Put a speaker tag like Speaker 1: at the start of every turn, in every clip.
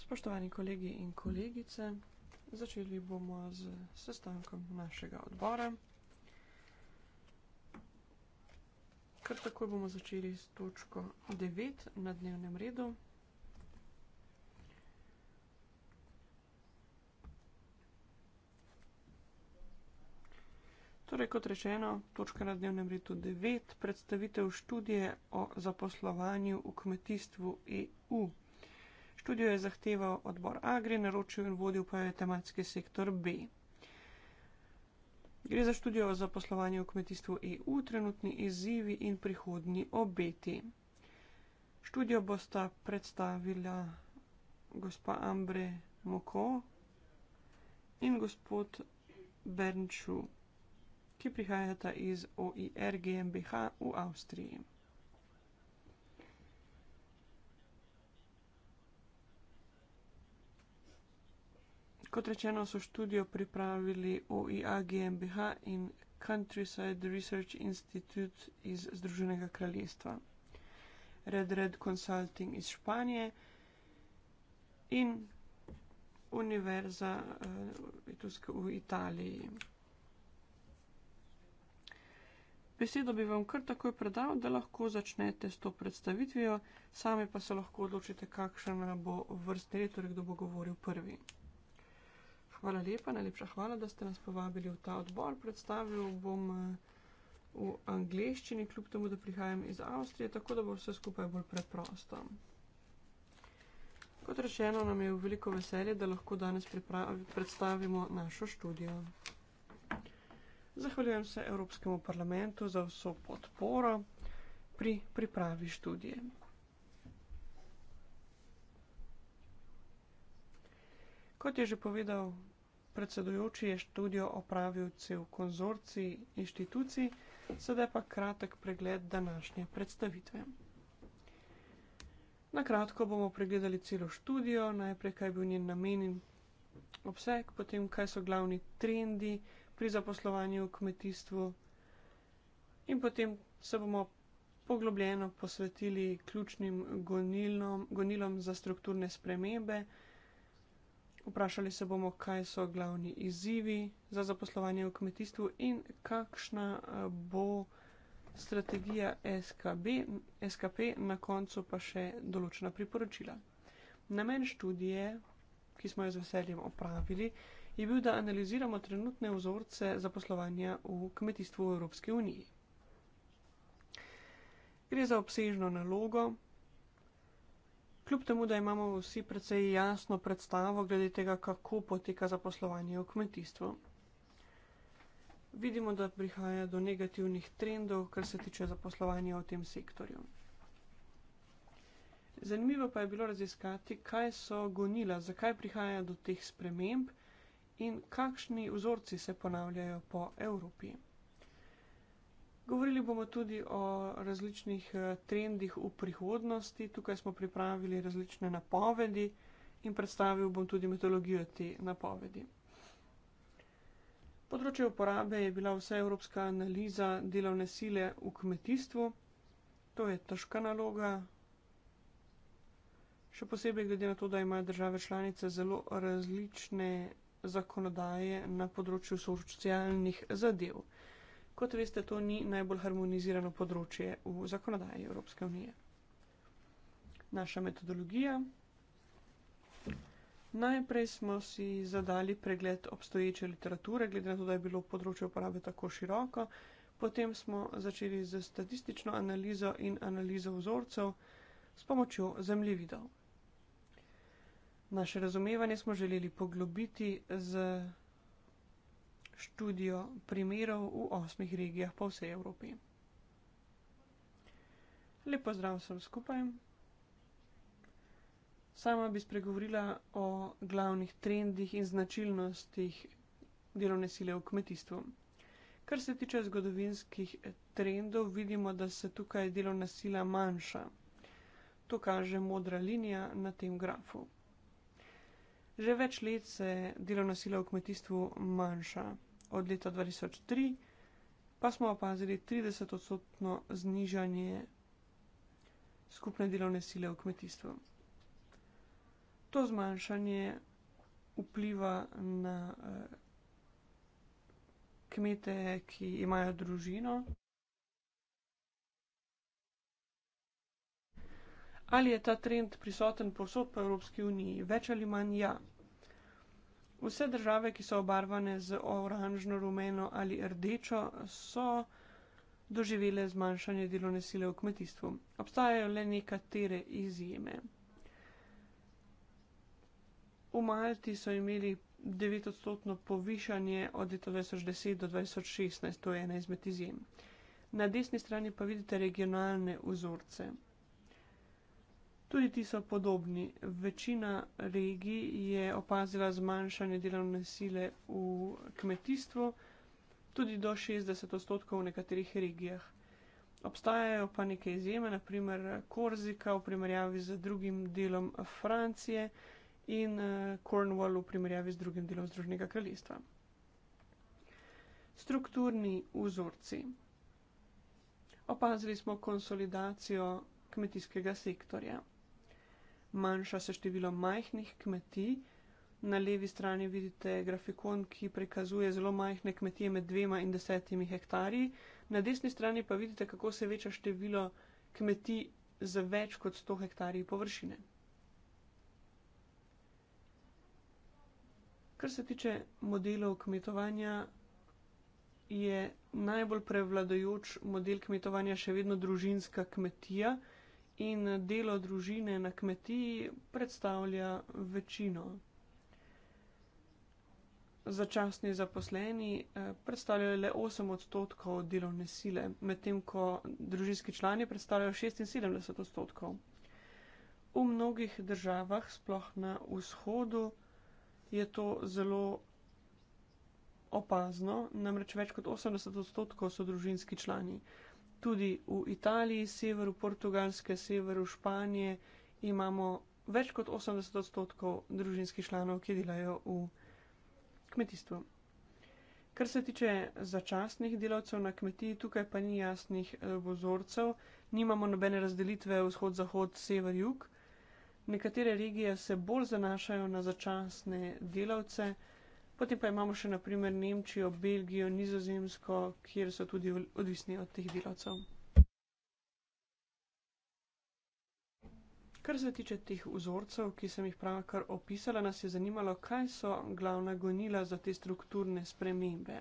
Speaker 1: Spoštovani kolegi in kolegice, začeli bomo s sestankom našega odbora. Kar takoj bomo začeli s točko devet na dnevnem redu. Torej, kot rečeno, točka na dnevnem redu 9, predstavitev študije o zaposlovanju v kmetijstvu EU. Študijo je zahteval odbor Agri, naročil in vodil pa je tematski sektor B. Gre za študijo o zaposlovanju v kmetijstvu EU, trenutni izzivi in prihodni obeti. Študijo bosta predstavila gospa Ambre Moko in gospod Bernču ki prihajata iz OIR GmbH v Avstriji. Kot rečeno, so študijo pripravili OIA GmbH in Countryside Research Institute iz Združenega kraljestva, Red Red Consulting iz Španije in Univerza uh, v Italiji. Besedo bi vam kar takoj predal, da lahko začnete s to predstavitvijo, sami pa se lahko odločite, kakšen bo vrstni red, torej kdo bo govoril prvi. Hvala lepa, najlepša hvala, da ste nas povabili v ta odbor. Predstavil bom eh, v angleščini, kljub temu, da prihajam iz Avstrije, tako da bo vse skupaj bolj preprosto. Kot rečeno, nam je v veliko veselje, da lahko danes predstavimo našo študijo. Zahvaljujem se Evropskemu parlamentu za vso podporo pri pripravi študije. Kot je že povedal predsedujoči, je študijo opravil cel konzorci inštitucij, sedaj pa kratek pregled današnje predstavitve. Nakratko bomo pregledali celo študijo, najprej kaj je bil njen namen in obseg, potem kaj so glavni trendi, kaj so glavni trendi, pri zaposlovanju v kmetijstvu. In potem se bomo poglobljeno posvetili ključnim gonilom, gonilom za strukturne spremembe. Vprašali se bomo, kaj so glavni izzivi za zaposlovanje v kmetijstvu in kakšna eh, bo strategija SKB, SKP, na koncu pa še določena priporočila. Namen študije, ki smo jo z veseljem opravili, je bil, da analiziramo trenutne vzorce zaposlovanja v kmetijstvu v Evropski uniji. Gre za obsežno nalogo. Kljub temu, da imamo vsi precej jasno predstavo glede tega, kako poteka zaposlovanje v kmetijstvu, vidimo, da prihaja do negativnih trendov, kar se tiče zaposlovanja v tem sektorju. Zanimivo pa je bilo raziskati, kaj so gonila, zakaj prihaja do teh sprememb in kakšni vzorci se ponavljajo po Evropi. Govorili bomo tudi o različnih eh, trendih v prihodnosti. Tukaj smo pripravili različne napovedi in predstavil bom tudi metodologijo te napovedi. Področje uporabe je bila vse evropska analiza delovne sile v kmetijstvu. To je težka naloga, še posebej glede na to, da imajo države članice zelo različne zakonodaje na področju socialnih zadev. Kot veste, to ni najbolj harmonizirano področje v zakonodaji Evropske unije. Naša metodologija. Najprej smo si zadali pregled obstoječe literature, glede na to, da je bilo področje uporabe tako široko. Potem smo začeli z statistično analizo in analizo vzorcev s pomočjo zemljevidov. Naše razumevanje smo želeli poglobiti z študijo primerov v osmih regijah po vsej Evropi. Lepo zdrav vsem skupaj. Sama bi spregovorila o glavnih trendih in značilnostih delovne sile v kmetijstvu. Kar se tiče zgodovinskih trendov, vidimo, da se tukaj delovna sila manjša. To kaže modra linija na tem grafu. Že več let se delovna sila v kmetijstvu manjša. Od leta 2003 pa smo opazili 30-odstotno znižanje skupne delovne sile v kmetijstvu. To zmanjšanje vpliva na eh, kmete, ki imajo družino. Ali je ta trend prisoten povsod po Evropski uniji? Več ali manj ja. Vse države, ki so obarvane z oranžno, rumeno ali rdečo, so doživele zmanjšanje delovne sile v kmetijstvu. Obstajajo le nekatere izjeme. V Malti so imeli 9 odstotno povišanje od leta 2010 do 2016, to je ena izmed izjem. Na desni strani pa vidite regionalne vzorce. Tudi ti so podobni. Večina regij je opazila zmanjšanje delovne sile v kmetijstvu, tudi do 60 odstotkov v nekaterih regijah. Obstajajo pa neke izjeme, naprimer Korzika v primerjavi z drugim delom Francije in eh, Cornwall v primerjavi z drugim delom Združenega kraljestva. Strukturni vzorci. Opazili smo konsolidacijo kmetijskega sektorja manjša se število majhnih kmetij. Na levi strani vidite grafikon, ki prikazuje zelo majhne kmetije med dvema in desetimi hektarji. Na desni strani pa vidite, kako se veča število kmetij z več kot 100 hektarji površine. Kar se tiče modelov kmetovanja, je najbolj prevladojoč model kmetovanja še vedno družinska kmetija in delo družine na kmetiji predstavlja večino. Začasni zaposleni eh, predstavljajo le 8 odstotkov delovne sile, medtem ko družinski člani predstavljajo 76 odstotkov. V mnogih državah, sploh na vzhodu, je to zelo opazno, namreč več kot 80 odstotkov so družinski člani tudi v Italiji, severu Portugalske, severu Španije imamo več kot 80 odstotkov družinskih članov, ki delajo v kmetijstvu. Kar se tiče začasnih delavcev na kmetiji, tukaj pa ni jasnih eh, vzorcev, nimamo nobene razdelitve vzhod-zahod, sever-jug. Nekatere regije se bolj zanašajo na začasne delavce, Potem pa imamo še naprimer Nemčijo, Belgijo, Nizozemsko, kjer so tudi odvisni od teh delavcev. Kar se tiče teh vzorcev, ki sem jih pravkar opisala, nas je zanimalo, kaj so glavna gonila za te strukturne spremembe.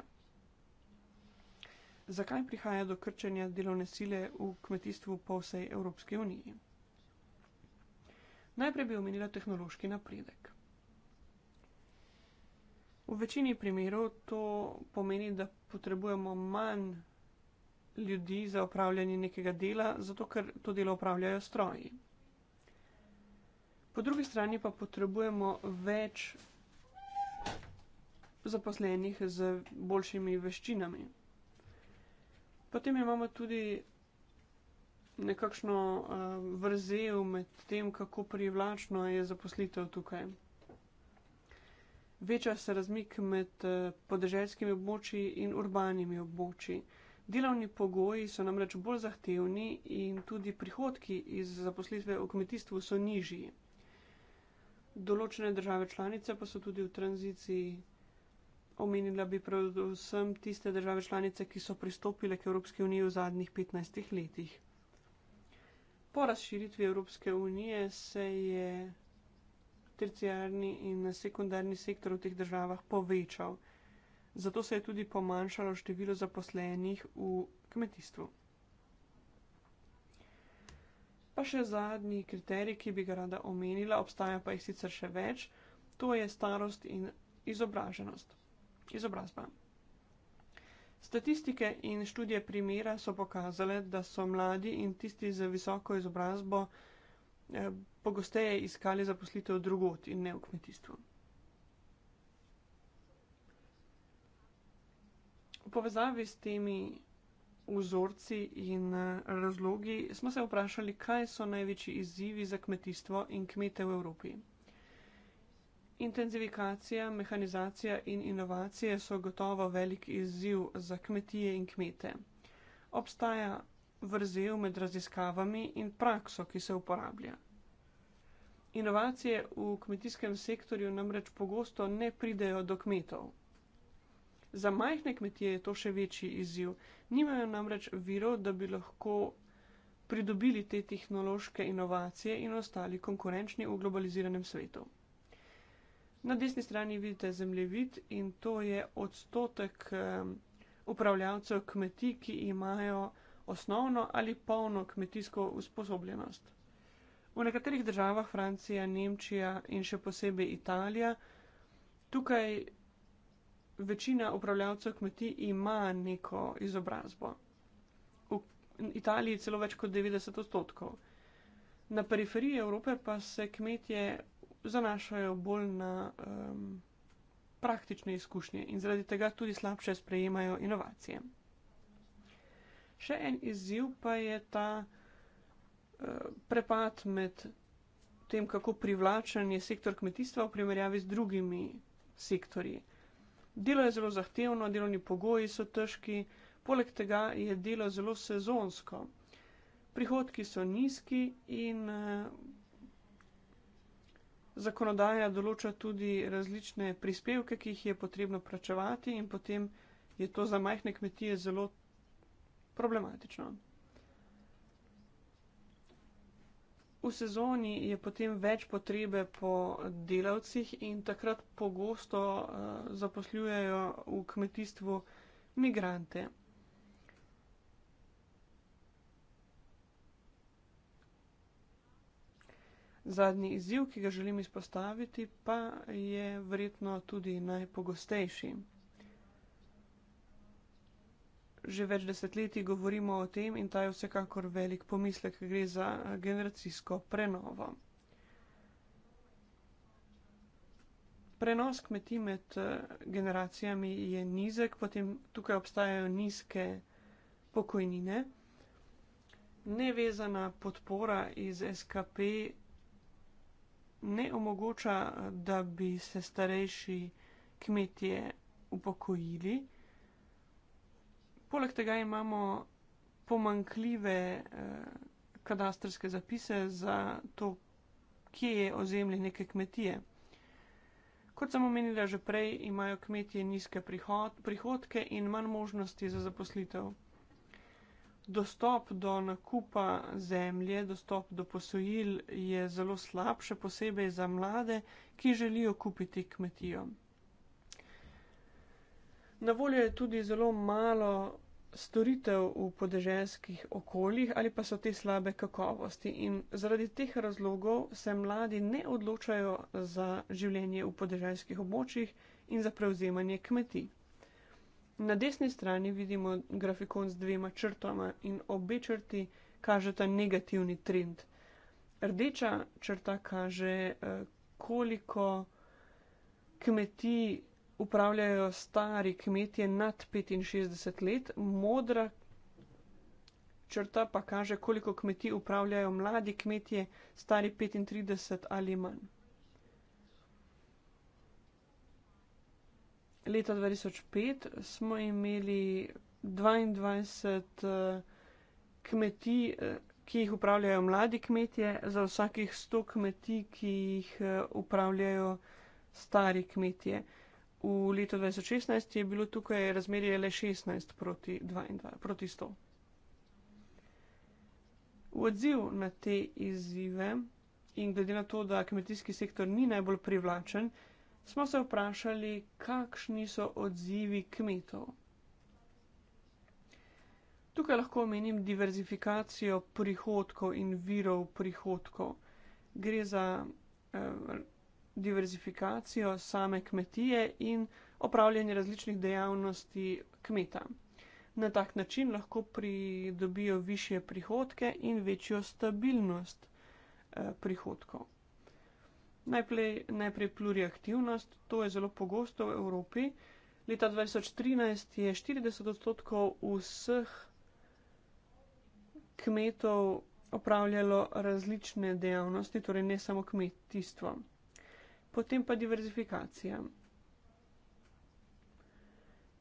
Speaker 1: Zakaj prihaja do krčenja delovne sile v kmetijstvu po vsej Evropski uniji? Najprej bi omenila tehnološki napredek. V večini primerov to pomeni, da potrebujemo manj ljudi za opravljanje nekega dela, zato ker to delo opravljajo stroji. Po drugi strani pa potrebujemo več zaposlenih z boljšimi veščinami. Potem imamo tudi nekakšno eh, vrzel med tem, kako privlačna je zaposlitev tukaj veča se razmik med eh, podeželskimi območji in urbanimi območji. Delovni pogoji so namreč bolj zahtevni in tudi prihodki iz zaposlitve v kmetijstvu so nižji. Določene države članice pa so tudi v tranziciji. Omenila bi predvsem tiste države članice, ki so pristopile k Evropski uniji v zadnjih 15 letih. Po razširitvi Evropske unije se je terciarni in sekundarni sektor v teh državah povečal. Zato se je tudi pomanjšalo število zaposlenih v kmetijstvu. Pa še zadnji kriterij, ki bi ga rada omenila, obstaja pa jih sicer še več, to je starost in izobraženost. Izobrazba. Statistike in študije primera so pokazale, da so mladi in tisti z visoko izobrazbo Eh, pogosteje iskali zaposlitev drugot in ne v kmetijstvu. V povezavi s temi vzorci in eh, razlogi smo se vprašali, kaj so največji izzivi za kmetijstvo in kmete v Evropi. Intenzifikacija, mehanizacija in inovacije so gotovo velik izziv za kmetije in kmete. Obstaja vrzel med raziskavami in prakso, ki se uporablja. Inovacije v kmetijskem sektorju namreč pogosto ne pridejo do kmetov. Za majhne kmetije je to še večji izziv. Nimajo namreč virov, da bi lahko pridobili te tehnološke inovacije in ostali konkurenčni v globaliziranem svetu. Na desni strani vidite zemljevid in to je odstotek um, upravljavcev kmetij, ki imajo osnovno ali polno kmetijsko usposobljenost. V nekaterih državah, Francija, Nemčija in še posebej Italija, tukaj večina upravljavcev kmetij ima neko izobrazbo. V Italiji celo več kot 90 odstotkov. Na periferiji Evrope pa se kmetje zanašajo bolj na um, praktične izkušnje in zaradi tega tudi slabše sprejemajo inovacije. Še en izziv pa je ta eh, prepad med tem, kako privlačen je sektor kmetijstva v primerjavi z drugimi sektorji. Delo je zelo zahtevno, delovni pogoji so težki, poleg tega je delo zelo sezonsko. Prihodki so nizki in eh, zakonodaja določa tudi različne prispevke, ki jih je potrebno plačevati, in potem je to za majhne kmetije zelo problematično. V sezoni je potem več potrebe po delavcih in takrat pogosto uh, eh, zaposlujejo v kmetijstvu migrante. Zadnji izziv, ki ga želim izpostaviti, pa je verjetno tudi najpogostejši že več desetletij govorimo o tem in ta je vsekakor velik pomislek, gre za eh, generacijsko prenovo. Prenos kmeti med eh, generacijami je nizek, potem tukaj obstajajo nizke pokojnine. Nevezana podpora iz SKP ne omogoča, eh, da bi se starejši kmetje upokojili. Poleg tega imamo pomankljive eh, kadastrske zapise za to, kje je ozemlje neke kmetije. Kot sem omenila že prej, imajo kmetije nizke prihod, prihodke in manj možnosti za zaposlitev. Dostop do nakupa zemlje, dostop do posojil je zelo slab, še posebej za mlade, ki želijo kupiti kmetijo. Na voljo je tudi zelo malo storitev v podeželskih okoljih ali pa so te slabe kakovosti in zaradi teh razlogov se mladi ne odločajo za življenje v podeželskih območjih in za prevzemanje kmetij. Na desni strani vidimo grafikon z dvema črtama in obe črti kažeta negativni trend. Rdeča črta kaže, eh, koliko kmetij upravljajo stari kmetje nad 65 let, modra črta pa kaže, koliko kmetij upravljajo mladi kmetje, stari 35 ali manj. Leta 2005 smo imeli 22 eh, kmetij, eh, ki jih upravljajo mladi kmetje, za vsakih 100 kmetij, ki jih eh, upravljajo stari kmetje. V letu 2016 je bilo tukaj razmerje le 16 proti, 22, proti 100. V odziv na te izzive in glede na to, da kmetijski sektor ni najbolj privlačen, smo se vprašali, kakšni so odzivi kmetov. Tukaj lahko omenim diverzifikacijo prihodkov in virov prihodkov. Gre za. Eh, diverzifikacijo same kmetije in opravljanje različnih dejavnosti kmeta. Na tak način lahko pridobijo više prihodke in večjo stabilnost eh, prihodkov. Najprej, najprej pluriaktivnost, to je zelo pogosto v Evropi. Leta 2013 je 40 odstotkov vseh kmetov opravljalo različne dejavnosti, torej ne samo kmetijstvo potem pa diverzifikacija.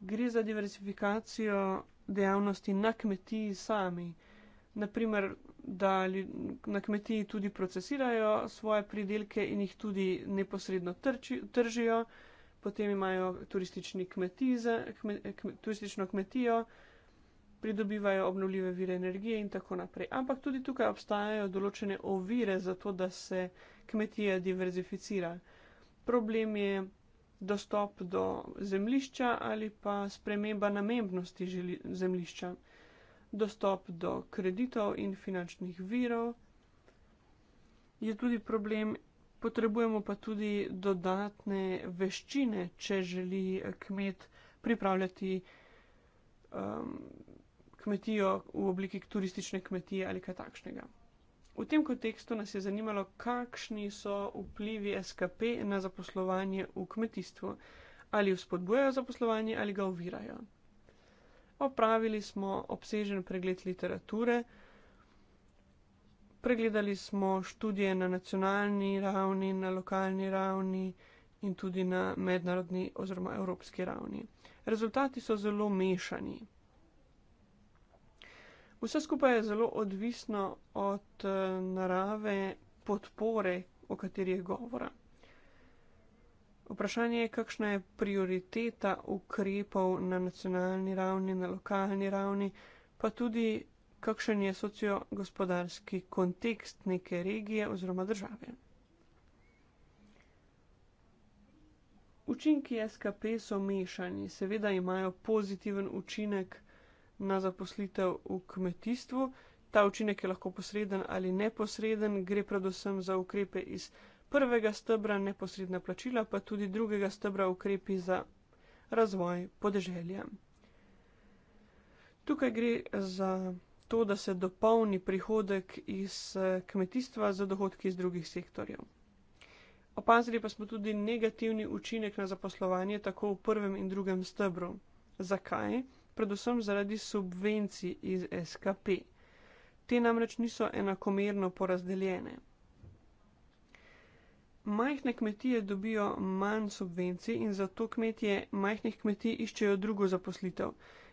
Speaker 1: Gre za diverzifikacijo dejavnosti na kmetiji sami. Naprimer, da na kmetiji tudi procesirajo svoje pridelke in jih tudi neposredno trči, tržijo, potem imajo kmetize, kme, kme, turistično kmetijo, pridobivajo obnovljive vire energije in tako naprej. Ampak tudi tukaj obstajajo določene ovire za to, da se kmetije diverzificirajo problem je dostop do zemljišča ali pa sprememba namembnosti zemljišča. Dostop do kreditov in finančnih virov je tudi problem. Potrebujemo pa tudi dodatne veščine, če želi eh, kmet pripravljati um, kmetijo v obliki turistične kmetije ali kaj takšnega. V tem kontekstu nas je zanimalo, kakšni so vplivi SKP na zaposlovanje v kmetijstvu. Ali vzpodbujajo zaposlovanje ali ga ovirajo. Opravili smo obsežen pregled literature, pregledali smo študije na nacionalni ravni, na lokalni ravni in tudi na mednarodni oziroma evropski ravni. Rezultati so zelo mešani. Vse skupaj je zelo odvisno od eh, narave podpore, o kateri je govora. Vprašanje je, kakšna je prioriteta ukrepov na nacionalni ravni, na lokalni ravni, pa tudi kakšen je sociogospodarski kontekst neke regije oziroma države. Učinki SKP so mešani, seveda imajo pozitiven učinek na zaposlitev v kmetijstvu. Ta učinek je lahko posreden ali neposreden, gre predvsem za ukrepe iz prvega stebra, neposredna plačila, pa tudi drugega stebra ukrepi za razvoj podeželja. Tukaj gre za to, da se dopolni prihodek iz kmetijstva za dohodki iz drugih sektorjev. Opazili pa smo tudi negativni učinek na zaposlovanje tako v prvem in drugem stebru. Zakaj? predvsem zaradi subvencij iz SKP. Te namreč niso enakomerno porazdeljene. Majhne kmetije dobijo manj subvencij in zato kmetije majhnih kmetij iščejo drugo zaposlitev.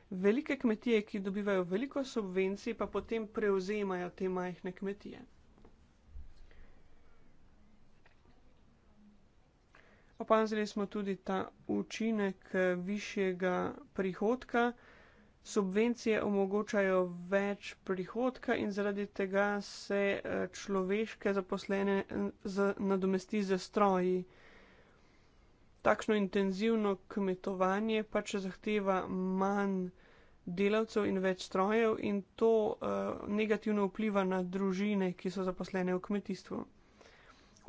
Speaker 1: Velike kmetije, ki dobivajo veliko subvencij, pa potem prevzemajo te majhne kmetije. Opazili smo tudi ta učinek višjega prihodka subvencije omogočajo več prihodka in zaradi tega se eh, človeške zaposlene eh, nadomesti z stroji. Takšno intenzivno kmetovanje pač zahteva manj delavcev in več strojev in to eh, negativno vpliva na družine, ki so zaposlene v kmetijstvu.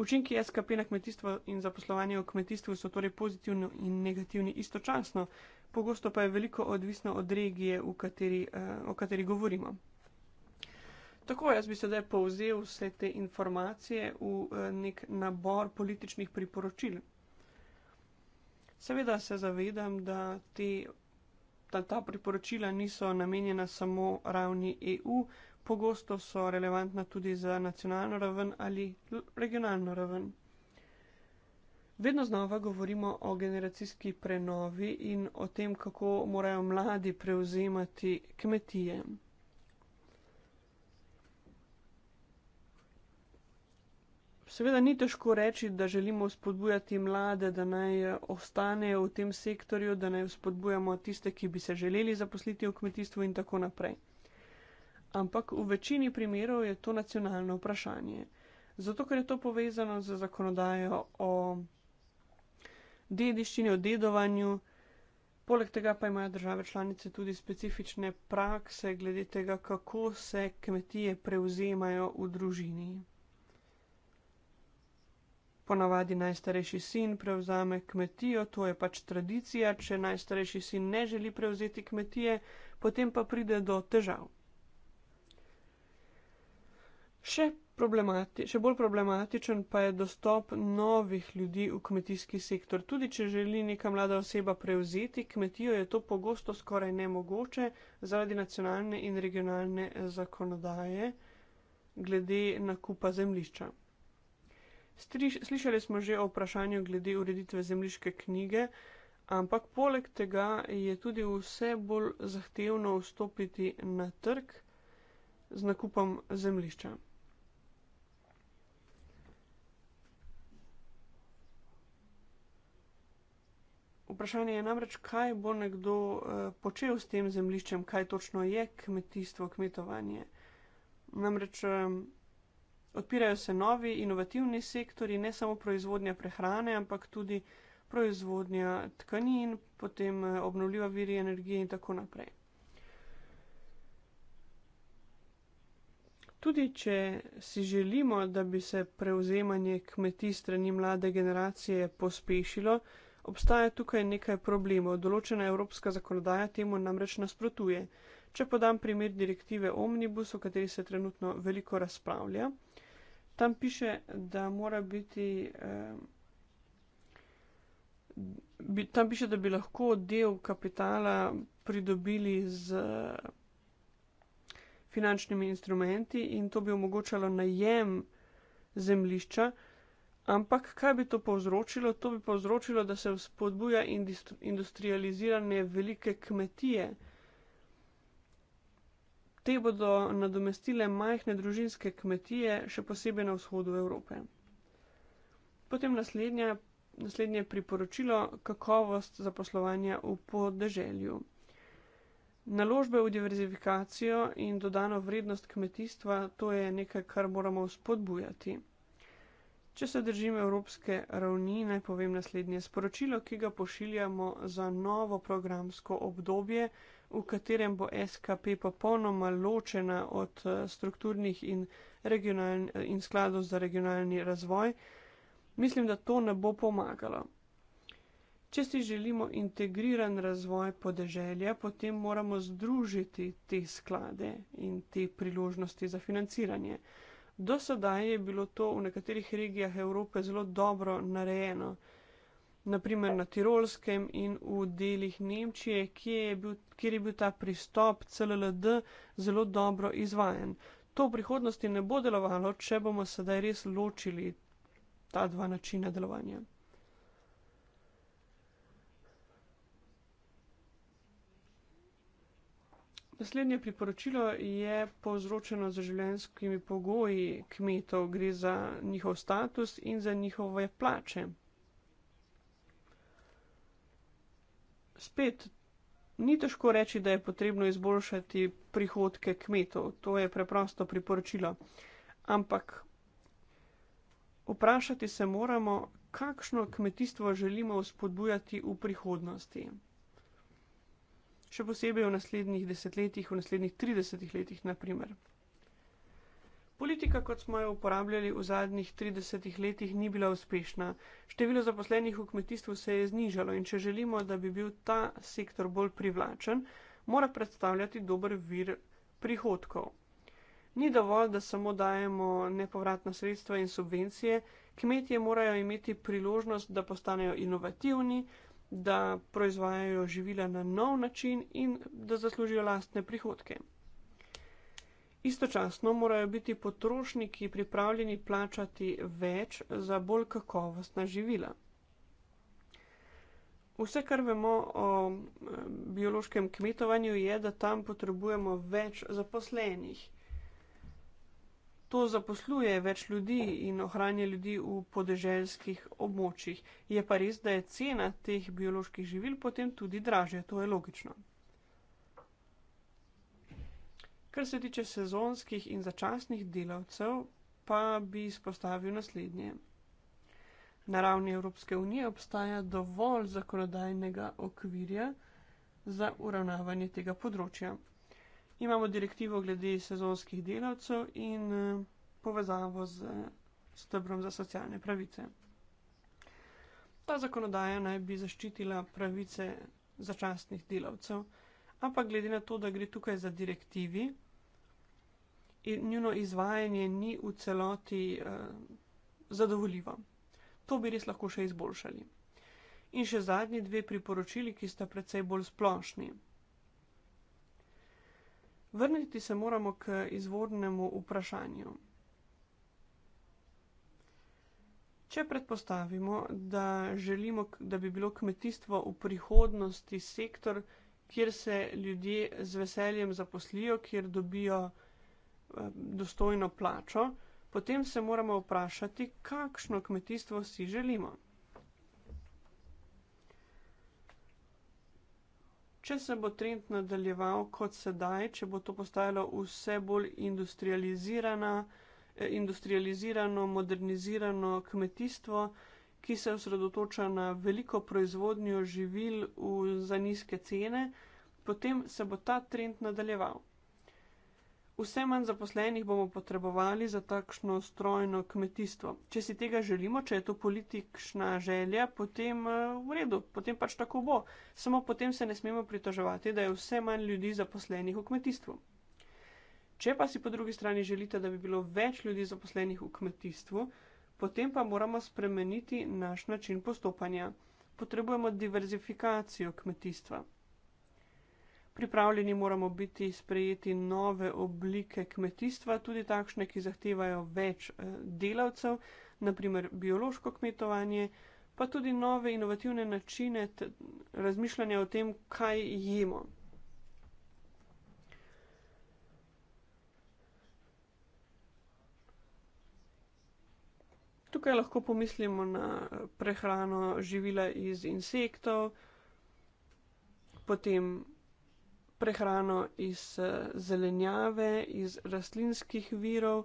Speaker 1: Učinki SKP na kmetijstvo in zaposlovanje v kmetijstvu so torej pozitivni in negativni istočasno pogosto pa je veliko odvisno od regije, kateri, uh, o kateri govorimo. Tako, jaz bi sedaj povzel vse te informacije v uh, nek nabor političnih priporočil. Seveda se zavedam, da te, ta, ta priporočila niso namenjena samo ravni EU, pogosto so relevantna tudi za nacionalno raven ali regionalno raven. Vedno znova govorimo o generacijski prenovi in o tem, kako morajo mladi prevzemati kmetije. Seveda ni težko reči, da želimo spodbujati mlade, da naj eh, ostanejo v tem sektorju, da naj spodbujamo tiste, ki bi se želeli zaposliti v kmetijstvu in tako naprej. Ampak v večini primerov je to nacionalno vprašanje. Zato, ker je to povezano z zakonodajo o dediščini, o dedovanju. Poleg tega pa imajo države članice tudi specifične prakse glede tega, kako se kmetije prevzemajo v družini. Ponavadi najstarejši sin prevzame kmetijo, to je pač tradicija. Če najstarejši sin ne želi prevzeti kmetije, potem pa pride do težav. Še Še bolj problematičen pa je dostop novih ljudi v kmetijski sektor. Tudi če želi neka mlada oseba prevzeti kmetijo, je to pogosto skoraj nemogoče zaradi nacionalne in regionalne eh, zakonodaje glede nakupa zemlišča. Striš, slišali smo že o vprašanju glede ureditve zemljiške knjige, ampak poleg tega je tudi vse bolj zahtevno vstopiti na trg z nakupom zemlišča. Vprašanje je namreč, kaj bo nekdo eh, počel s tem zemljiščem, kaj točno je kmetijstvo, kmetovanje. Namreč odpirajo se novi inovativni sektori, ne samo proizvodnja prehrane, ampak tudi proizvodnja tkanin, potem eh, obnovljiva viri energije in tako naprej. Tudi če si želimo, da bi se prevzemanje kmetij strani mlade generacije pospešilo, Obstaja tukaj nekaj problemov, določena evropska zakonodaja temu namreč nasprotuje. Če podam primer direktive Omnibus, o kateri se trenutno veliko razpravlja, tam piše, da mora biti. Eh, Tam piše, da bi lahko del kapitala pridobili z finančnimi instrumenti in to bi omogočalo najem zemlišča, Ampak kaj bi to povzročilo? To bi povzročilo, da se spodbuja industrializiranje velike kmetije. Te bodo nadomestile majhne družinske kmetije, še posebej na vzhodu Evrope. Potem naslednje, naslednje priporočilo: kakovost zaposlovanja v podeželju. Naložbe v diverzifikacijo in dodano vrednost kmetijstva, to je nekaj, kar moramo spodbujati. Če se držim evropske ravni, naj povem naslednje sporočilo, ki ga pošiljamo za novo programsko obdobje, v katerem bo SKP popolnoma ločena od eh, strukturnih in, in skladov za regionalni razvoj. Mislim, da to ne bo pomagalo. Če si želimo integriran razvoj podeželja, potem moramo združiti te sklade in te priložnosti za financiranje. Do sedaj je bilo to v nekaterih regijah Evrope zelo dobro narejeno. Naprimer na Tirolskem in v delih Nemčije, kjer je bil, kjer je bil ta pristop CLLD zelo dobro izvajen. To v prihodnosti ne bo delovalo, če bomo sedaj res ločili ta dva načina delovanja. Naslednje priporočilo je povzročeno z življenjskimi pogoji kmetov, gre za njihov status in za njihove plače. Spet, ni težko reči, da je potrebno izboljšati prihodke kmetov, to je preprosto priporočilo. Ampak vprašati se moramo, kakšno kmetijstvo želimo spodbujati v prihodnosti še posebej v naslednjih desetletjih, v naslednjih 30 letih, naprimer. Politika, kot smo jo uporabljali v zadnjih 30 letih, ni bila uspešna. Število zaposlenih v kmetijstvu se je znižalo in če želimo, da bi bil ta sektor bolj privlačen, mora predstavljati dober vir prihodkov. Ni dovolj, da samo dajemo nepovratna sredstva in subvencije, kmetije morajo imeti priložnost, da postanejo inovativni, da proizvajajo živila na nov način in da zaslužijo lastne prihodke. Istočasno morajo biti potrošniki pripravljeni plačati več za bolj kakovostna živila. Vse, kar vemo o eh, biološkem kmetovanju, je, da tam potrebujemo več zaposlenih to zaposluje več ljudi in ohranja ljudi v podeželskih območjih. Je pa res, da je cena teh bioloških živil potem tudi dražja, to je logično. Kar se tiče sezonskih in začasnih delavcev, pa bi izpostavil naslednje. Na ravni Evropske unije obstaja dovolj zakonodajnega okvirja za uravnavanje tega področja imamo direktivo glede sezonskih delavcev in eh, povezavo z stebrom za socialne pravice. Ta zakonodaja naj bi zaščitila pravice začastnih delavcev, ampak glede na to, da gre tukaj za direktivi in njeno izvajanje ni v celoti eh, zadovoljivo. To bi res lahko še izboljšali. In še zadnji dve priporočili, ki sta predvsej bolj splošni. Vrniti se moramo k izvornemu vprašanju. Če predpostavimo, da želimo, da bi bilo kmetijstvo v prihodnosti sektor, kjer se ljudje z veseljem zaposlijo, kjer dobijo eh, dostojno plačo, potem se moramo vprašati, kakšno kmetijstvo si želimo. Če se bo trend nadaljeval kot sedaj, če bo to postajalo vse bolj eh, industrializirano, modernizirano kmetijstvo, ki se osredotoča na veliko proizvodnjo živil v, za nizke cene, potem se bo ta trend nadaljeval. Vse manj zaposlenih bomo potrebovali za takšno strojno kmetijstvo. Če si tega želimo, če je to politična želja, potem eh, v redu, potem pač tako bo. Samo potem se ne smemo pritoževati, da je vse manj ljudi zaposlenih v kmetijstvu. Če pa si po drugi strani želite, da bi bilo več ljudi zaposlenih v kmetijstvu, potem pa moramo spremeniti naš način postopanja. Potrebujemo diverzifikacijo kmetijstva. Pripravljeni moramo biti sprejeti nove oblike kmetijstva, tudi takšne, ki zahtevajo več eh, delavcev, naprimer biološko kmetovanje, pa tudi nove inovativne načine razmišljanja o tem, kaj jemo. Tukaj lahko pomislimo na eh, prehrano živila iz insektov, potem prehrano iz eh, zelenjave, iz rastlinskih virov.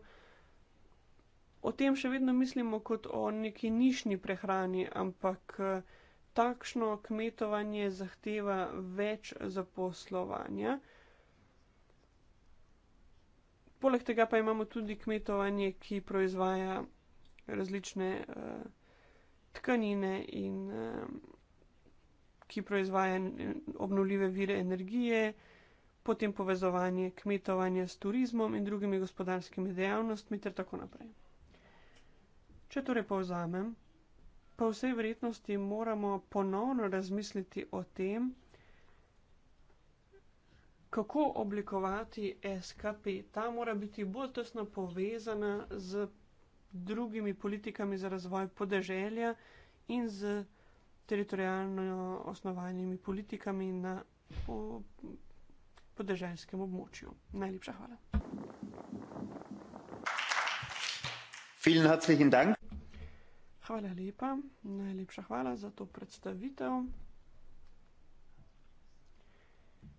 Speaker 1: O tem še vedno mislimo kot o neki nišni prehrani, ampak eh, takšno kmetovanje zahteva več zaposlovanja. Poleg tega pa imamo tudi kmetovanje, ki proizvaja različne uh, tkanine in uh, ki proizvaja obnovljive vire energije, uh, potem povezovanje kmetovanja s turizmom in drugimi gospodarskimi dejavnostmi ter tako naprej. Če torej povzamem, pa vse vrednosti moramo ponovno razmisliti o tem, kako oblikovati SKP. Ta mora biti bolj tesno povezana z drugimi politikami za razvoj podeželja in z teritorijalno osnovanimi politikami na podeželskem območju. Najlepša hvala. Hvala lepa, najlepša hvala za to predstavitev.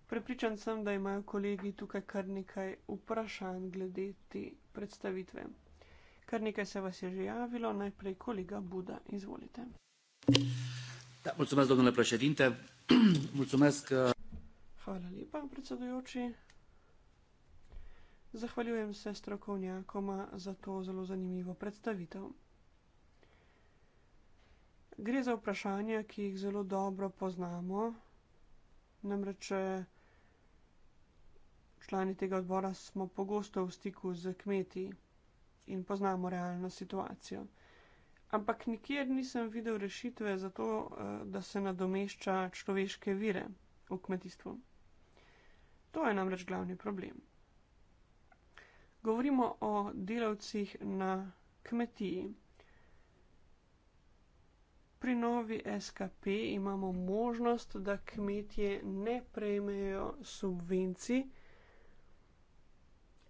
Speaker 1: Prepričan sem, da imajo kolegi tukaj kar nekaj vprašanj glede te predstavitve. Kar nekaj se vas je že javilo, najprej kolega Buda, izvolite. Da, mulțumesc, domnule
Speaker 2: președinte. mulțumesc că... Uh,
Speaker 1: Hvala lepa, predsedujoči. Zahvaljujem se strokovnjakoma za to zelo zanimivo predstavitev. Gre za vprašanja, ki jih zelo dobro poznamo, namreč eh, člani tega odbora smo pogosto v stiku z kmeti in poznamo realno situacijo. Ampak nikjer nisem videl rešitve za to, eh, da se nadomešča človeške vire v kmetijstvu. To je namreč glavni problem. Govorimo o delavcih na kmetiji. Pri novi SKP imamo možnost, da kmetje ne prejmejo subvencij,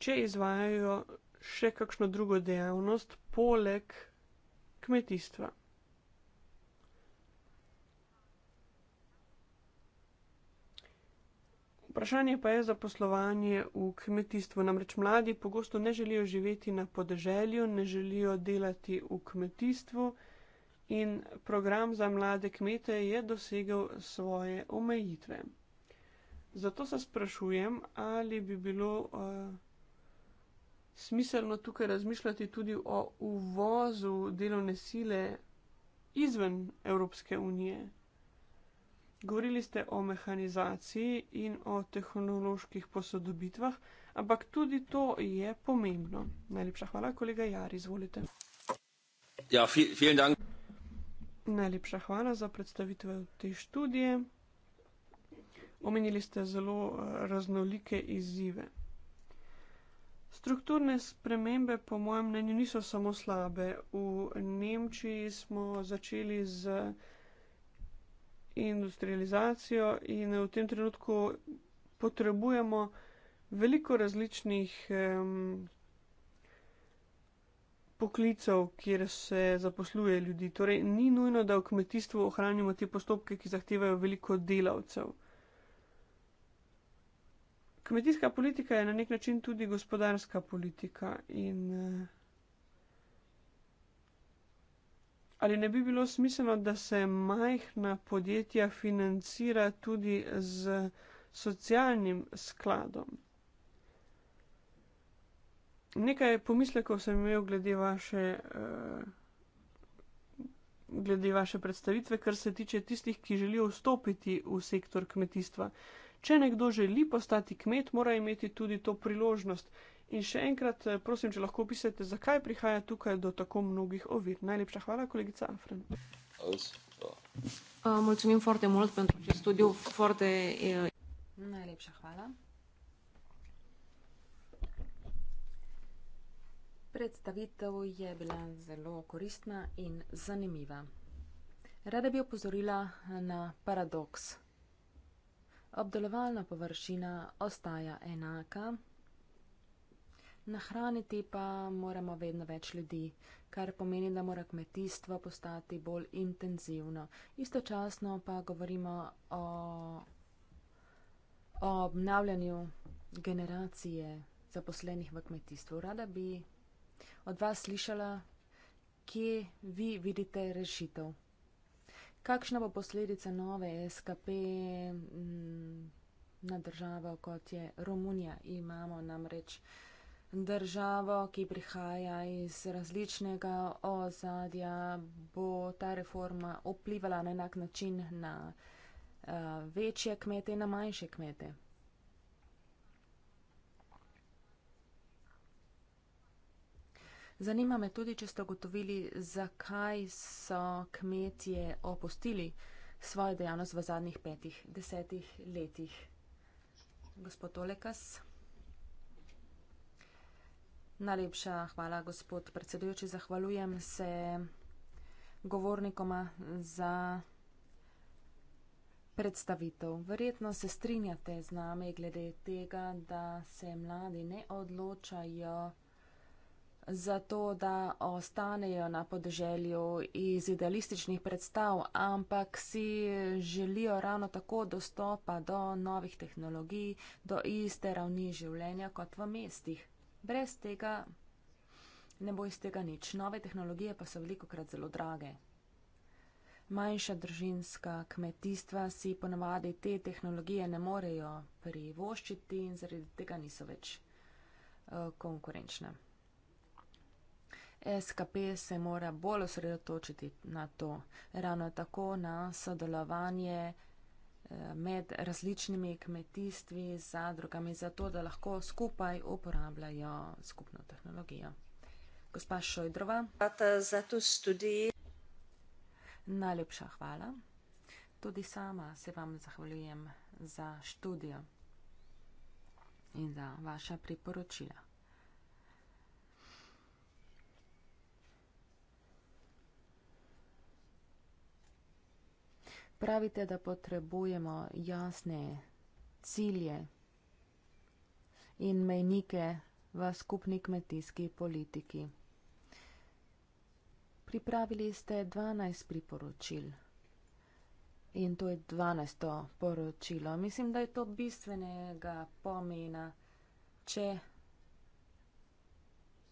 Speaker 1: če izvajajo še kakšno drugo dejavnost poleg kmetijstva. Vprašanje pa je zaposlovanje v kmetijstvu. Namreč mladi pogosto ne želijo živeti na podeželju, ne želijo delati v kmetijstvu in program za mlade kmete je dosegel svoje omejitve. Zato se sprašujem, ali bi bilo uh, smiselno tukaj razmišljati tudi o uvozu delovne sile izven Evropske unije. Govorili ste o mehanizaciji in o tehnoloških posodobitvah, ampak tudi to je pomembno. Najlepša hvala, kolega Jar, izvolite.
Speaker 3: Ja, vielen dank.
Speaker 1: Najlepša hvala za predstavitev te študije. Omenili ste zelo eh, raznolike izzive. Strukturne spremembe, po mojem mnenju, niso samo slabe. V Nemčiji smo začeli z industrializacijo in v tem trenutku potrebujemo veliko različnih um, poklicev, kjer se zaposluje ljudi. Torej, ni nujno, da v kmetijstvu ohranjamo te postopke, ki zahtevajo veliko delavcev. Kmetijska politika je na nek način tudi gospodarska politika in uh, Ali ne bi bilo smiselno, da se majhna podjetja financira tudi z socialnim skladom? Nekaj pomislekov sem imel glede vaše, uh, glede vaše predstavitve, kar se tiče tistih, ki želijo vstopiti v sektor kmetijstva. Če nekdo želi postati kmet, mora imeti tudi to priložnost. In še enkrat, eh, prosim, če lahko opišete, zakaj prihaja tukaj do tako mnogih ovir. Najlepša hvala, kolegica Afren.
Speaker 3: Eh,
Speaker 4: Mulcumim forte mult pentru acest studiu foarte... Eh, Najlepša hvala. Predstavitev je bila zelo koristna in zanimiva. Rada bi opozorila na paradoks. Obdelovalna površina ostaja enaka, Nahraniti pa moramo vedno več ljudi, kar pomeni, da mora kmetijstvo postati bolj intenzivno. Istočasno pa govorimo o, o obnavljanju generacije zaposlenih v kmetijstvu. Rada bi od vas slišala, kje vi vidite rešitev. Kakšna bo posledica nove SKP mm, na državo, kot je Romunija? Imamo namreč državo, ki prihaja iz različnega ozadja, bo ta reforma vplivala na enak način na uh, večje kmete in na manjše kmete. Zanima me tudi, če ste ugotovili, zakaj so kmetje opustili svojo dejavnost v zadnjih petih, desetih letih. Gospod Olekas. Najlepša hvala, gospod predsedujoči. Zahvaljujem se govornikoma za predstavitev. Verjetno se strinjate z nami glede tega, da se mladi ne odločajo za to, da ostanejo na podeželju iz idealističnih predstav, ampak si želijo ravno tako dostopa do novih tehnologij, do iste ravni življenja kot v mestih brez tega ne bo iz tega nič. Nove tehnologije pa so veliko krat zelo drage. Manjša družinska kmetijstva si ponavadi te tehnologije ne morejo privoščiti in zaradi tega niso več eh, konkurenčne. SKP se mora bolj osredotočiti na to. Ravno tako na sodelovanje med različnimi kmetijstvi, zadrugami, zato da lahko skupaj uporabljajo skupno tehnologijo. Gospa Šojdrova. Najlepša hvala. Tudi sama se vam zahvaljujem za študijo in za vaša priporočila. Pravite, da potrebujemo jasne cilje in mejnike v skupni kmetijski politiki. Pripravili ste 12 priporočil in to je 12. poročilo. Mislim, da je to bistvenega pomena, če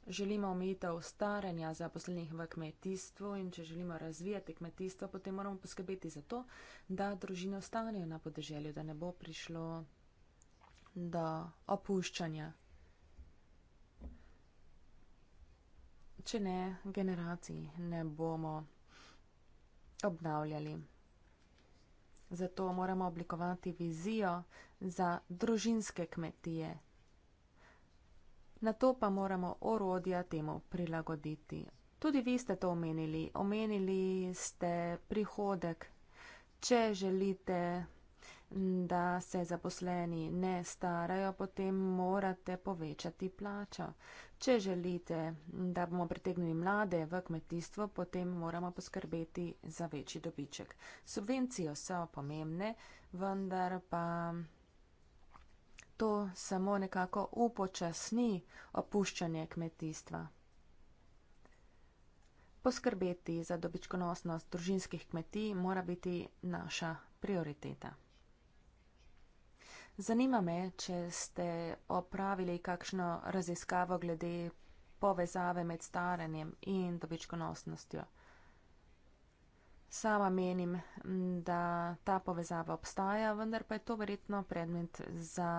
Speaker 4: želimo omejitev staranja zaposlenih v kmetijstvu in če želimo razvijati kmetijstvo, potem moramo poskrbeti za to, da družine ostanejo na podeželju, da ne bo prišlo do opuščanja. Če ne, generacij ne bomo obnavljali. Zato moramo oblikovati vizijo za družinske kmetije na to pa moramo orodja temu prilagoditi. Tudi vi ste to omenili, omenili ste prihodek. Če želite, da se zaposleni ne starajo, potem morate povečati plačo. Če želite, da bomo pritegnili mlade v kmetijstvo, potem moramo poskrbeti za večji dobiček. Subvencije so pomembne, vendar pa to samo nekako upočasni opuščanje kmetijstva. Poskrbeti za dobičkonosnost družinskih kmetij mora biti naša prioriteta. Zanima me, če ste opravili kakšno raziskavo glede povezave med staranjem in dobičkonosnostjo. Sama menim, da ta povezava obstaja, vendar pa je to verjetno predmet za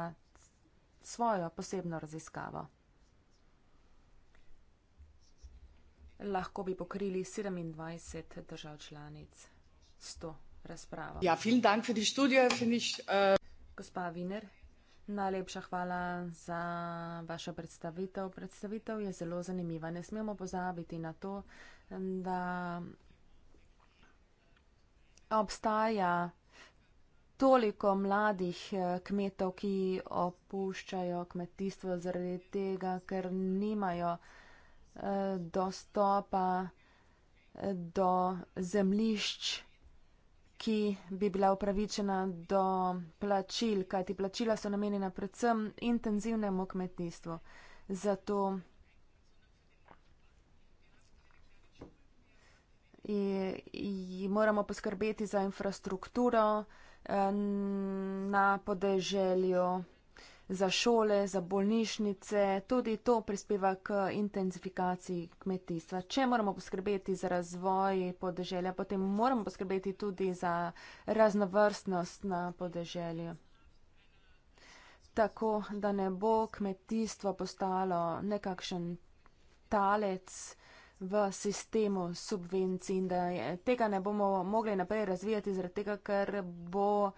Speaker 4: svojo posebno raziskavo. Lahko bi pokrili 27 držav članic s to razpravo. Ja, dank für die studie, ich, uh... Gospa Viner, najlepša hvala za vašo predstavitev. Predstavitev je zelo zanimiva. Ne smemo pozabiti na to, da obstaja toliko mladih eh, kmetov, ki opuščajo kmetijstvo zaradi tega, ker nimajo eh, dostopa eh, do zemlišč, ki bi bila upravičena do plačil, kajti plačila so namenjena predvsem intenzivnemu kmetijstvu. Zato moramo poskrbeti za infrastrukturo, na podeželju, za šole, za bolnišnice. Tudi to prispeva k intenzifikaciji kmetijstva. Če moramo poskrbeti za razvoj podeželja, potem moramo poskrbeti tudi za raznovrstnost na podeželju. Tako, da ne bo kmetijstvo postalo nekakšen talec, v sistemu subvencij in da tega ne bomo mogli naprej razvijati, zaradi tega, ker bo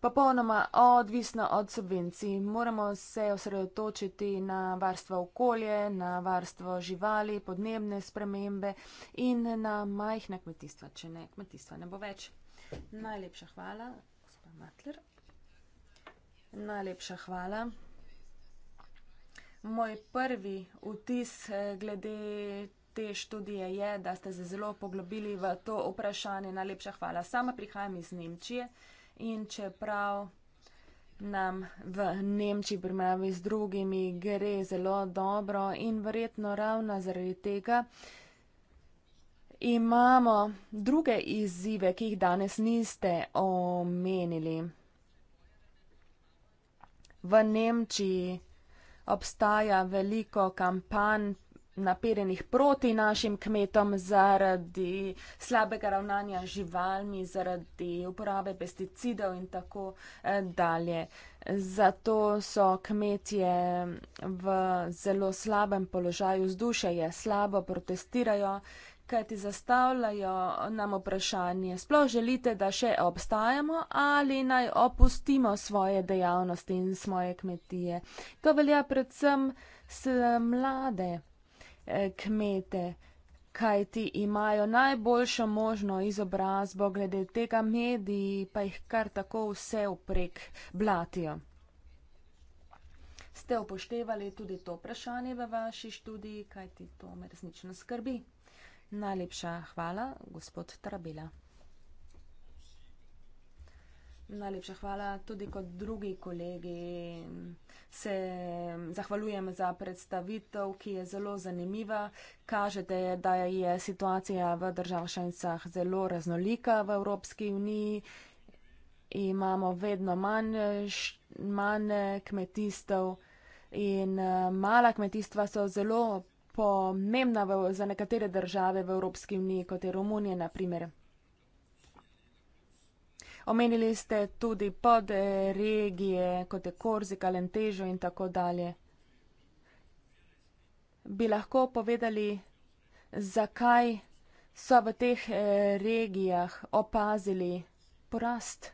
Speaker 4: popolnoma odvisno od subvencij. Moramo se osredotočiti na varstvo okolje, na varstvo živali, podnebne spremembe in na majhna kmetijstva, če ne kmetijstva ne bo več. Najlepša hvala, gospod Matler. Najlepša hvala. Moj prvi vtis eh, glede te študije je, da ste se zelo poglobili v to vprašanje. Najlepša hvala. Sama prihajam iz Nemčije in čeprav nam v Nemčiji primerjavi z drugimi gre zelo dobro in verjetno ravno zaradi tega. Imamo druge izzive, ki jih danes niste omenili. V Nemčiji obstaja veliko kampanj naperjenih proti našim kmetom zaradi slabega ravnanja živalmi, zaradi uporabe pesticidov in tako eh, dalje. Zato so kmetje eh, v zelo slabem položaju zduše, je slabo protestirajo, kajti zastavljajo nam vprašanje, sploh želite, da še obstajamo ali naj opustimo svoje dejavnosti in svoje kmetije. To velja predvsem s mlade. Eh, kmete, kaj ti imajo najboljšo možno izobrazbo, glede tega mediji pa jih kar tako vse uprek blatijo. Ste upoštevali tudi to vprašanje v vaši študiji, kaj ti to me resnično skrbi? Najlepša hvala, gospod Trabela. Najlepša hvala. Tudi kot drugi kolegi se zahvaljujem za predstavitev, ki je zelo zanimiva. Kažete, da je situacija v državah šencah zelo raznolika v Evropski uniji. Imamo vedno manj, manj kmetistov in mala kmetijstva so zelo pomembna v, za nekatere države v Evropski uniji, kot je Romunija, naprimer. Omenili ste tudi podregije, kot je Korzika, Lentežo in tako dalje. Bi lahko povedali, zakaj so v teh eh, regijah opazili porast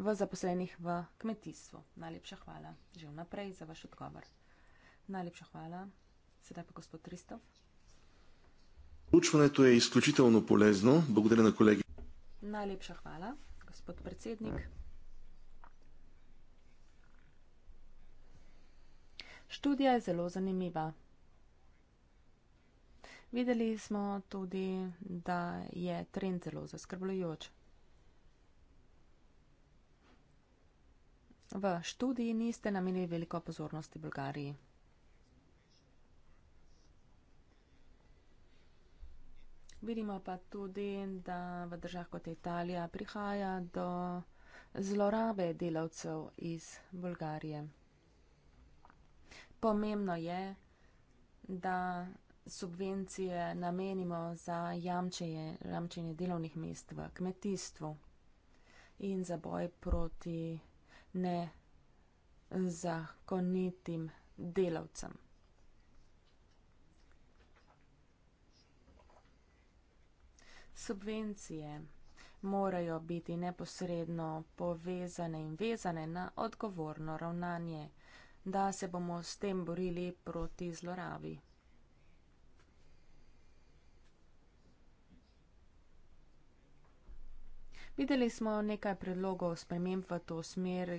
Speaker 4: v zaposlenih v kmetijstvu? Najlepša hvala že vnaprej za vaš odgovor. Najlepša hvala. Sedaj pa gospod Tristov.
Speaker 5: Učvanje to je izključitevno polezno. Bog na kolegi.
Speaker 4: Najlepša hvala gospod predsednik. Študija je zelo zanimiva. Videli smo tudi, da je trend zelo zaskrbljujoč. V študiji niste namenili veliko pozornosti Bolgariji. Vidimo pa tudi, da v držah kot Italija prihaja do zlorabe delavcev iz Bolgarije. Pomembno je, da subvencije namenimo za jamčenje, jamčenje delovnih mest v kmetijstvu in za boj proti nezakonitim delavcem. subvencije morajo biti neposredno povezane in vezane na odgovorno ravnanje, da se bomo s tem borili proti zlorabi. Videli smo nekaj predlogov sprememb v to smer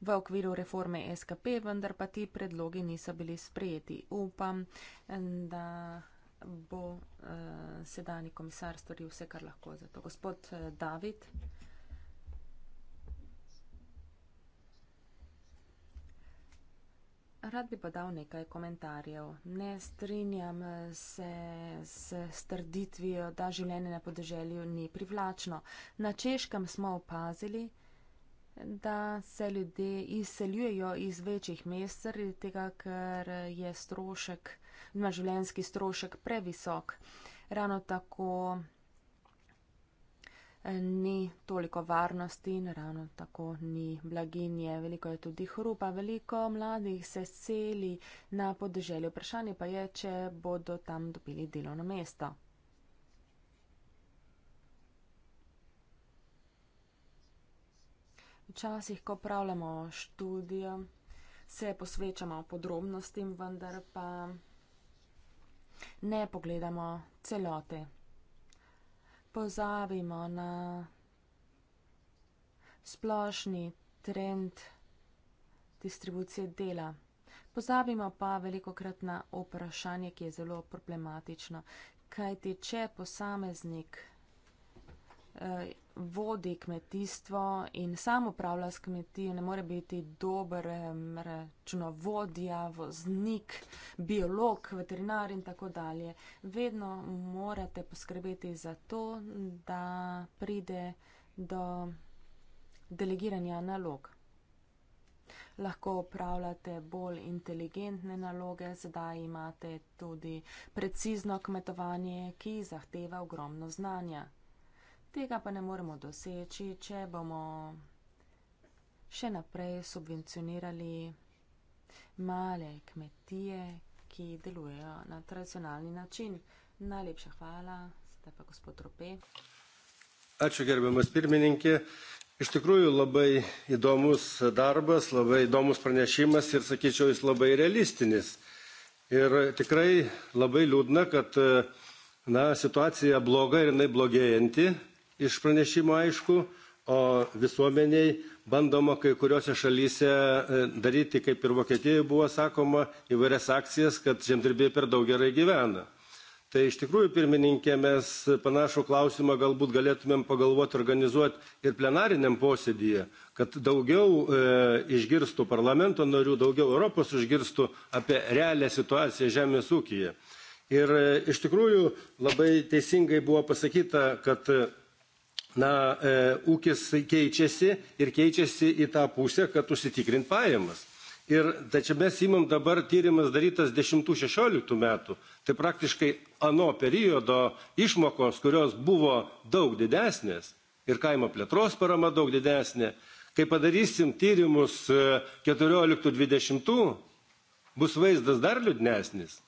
Speaker 4: v okviru reforme SKP, vendar pa ti predlogi niso bili sprejeti. Upam, da bo uh, eh, sedajni komisar storil vse, kar lahko za to. Gospod uh, David. Rad bi pa dal nekaj komentarjev. Ne strinjam eh, se s strditvijo, da življenje na podeželju ni privlačno. Na Češkem smo opazili, da se ljudje izseljujejo iz večjih mest, zaradi tega, ker je strošek uh, ima življenski strošek previsok. Ravno tako eh, ni toliko varnosti in ravno tako ni blaginje. Veliko je tudi hrupa, veliko mladih se seli na podeželje. Vprašanje pa je, če bodo tam dobili delovno mesto. Včasih, ko pravljamo študijo, se posvečamo podrobnostim, vendar pa ne pogledamo celote. Pozabimo na splošni trend distribucije dela. Pozabimo pa veliko krat na vprašanje, ki je zelo problematično. Kajti, če posameznik eh, vodi kmetijstvo in sam upravlja s kmetijo, ne more biti dober računovodja, voznik, biolog, veterinar in tako dalje. Vedno morate poskrbeti za to, da pride do delegiranja nalog. Lahko upravljate bolj inteligentne naloge, zdaj imate tudi precizno kmetovanje, ki zahteva ogromno znanja. Tega pa ne moremo doseči, če bomo še naprej subvencionirali male kmetije, ki delujejo na tradicionalni način. Najlepša hvala, ste pa gospod Rope.
Speaker 3: Ačiū gerbiamas pirmininkė. Iš tikrųjų labai įdomus darbas, labai įdomus pranešimas ir, sakyčiau, jis labai realistinis. Ir tikrai labai liūdna, kad na, situacija bloga ir jinai blogėjanti iš pranešimo aišku o visuomenei bandoma kai kuriose šalyse e, daryti kaip ir vokietijoje buvo sakoma įvairias akcijas kad žemdirbiai per daug gerai gyvena tai iš tikrųjų pirmininke mes panašų klausimą galbūt galėtumėm pagalvoti organizuoti ir plenariniam posėdyje kad daugiau e, išgirstų parlamento narių daugiau europos išgirstų apie realią situaciją žemės ūkyje ir e, iš tikrųjų labai teisingai buvo pasakyta kad e, na e, ūkis keičiasi ir keičiasi į tą pusę kad užsitikrint pajamas ir tai čia mes imam dabar tyrimas darytas dešimtų šešioliktų metų tai praktiškai ano periodo išmokos kurios buvo daug didesnės ir kaimo plėtros parama daug didesnė kai padarysim tyrimus e, keturioliktų dvidešimtų bus vaizdas dar liūdnesnis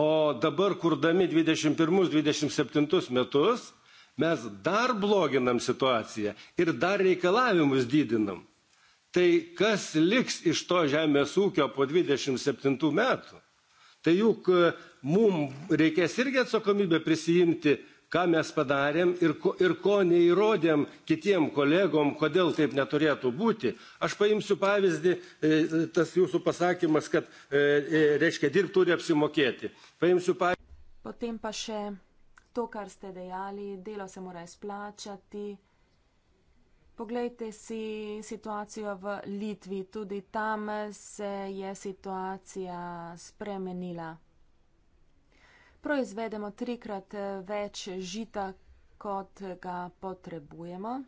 Speaker 3: o dabar kurdami dvidešim pirmus dvidešim septintus metus mes dar bloginam situaciją ir dar reikalavimus didinam. Tai kas liks iš to žemės ūkio po 27 metų? Tai juk e, mums reikės irgi atsakomybę prisijimti, ką mes padarėm ir ko, ir ko neįrodėm kitiem kolegom, kodėl taip neturėtų būti. Aš paimsiu pavyzdį, e, tas jūsų pasakymas, kad e, reiškia dirbti turi apsimokėti. Paimsiu pavyzdį.
Speaker 4: Potem pa še to, kar ste dejali, delo se mora izplačati. Poglejte si situacijo v Litvi, tudi tam se je situacija spremenila. Proizvedemo trikrat več žita, kot ga potrebujemo.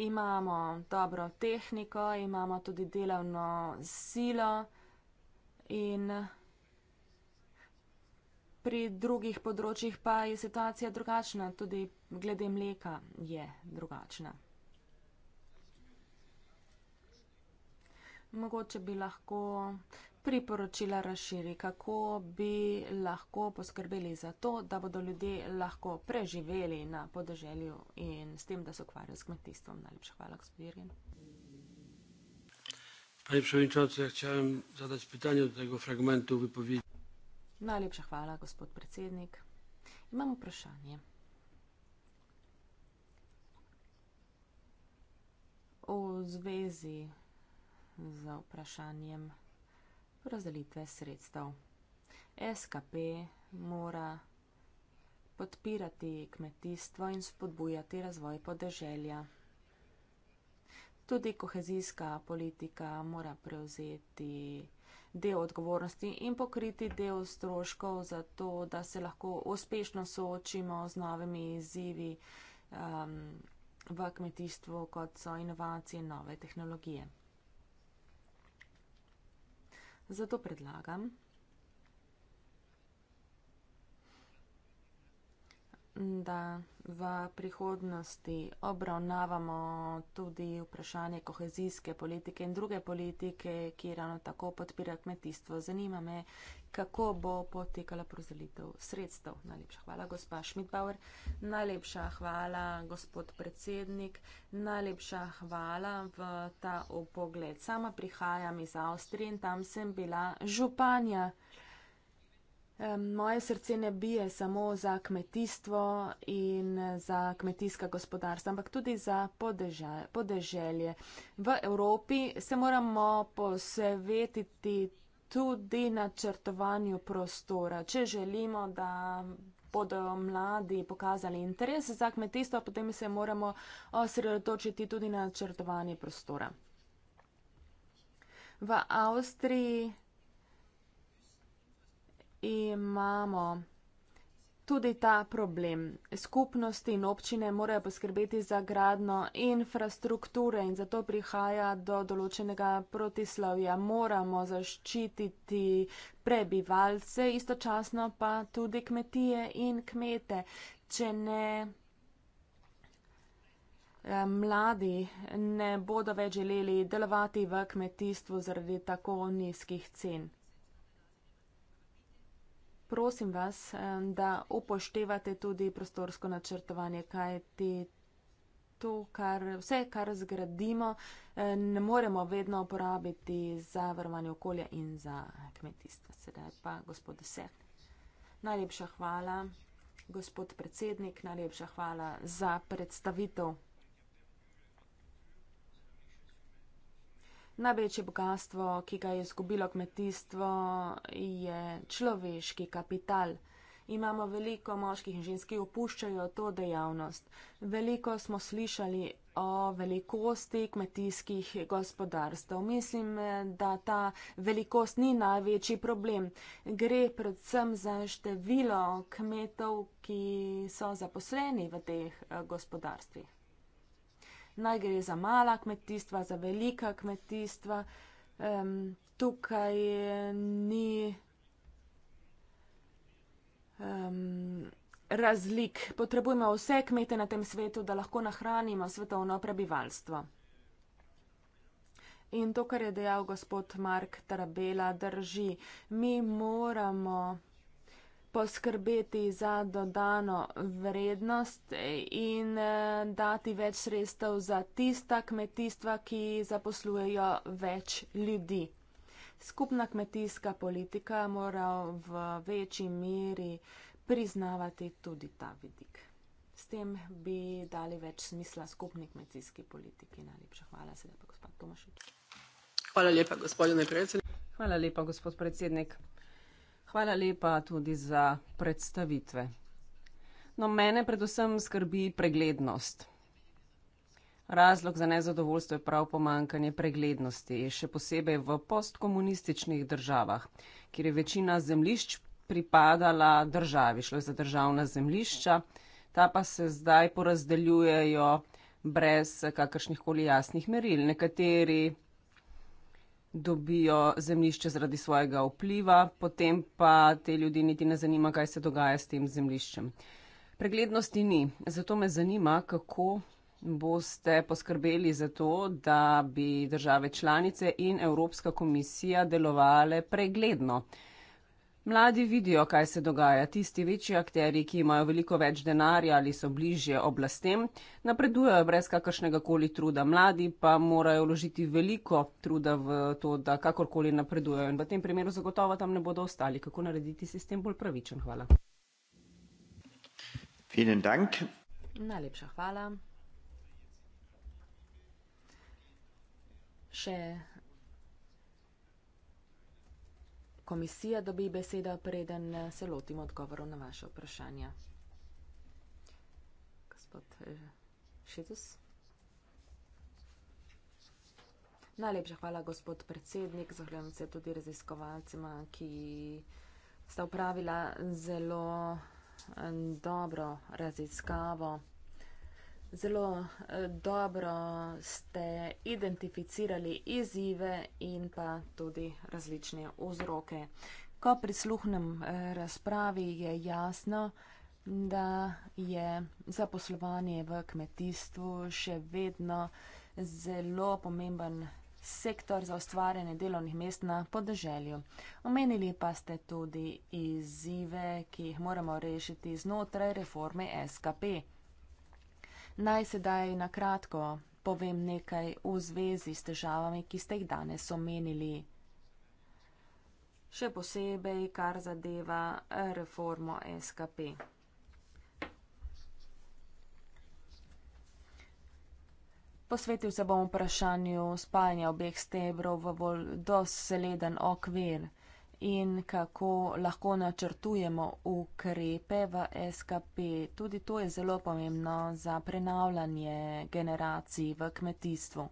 Speaker 4: Imamo dobro tehniko, imamo tudi delovno silo in pri drugih področjih pa je situacija drugačna, tudi glede mleka je drugačna. Mogoče bi lahko priporočila razširi, kako bi lahko poskrbeli za to, da bodo ljudje lahko preživeli na podeželju in s tem, da se ukvarjajo s kmetijstvom. Najlepša hvala, gospod Virgin.
Speaker 3: Panie przewodniczący, ja chciałem zadać pytanie do tego fragmentu wypowiedzi.
Speaker 4: Najlepsza chwała, gospod przewodnik. I mam proszenie. U zwiezi z opraszaniem rozdelitwę sredstw. SKP mora podpirati kmetijstwo in spodbujati razvoj podeželja tudi kohezijska politika mora prevzeti del odgovornosti in pokriti del stroškov za to, da se lahko uspešno soočimo z novimi izzivi um, v kmetijstvu, kot so inovacije in nove tehnologije. Zato predlagam, da. V prihodnosti obravnavamo tudi vprašanje kohezijske politike in druge politike, ki ravno tako podpira kmetijstvo. Zanima me, kako bo potekala prozalitev sredstev. Najlepša hvala, gospa Schmidbauer. Najlepša hvala, gospod predsednik. Najlepša hvala v ta opogled. Sama prihajam iz Avstrije in tam sem bila županja. Moje srce ne bije samo za kmetijstvo in eh, za kmetijska gospodarstva, ampak tudi za podeželje. V Evropi se moramo posvetiti tudi na črtovanju prostora. Če želimo, da bodo mladi pokazali interes za kmetijstvo, potem se moramo osredotočiti tudi na črtovanje prostora. V Avstriji imamo tudi ta problem. Skupnosti in občine morajo poskrbeti za gradno infrastrukture in zato prihaja do določenega protislavja. Moramo zaščititi prebivalce, istočasno pa tudi kmetije in kmete. Če ne eh, mladi ne bodo več želeli delovati v kmetijstvu zaradi tako nizkih cen prosim vas, da upoštevate tudi prostorsko načrtovanje, kaj te. To, kar vse, kar zgradimo, ne moremo vedno uporabiti za varovanje okolja in za kmetijstvo. Sedaj pa gospod Deset. Najlepša hvala, gospod predsednik, najlepša hvala za predstavitev Največje bogatstvo, ki ga je izgubilo kmetijstvo, je človeški kapital. Imamo veliko moških in žensk, ki opuščajo to dejavnost. Veliko smo slišali o velikosti kmetijskih gospodarstv. Mislim, da ta velikost ni največji problem. Gre predvsem za število kmetov, ki so zaposleni v teh eh, gospodarstvih naj gre za mala kmetijstva, za velika kmetijstva. Um, tukaj eh, ni um, razlik. Potrebujemo vse kmete na tem svetu, da lahko nahranimo svetovno prebivalstvo. In to, kar je dejal gospod Mark Tarabela, drži. Mi moramo poskrbeti za dodano vrednost in eh, dati več sredstev za tista kmetijstva, ki zaposlujejo več ljudi. Skupna kmetijska politika mora v večji meri priznavati tudi ta vidik. S tem bi dali več smisla skupni kmetijski politiki. Najlepša hvala, sedaj pa gospod Tomašič. Hvala lepa, gospodine predsednik.
Speaker 6: Hvala lepa, gospod predsednik. Hvala lepa tudi za predstavitve. No, mene predvsem skrbi preglednost. Razlog za nezadovoljstvo je prav pomankanje preglednosti, še posebej v postkomunističnih državah, kjer je večina zemlišč pripadala državi, šlo je za državna zemlišča, ta pa se zdaj porazdeljujejo brez kakršnih koli jasnih meril. Nekateri dobijo zemljišče zaradi svojega vpliva, potem pa te ljudi niti ne zanima, kaj se dogaja s tem zemljiščem. Preglednosti ni, zato me zanima, kako boste poskrbeli za to, da bi države članice in Evropska komisija delovale pregledno. Mladi vidijo, kaj se dogaja. Tisti večji akteri, ki imajo veliko več denarja ali so bližje oblastem, napredujejo brez kakršnega koli truda. Mladi pa morajo vložiti veliko truda v to, da kakorkoli napredujejo. In v tem primeru zagotovo tam ne bodo ostali. Kako narediti sistem bolj pravičen? Hvala.
Speaker 4: Najlepša hvala. Še komisija dobi besedo, preden eh, se lotim odgovorov na vaše vprašanje. Gospod eh, Šetus. Najlepša hvala, gospod predsednik. Zahvaljujem se tudi raziskovalcema, ki sta upravila zelo eh, dobro raziskavo. Zelo eh, dobro ste identificirali izzive in pa tudi različne vzroke. Ko prisluhnem eh, razpravi, je jasno, da je zaposlovanje v kmetijstvu še vedno zelo pomemben sektor za ustvarjanje delovnih mest na podeželju. Omenili pa ste tudi izzive, ki jih moramo rešiti znotraj reforme SKP. Naj sedaj na kratko povem nekaj v zvezi s težavami, ki ste jih danes omenili. Še posebej, kar zadeva reformo SKP. Posvetil se bom vprašanju spajanja obeh stebrov v bolj dosleden okvir in kako lahko načrtujemo ukrepe v SKP. Tudi to je zelo pomembno za prenavljanje generacij v kmetijstvu.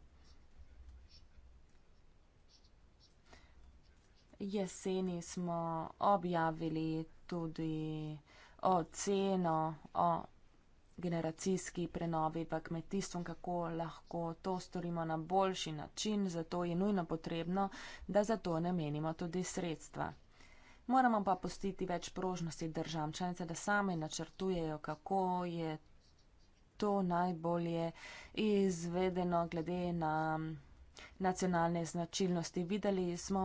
Speaker 4: Jeseni smo objavili tudi oceno o generacijski prenovi v kmetijstvu in kako lahko to storimo na boljši način, zato je nujno potrebno, da za to namenimo tudi sredstva. Moramo pa postiti več prožnosti državam članice, da same načrtujejo, kako je to najbolje izvedeno glede na nacionalne značilnosti. Videli smo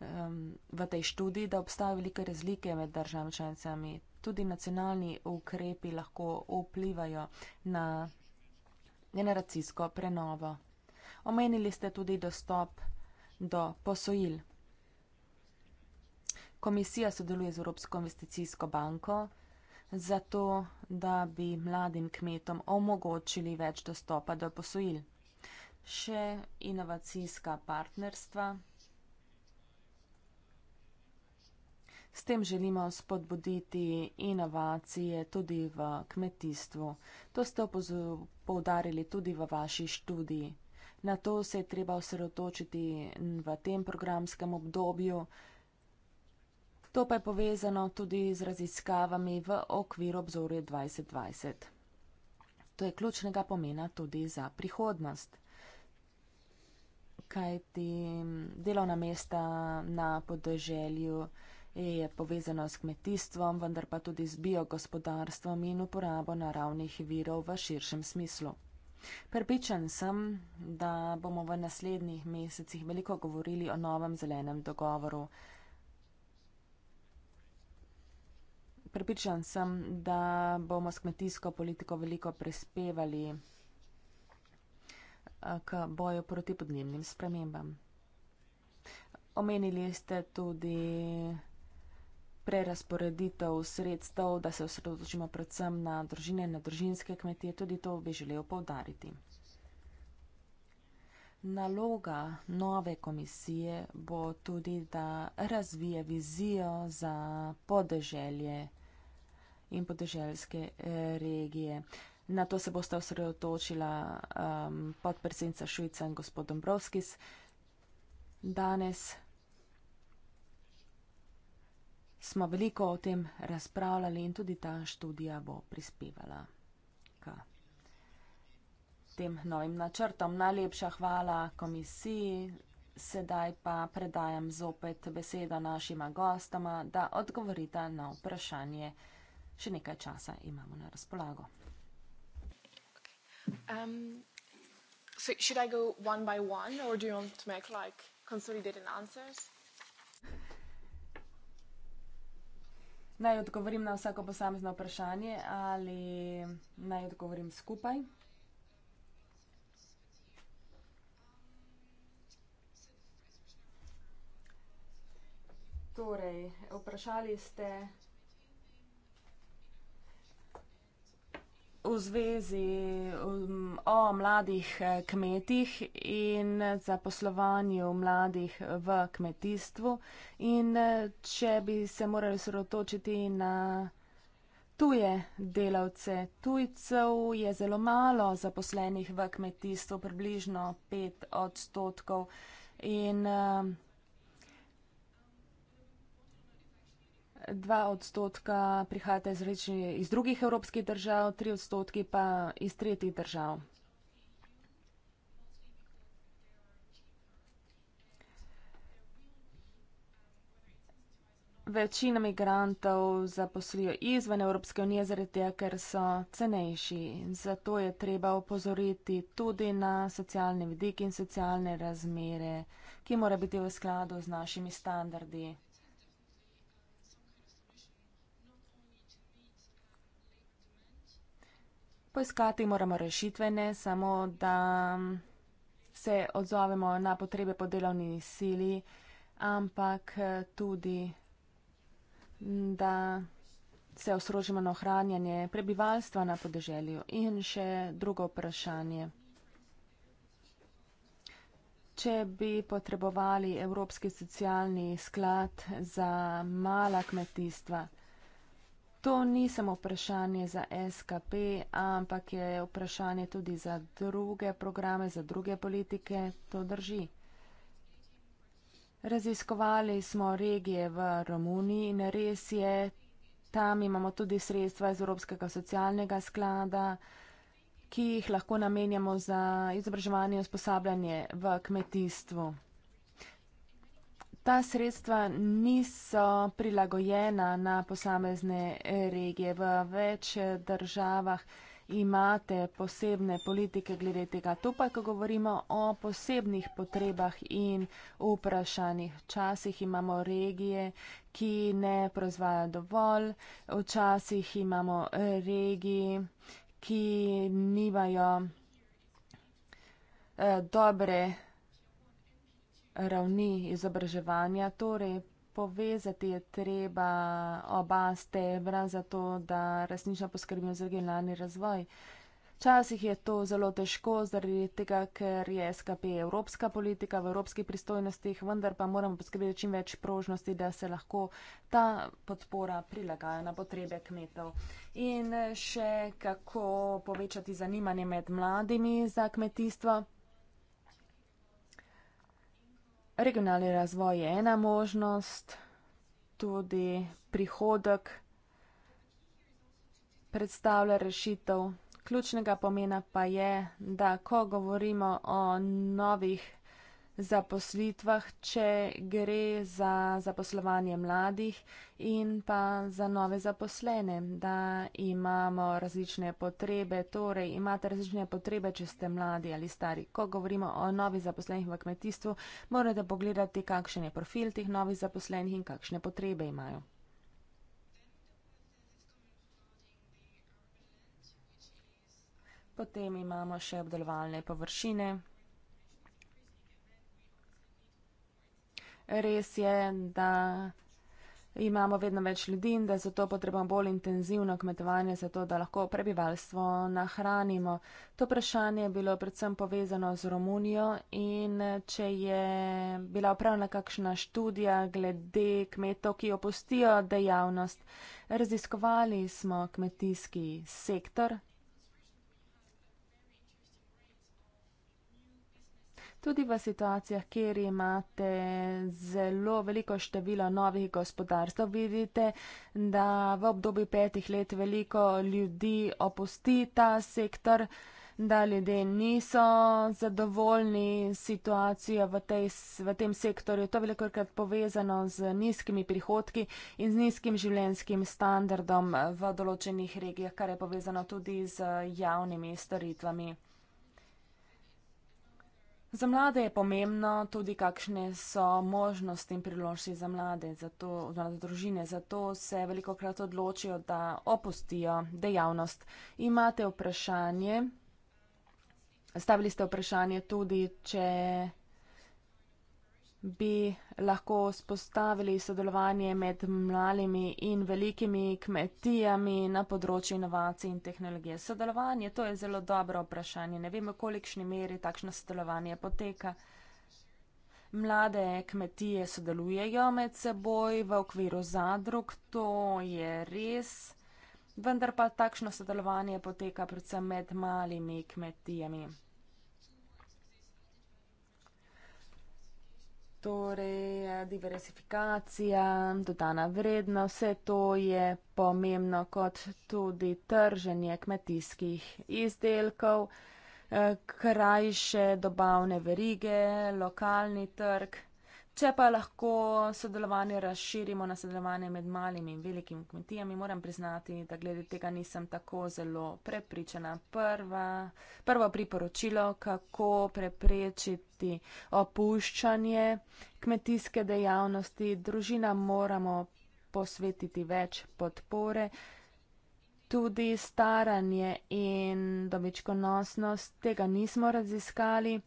Speaker 4: um, v tej študiji, da obstajajo velike razlike med državam članicami tudi nacionalni ukrepi lahko vplivajo na generacijsko prenovo. Omenili ste tudi dostop do posojil. Komisija sodeluje z Evropsko investicijsko banko zato, da bi mladim kmetom omogočili več dostopa do posojil. Še inovacijska partnerstva. S tem želimo spodbuditi inovacije tudi v kmetijstvu. To ste poudarili tudi v vaši študiji. Na to se je treba osredotočiti v tem programskem obdobju. To pa je povezano tudi z raziskavami v okviru obzorja 2020. To je ključnega pomena tudi za prihodnost. Kaj ti delovna mesta na podeželju? je povezano s kmetijstvom, vendar pa tudi z biogospodarstvom in uporabo naravnih virov v širšem smislu. Prepričan sem, da bomo v naslednjih mesecih veliko govorili o novem zelenem dogovoru. Prepričan sem, da bomo s kmetijsko politiko veliko prispevali eh, k boju proti podnebnim spremembam. Omenili ste tudi prerasporeditev sredstev, da se osredotočimo predvsem na družine in na družinske kmetije, tudi to bi želel povdariti. Naloga nove komisije bo tudi, da razvije vizijo za podeželje in podeželske eh, regije. Na to se boste osredotočila um, podpredsednica Švica in gospod Dombrovskis. Danes smo veliko o tem razpravljali in tudi ta študija bo prispevala k tem novim načrtom. Najlepša hvala komisiji. Sedaj pa predajam zopet besedo našima gostoma, da odgovorita na vprašanje. Še nekaj časa imamo na razpolago. Um, so, should I go one by one or do you want to make like consolidated answers? Naj odgovorim na vsako posamezno vprašanje ali naj odgovorim skupaj? Torej, vprašali ste v zvezi um, o mladih eh, kmetih in eh, zaposlovanju mladih eh, v kmetijstvu in če bi se morali sorotočiti na tuje delavce tujcev, je zelo malo zaposlenih v kmetijstvu, približno 5 odstotkov. In, um, dva odstotka prihajate iz, reči, iz drugih evropskih držav, tri odstotki pa iz tretjih držav. Večina migrantov zaposlijo izven Evropske unije zaradi tega, ker so cenejši. Zato je treba upozoriti tudi na socialne vidike in socialne razmere, ki mora biti v skladu z našimi standardi. poiskati moramo rešitve, ne samo, da se odzovemo na potrebe po delovni sili, ampak tudi, da se osrožimo na ohranjanje prebivalstva na podeželju. In še drugo vprašanje. Če bi potrebovali Evropski socialni sklad za mala kmetijstva, To ni samo vprašanje za SKP, ampak je vprašanje tudi za druge programe, za druge politike. To drži. Raziskovali smo regije v Romuniji in res je, tam imamo tudi sredstva iz Evropskega socialnega sklada, ki jih lahko namenjamo za izobraževanje in usposabljanje v kmetijstvu ta sredstva niso prilagojena na posamezne regije. V več državah imate posebne politike glede tega. To pa, ko govorimo o posebnih potrebah in vprašanjih. Včasih imamo regije, ki ne proizvaja dovolj, včasih imamo regije, ki nimajo eh, dobre ravni izobraževanja, torej povezati je treba oba stebra za to, da resnično poskrbimo za regionalni razvoj. Včasih je to zelo težko, zaradi tega, ker je SKP evropska politika v evropskih pristojnostih, vendar pa moramo poskrbeti čim več prožnosti, da se lahko ta podpora prilagaja na potrebe kmetov. In še kako povečati zanimanje med mladimi za kmetijstvo regionalni razvoj je ena možnost, tudi prihodek predstavlja rešitev. Ključnega pomena pa je, da ko govorimo o novih zaposlitvah, če gre za zaposlovanje mladih in pa za nove zaposlene, da imamo različne potrebe. Torej, imate različne potrebe, če ste mladi ali stari. Ko govorimo o novih zaposlenih v kmetijstvu, morate pogledati, kakšen je profil teh novih zaposlenih in kakšne potrebe imajo. Potem imamo še obdelovalne površine. res je, da imamo vedno več ljudi in da zato potrebujemo bolj intenzivno kmetovanje, zato da lahko prebivalstvo nahranimo. To vprašanje je bilo predvsem povezano z Romunijo in če je bila upravna kakšna študija glede kmetov, ki opustijo dejavnost. Raziskovali smo kmetijski sektor, tudi v situacijah, kjer imate zelo veliko število novih gospodarstv. Vidite, da v obdobju petih let veliko ljudi opusti ta sektor, da ljudje niso zadovoljni situacijo v, tej, v tem sektorju. To je veliko krat povezano z nizkimi prihodki in z nizkim življenjskim standardom v določenih regijah, kar je povezano tudi z javnimi storitvami. Za mlade je pomembno tudi, kakšne so možnosti in priložnosti za mlade, zato, mlade družine. Zato se veliko krat odločijo, da opustijo dejavnost. Imate vprašanje? Stavili ste vprašanje tudi, če bi lahko spostavili sodelovanje med mladimi in velikimi kmetijami na področju inovacij in tehnologije. Sodelovanje, to je zelo dobro vprašanje. Ne vemo, kolikšni meri takšno sodelovanje poteka. Mlade kmetije sodelujejo med seboj v okviru zadrug, to je res, vendar pa takšno sodelovanje poteka predvsem med malimi kmetijami. Torej, eh, diversifikacija, dodana vredna, vse to je pomembno, kot tudi trženje kmetijskih izdelkov, eh, krajše dobavne verige, lokalni trg. Če pa lahko sodelovanje razširimo na sodelovanje med malimi in velikimi kmetijami, moram priznati, da glede tega nisem tako zelo prepričana. Prva, prvo priporočilo, kako preprečiti opuščanje kmetijske dejavnosti, družina moramo posvetiti več podpore. Tudi staranje in dobičkonosnost tega nismo raziskali.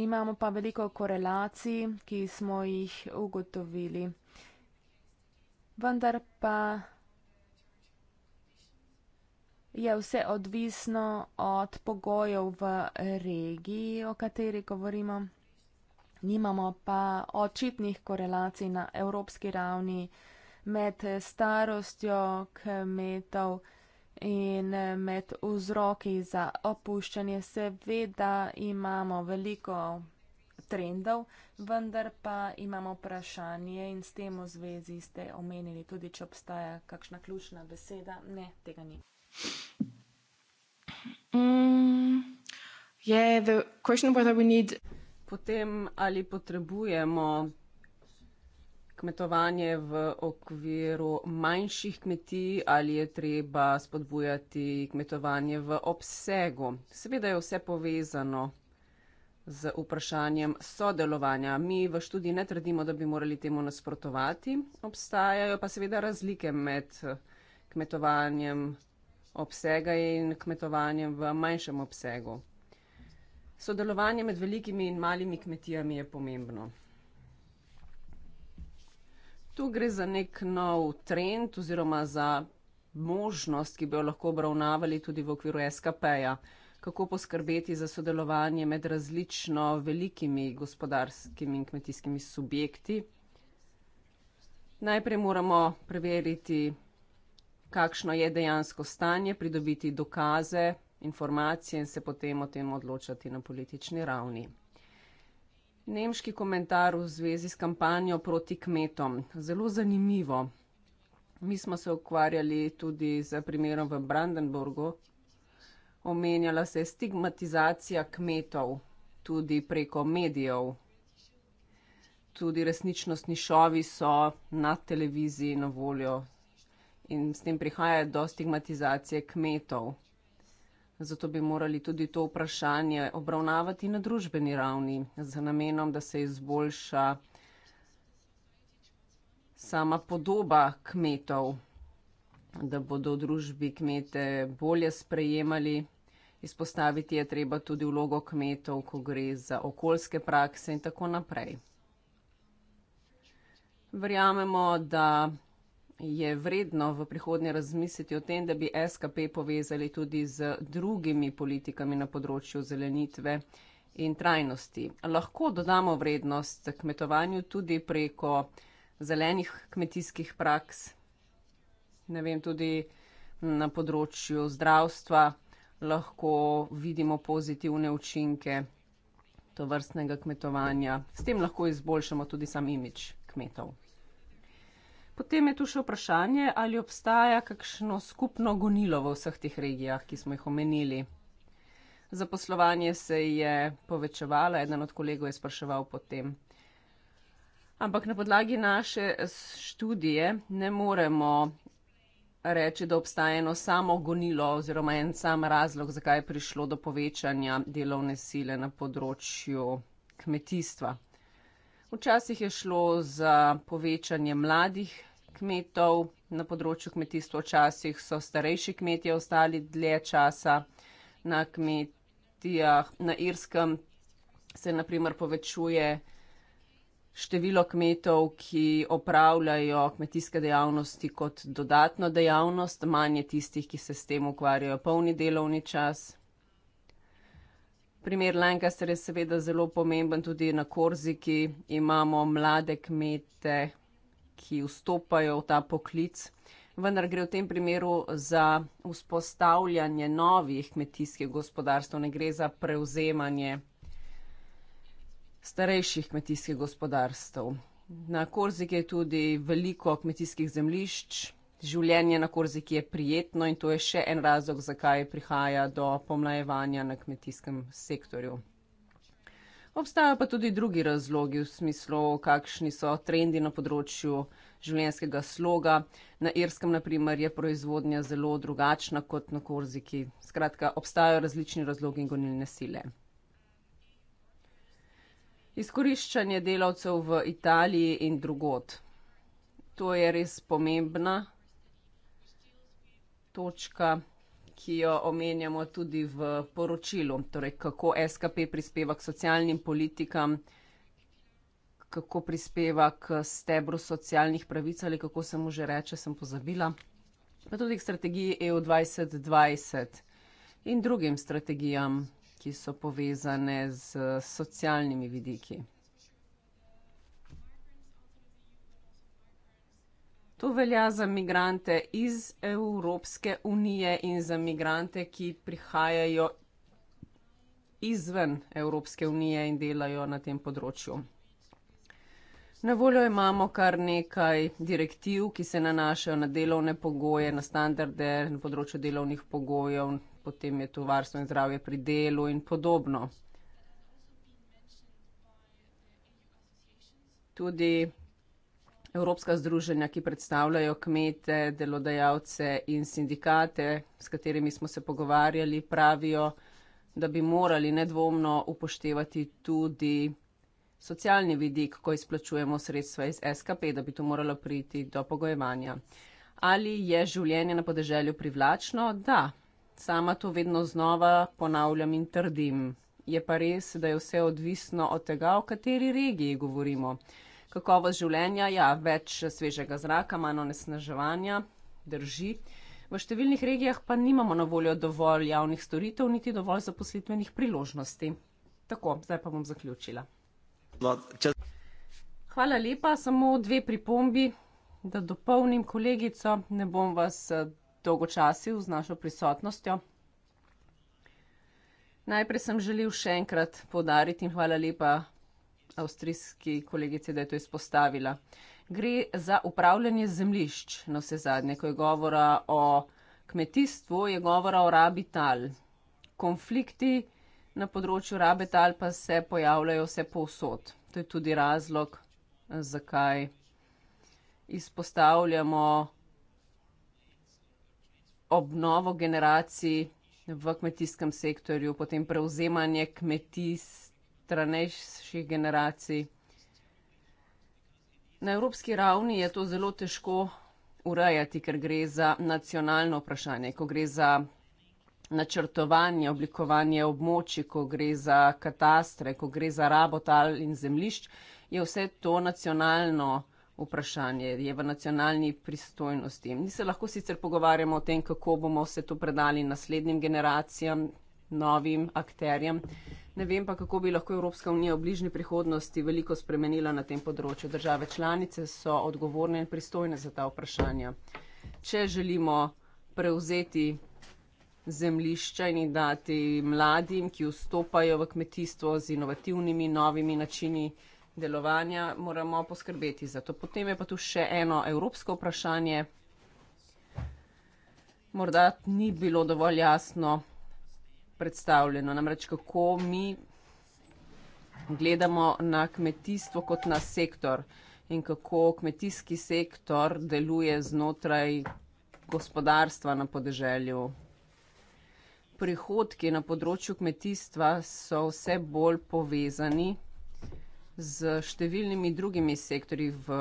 Speaker 4: Imamo pa veliko korelacij, ki smo jih ugotovili. Vendar pa je vse odvisno od pogojev v regiji, o kateri govorimo. Nimamo pa očitnih korelacij na evropski ravni med starostjo kmetov. In eh, med vzroki za opuščanje seveda imamo veliko trendov, vendar pa imamo vprašanje in s tem v zvezi ste omenili tudi, če obstaja kakšna ključna beseda. Ne, tega ni. Mm, yeah,
Speaker 6: Potem ali potrebujemo kmetovanje v okviru manjših kmetij ali je treba spodbujati kmetovanje v obsegu? Seveda je vse povezano z vprašanjem sodelovanja. Mi v študiji ne trdimo, da bi morali temu nasprotovati. Obstajajo pa seveda razlike med kmetovanjem obsega in kmetovanjem v manjšem obsegu. Sodelovanje med velikimi in malimi kmetijami je pomembno tu gre za nek nov trend oziroma za možnost, ki bi jo lahko obravnavali tudi v okviru SKP-ja. Kako poskrbeti za sodelovanje med različno velikimi gospodarskimi in kmetijskimi subjekti? Najprej moramo preveriti, kakšno je dejansko stanje, pridobiti dokaze, informacije in se potem o tem odločati na politični ravni. Nemški komentar v zvezi s kampanjo proti kmetom. Zelo zanimivo. Mi smo se ukvarjali tudi z primerom v Brandenburgu. Omenjala se je stigmatizacija kmetov tudi preko medijev. Tudi resničnostni šovi so na televiziji na voljo in s tem prihaja do stigmatizacije kmetov. Zato bi morali tudi to vprašanje obravnavati na družbeni ravni z namenom, da se izboljša sama podoba kmetov, da bodo v družbi kmete bolje sprejemali. Izpostaviti je treba tudi vlogo kmetov, ko gre za okoljske prakse in tako naprej. Verjamemo, da je vredno v prihodnje razmisliti o tem, da bi SKP povezali tudi z drugimi politikami na področju zelenitve in trajnosti. Lahko dodamo vrednost kmetovanju tudi preko zelenih kmetijskih praks, ne vem, tudi na področju zdravstva lahko vidimo pozitivne učinke to vrstnega kmetovanja. S tem lahko izboljšamo tudi sam imič kmetov. Potem je tu še vprašanje, ali obstaja kakšno skupno gonilo v vseh teh regijah, ki smo jih omenili. Zaposlovanje se je povečevalo, eden od kolegov je spraševal potem. Ampak na podlagi naše študije ne moremo reči, da obstaja eno samo gonilo oziroma en sam razlog, zakaj je prišlo do povečanja delovne sile na področju kmetijstva. Včasih je šlo za povečanje mladih kmetov na področju kmetijstva. Včasih so starejši kmetje ostali dlje časa na kmetijah. Na Irskem se naprimer povečuje število kmetov, ki opravljajo kmetijske dejavnosti kot dodatno dejavnost, manj je tistih, ki se s tem ukvarjajo polni delovni čas. Primer Lancaster je seveda zelo pomemben tudi na Korziki. Imamo mlade kmete, ki vstopajo v ta poklic. Vendar gre v tem primeru za vzpostavljanje novih kmetijskih gospodarstv, ne gre za prevzemanje starejših kmetijskih gospodarstv. Na Korziki je tudi veliko kmetijskih zemlišč, življenje na Korziki je prijetno in to je še en razlog, zakaj prihaja do pomlajevanja na kmetijskem sektorju. Obstajajo pa tudi drugi razlogi v smislu, kakšni so trendi na področju življenjskega sloga. Na Irskem, naprimer, je proizvodnja zelo drugačna kot na Korziki. Skratka, obstajajo različni razlogi in gonilne sile. Izkoriščanje delavcev v Italiji in drugot. To je res pomembna točka ki jo omenjamo tudi v poročilu, torej kako SKP prispeva k socialnim politikam, kako prispeva k stebru socialnih pravic ali kako se mu že reče, sem pozabila, pa tudi k strategiji EU 2020 in drugim strategijam, ki so povezane z socialnimi vidiki. To velja za migrante iz Evropske unije in za migrante, ki prihajajo izven Evropske unije in delajo na tem področju. Na voljo imamo kar nekaj direktiv, ki se nanašajo na delovne pogoje, na standarde na področju delovnih pogojev, potem je tu varstvo in zdravje pri delu in podobno. Tudi evropska združenja, ki predstavljajo kmete, delodajalce in sindikate, s katerimi smo se pogovarjali, pravijo, da bi morali nedvomno upoštevati tudi socialni vidik, ko izplačujemo sredstva iz SKP, da bi to moralo priti do pogojevanja. Ali je življenje na podeželju privlačno? Da, sama to vedno znova ponavljam in trdim. Je pa res, da je vse odvisno od tega, o kateri regiji govorimo kakovost življenja, ja, več svežega zraka, manj onesnaževanja, drži. V številnih regijah pa nimamo na voljo dovolj javnih storitev, niti dovolj zaposlitvenih priložnosti. Tako, zdaj pa bom zaključila. No, če... Hvala lepa, samo dve pripombi, da dopolnim kolegico, ne bom vas eh, dolgočasil z našo prisotnostjo. Najprej sem želel še enkrat podariti in hvala lepa avstrijski kolegici, da je to izpostavila. Gre za upravljanje zemlišč, na no, vse zadnje, ko je govora o kmetijstvu, je govora o rabi tal. Konflikti na področju rabe tal pa se pojavljajo vse povsod. To je tudi razlog, zakaj izpostavljamo obnovo generacij v kmetijskem sektorju, potem prevzemanje kmetijstva ranejših generacij. Na evropski ravni je to zelo težko urejati, ker gre za nacionalno vprašanje, ko gre za načrtovanje, oblikovanje območij, ko gre za katastre, ko gre za rabo tal in zemlišč, je vse to nacionalno vprašanje, je v nacionalni pristojnosti. Mi se lahko sicer pogovarjamo o tem, kako bomo vse to predali naslednjim generacijam, novim akterjem. Ne vem pa, kako bi lahko Evropska unija v bližnji prihodnosti veliko spremenila na tem področju. Države članice so odgovorne in pristojne za ta vprašanja. Če želimo prevzeti zemlišča in dati mladim, ki vstopajo v kmetijstvo z inovativnimi novimi načini delovanja, moramo poskrbeti za to. Potem je pa tu še eno evropsko vprašanje. Morda ni bilo dovolj jasno, predstavljeno. Namreč kako mi gledamo na kmetijstvo kot na sektor in kako kmetijski sektor deluje znotraj gospodarstva na podeželju. Prihodki na področju kmetijstva so vse bolj povezani z številnimi drugimi sektorji v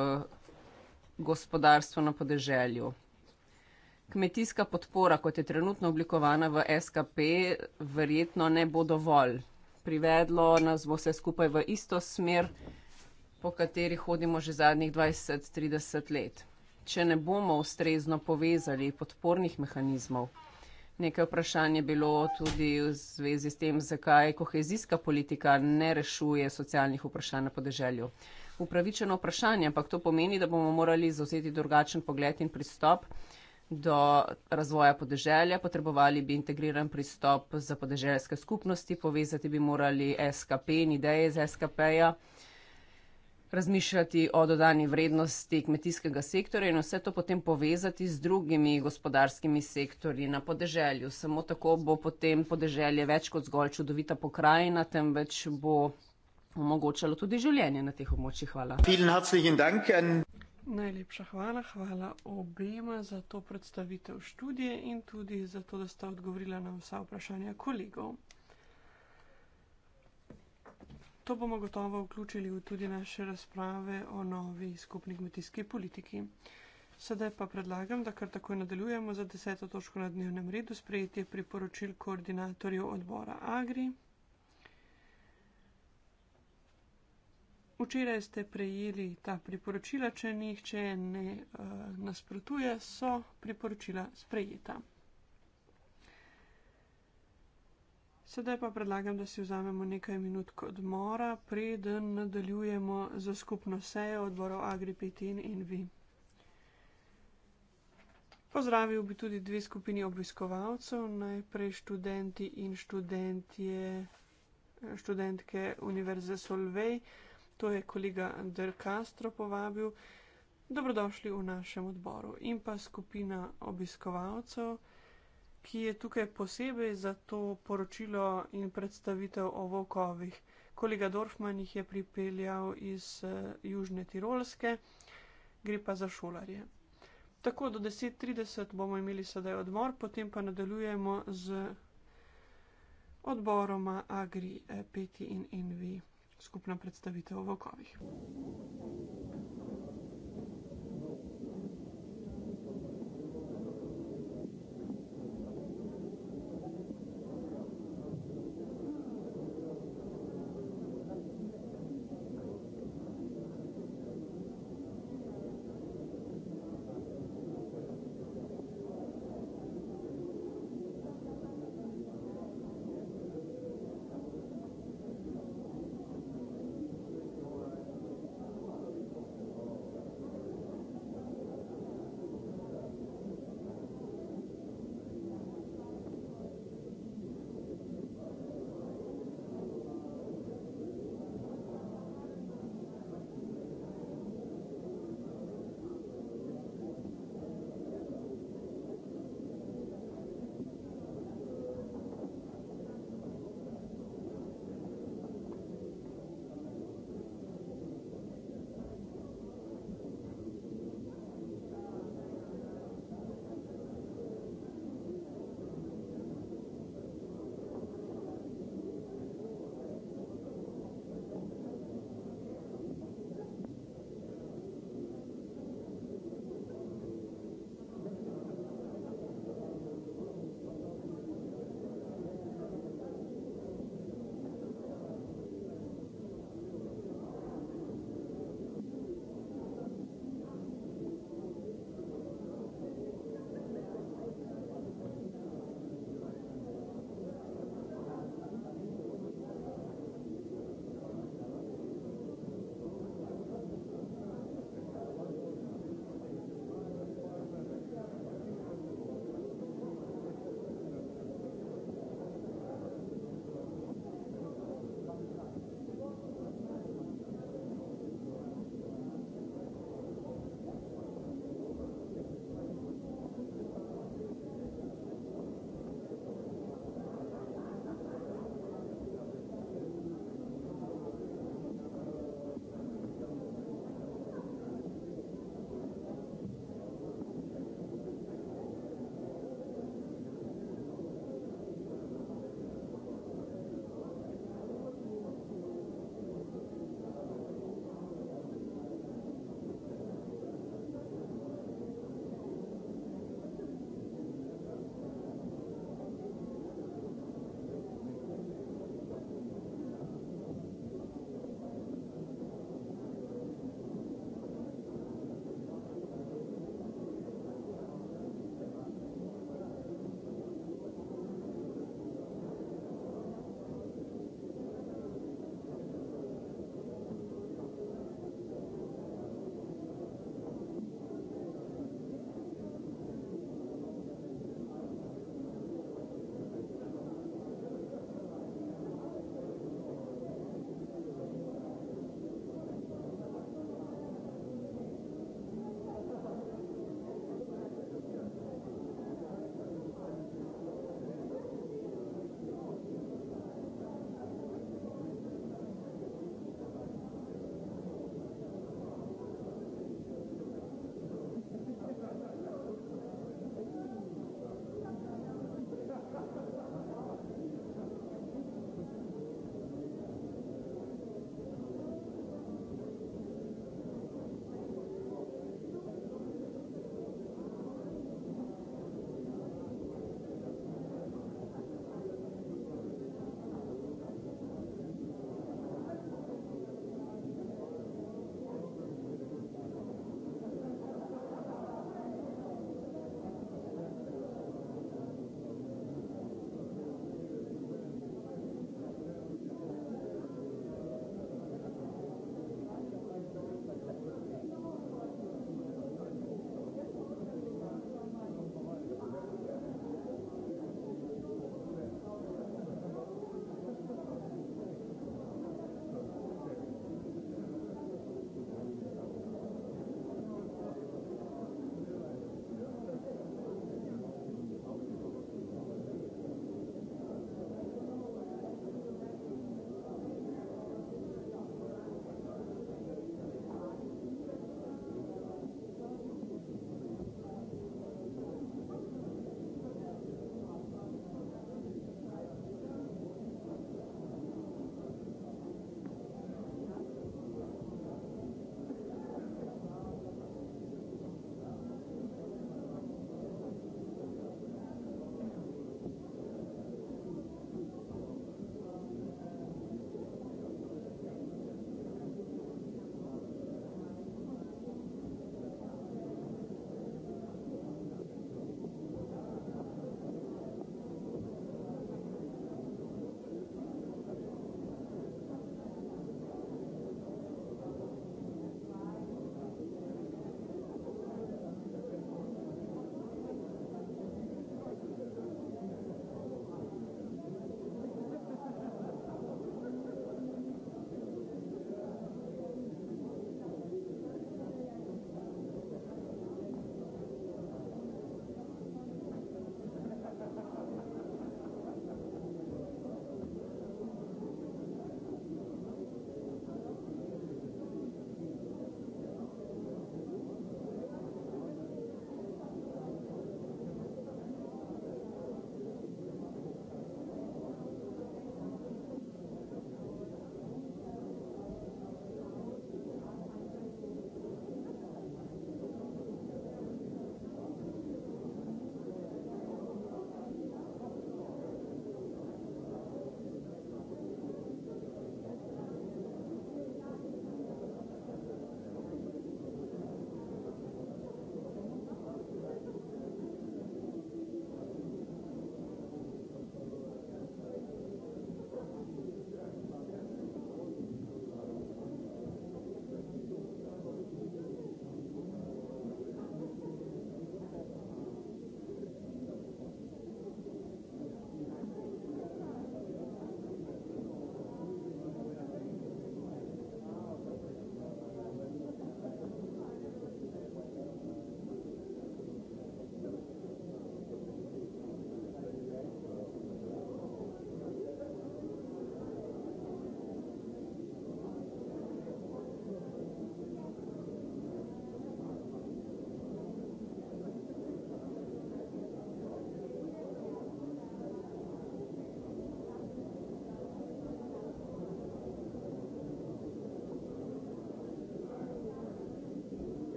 Speaker 6: gospodarstvu na podeželju kmetijska podpora, kot je trenutno oblikovana v SKP, verjetno ne bo dovolj. Privedlo nas bo vse skupaj v isto smer, po kateri hodimo že zadnjih 20-30 let. Če ne bomo ustrezno povezali podpornih mehanizmov, nekaj vprašanj je bilo tudi v zvezi s tem, zakaj kohezijska politika ne rešuje socialnih vprašanj na podeželju. Upravičeno vprašanje, ampak to pomeni, da bomo morali zauzeti drugačen pogled in pristop do razvoja podeželja, potrebovali bi integriran pristop za podeželjske skupnosti, povezati bi morali SKP in ideje iz SKP-ja, razmišljati o dodani vrednosti kmetijskega sektorja in vse to potem povezati z drugimi gospodarskimi sektorji na podeželju. Samo tako bo potem podeželje več kot zgolj čudovita pokrajina, temveč bo omogočalo tudi življenje na teh območjih. Hvala.
Speaker 1: Najlepša hvala, hvala obema za to predstavitev študije in tudi za to, da sta odgovorila na vsa vprašanja kolegov. To bomo gotovo vključili v tudi naše razprave o novi skupni kmetijski politiki. Sedaj pa predlagam, da kar takoj nadaljujemo za deseto točko na dnevnem redu sprejetje priporočil koordinatorjev odbora Agri. Včeraj ste prejeli ta priporočila, če nihče ne uh, nasprotuje, so priporočila sprejeta. Sedaj pa predlagam, da si vzamemo nekaj minut odmora, preden nadaljujemo za skupno sejo odborov Agripetin in vi. Pozdravil bi tudi dve skupini obiskovalcev, najprej študenti in študentje, študentke Univerze Solvej to je kolega Andr Castro povabil. Dobrodošli v našem odboru in pa skupina obiskovalcev, ki je tukaj posebej za to poročilo in predstavitev o volkovih. Kolega Dorfman jih je pripeljal iz uh, Južne Tirolske, gre pa za šolarje. Tako do 10.30 bomo imeli sedaj odmor, potem pa nadaljujemo z odboroma Agri, e Peti in Envi skupna predstavitev v okovih.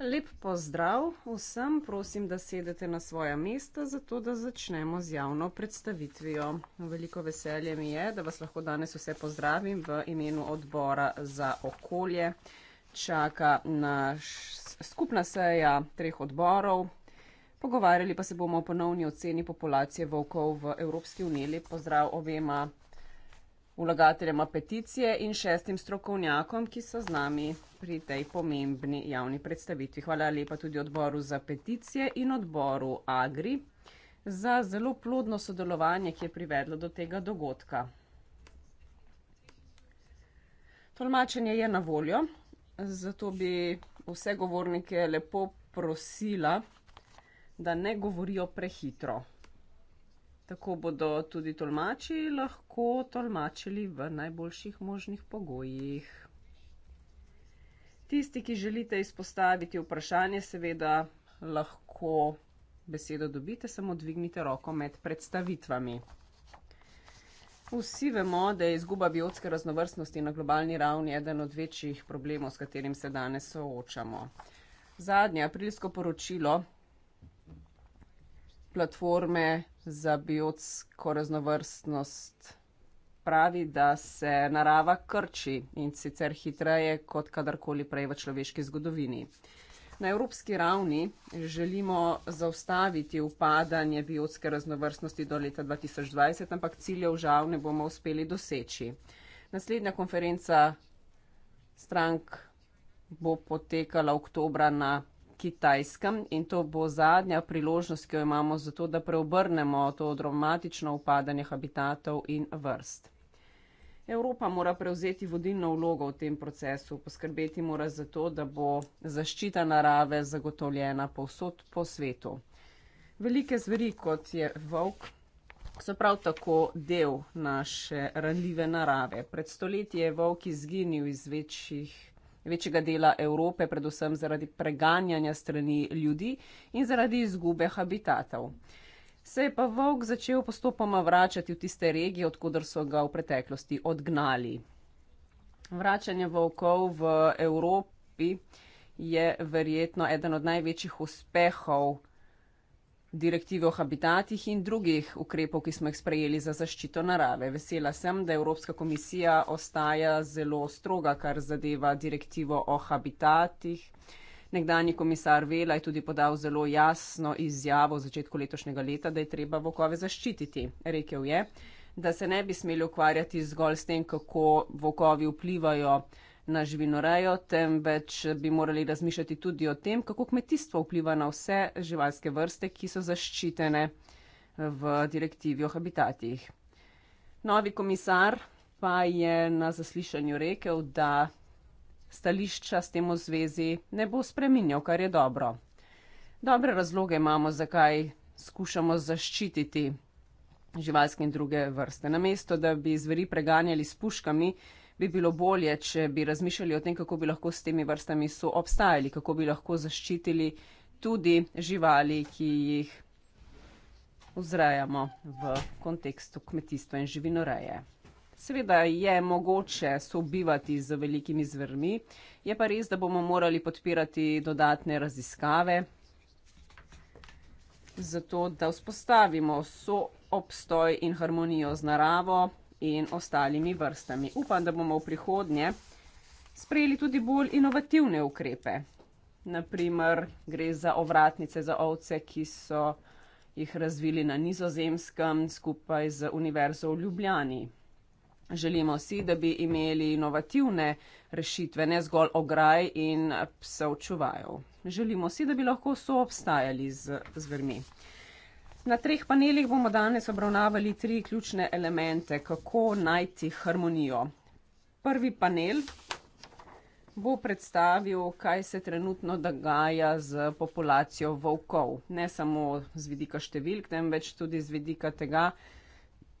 Speaker 6: Lep pozdrav vsem, prosim, da sedete na svoja mesta, zato da začnemo z javno predstavitvijo. Veliko veselje mi je, da vas lahko danes vse pozdravim v imenu odbora za okolje. Čaka naš skupna seja treh odborov. Pogovarjali pa se bomo o ponovni oceni populacije volkov v Evropski uniji. Lep pozdrav obema vlagateljem peticije in šestim strokovnjakom, ki so z nami pri tej pomembni javni predstavitvi. Hvala lepa tudi odboru za peticije in odboru Agri za zelo plodno sodelovanje, ki je privedlo do tega dogodka. Tolmačenje je na voljo, zato bi vse govornike lepo prosila, da ne govorijo prehitro. Tako bodo tudi tolmači lahko tolmačili v najboljših možnih pogojih. Tisti, ki želite izpostaviti vprašanje, seveda lahko besedo dobite, samo dvignite roko med predstavitvami. Vsi vemo, da je izguba biotske raznovrstnosti na globalni ravni eden od večjih problemov, s katerim se danes soočamo. Zadnje aprilsko poročilo platforme za biotsko raznovrstnost pravi, da se narava krči in sicer hitreje kot kadarkoli prej v človeški zgodovini. Na evropski ravni želimo zaustaviti upadanje biotske raznovrstnosti do leta 2020, ampak ciljev žal ne bomo uspeli doseči. Naslednja konferenca strank bo potekala oktobra na kitajskem in to bo zadnja priložnost, ki jo imamo za to, da preobrnemo to dramatično upadanje habitatov in vrst. Evropa mora prevzeti vodilno vlogo v tem procesu, poskrbeti mora za to, da bo zaščita narave zagotovljena povsod po svetu. Velike zveri, kot je volk, so prav tako del naše ranljive narave. Pred stoletji je volk izginil iz večjih večjega dela Evrope, predvsem zaradi preganjanja strani ljudi in zaradi izgube habitatov. Se je pa volk začel postopoma vračati v tiste regije, odkudar so ga v preteklosti odgnali. Vračanje volkov v Evropi je verjetno eden od največjih uspehov direktive o habitatih in drugih ukrepov, ki smo jih sprejeli za zaščito narave. Vesela sem, da Evropska komisija ostaja zelo stroga, kar zadeva direktivo o habitatih. Nekdani komisar Vela je tudi podal zelo jasno izjavo v začetku letošnjega leta, da je treba vokove zaščititi. Rekel je, da se ne bi smeli ukvarjati zgolj s tem, kako vokovi vplivajo na živinorejo, temveč bi morali razmišljati tudi o tem, kako kmetijstvo vpliva na vse živalske vrste, ki so zaščitene v direktivi o habitatih. Novi komisar pa je na zaslišanju rekel, da stališča s tem v zvezi ne bo spreminjal, kar je dobro. Dobre razloge imamo, zakaj skušamo zaščititi živalske in druge vrste. Namesto, da bi zveri preganjali s puškami, bi bilo bolje, če bi razmišljali o tem, kako bi lahko s temi vrstami soobstajali, kako bi lahko zaščitili tudi živali, ki jih vzrajamo v kontekstu kmetijstva in živinoreje. Seveda je mogoče sobivati z velikimi zvrmi, je pa res, da bomo morali podpirati dodatne raziskave, zato da vzpostavimo so obstoj in harmonijo z naravo in ostalimi vrstami. Upam, da bomo v prihodnje sprejeli tudi bolj inovativne ukrepe. Naprimer, gre za ovratnice za ovce, ki so jih razvili na nizozemskem skupaj z Univerzo v Ljubljani. Želimo si, da bi imeli inovativne rešitve, ne zgolj ograj in psa očuvajo. Želimo si, da bi lahko soobstajali z zvrmi. Na treh panelih bomo danes obravnavali tri ključne elemente, kako najti harmonijo. Prvi panel bo predstavil, kaj se trenutno dogaja z populacijo volkov. Ne samo z vidika številk, temveč tudi z vidika tega,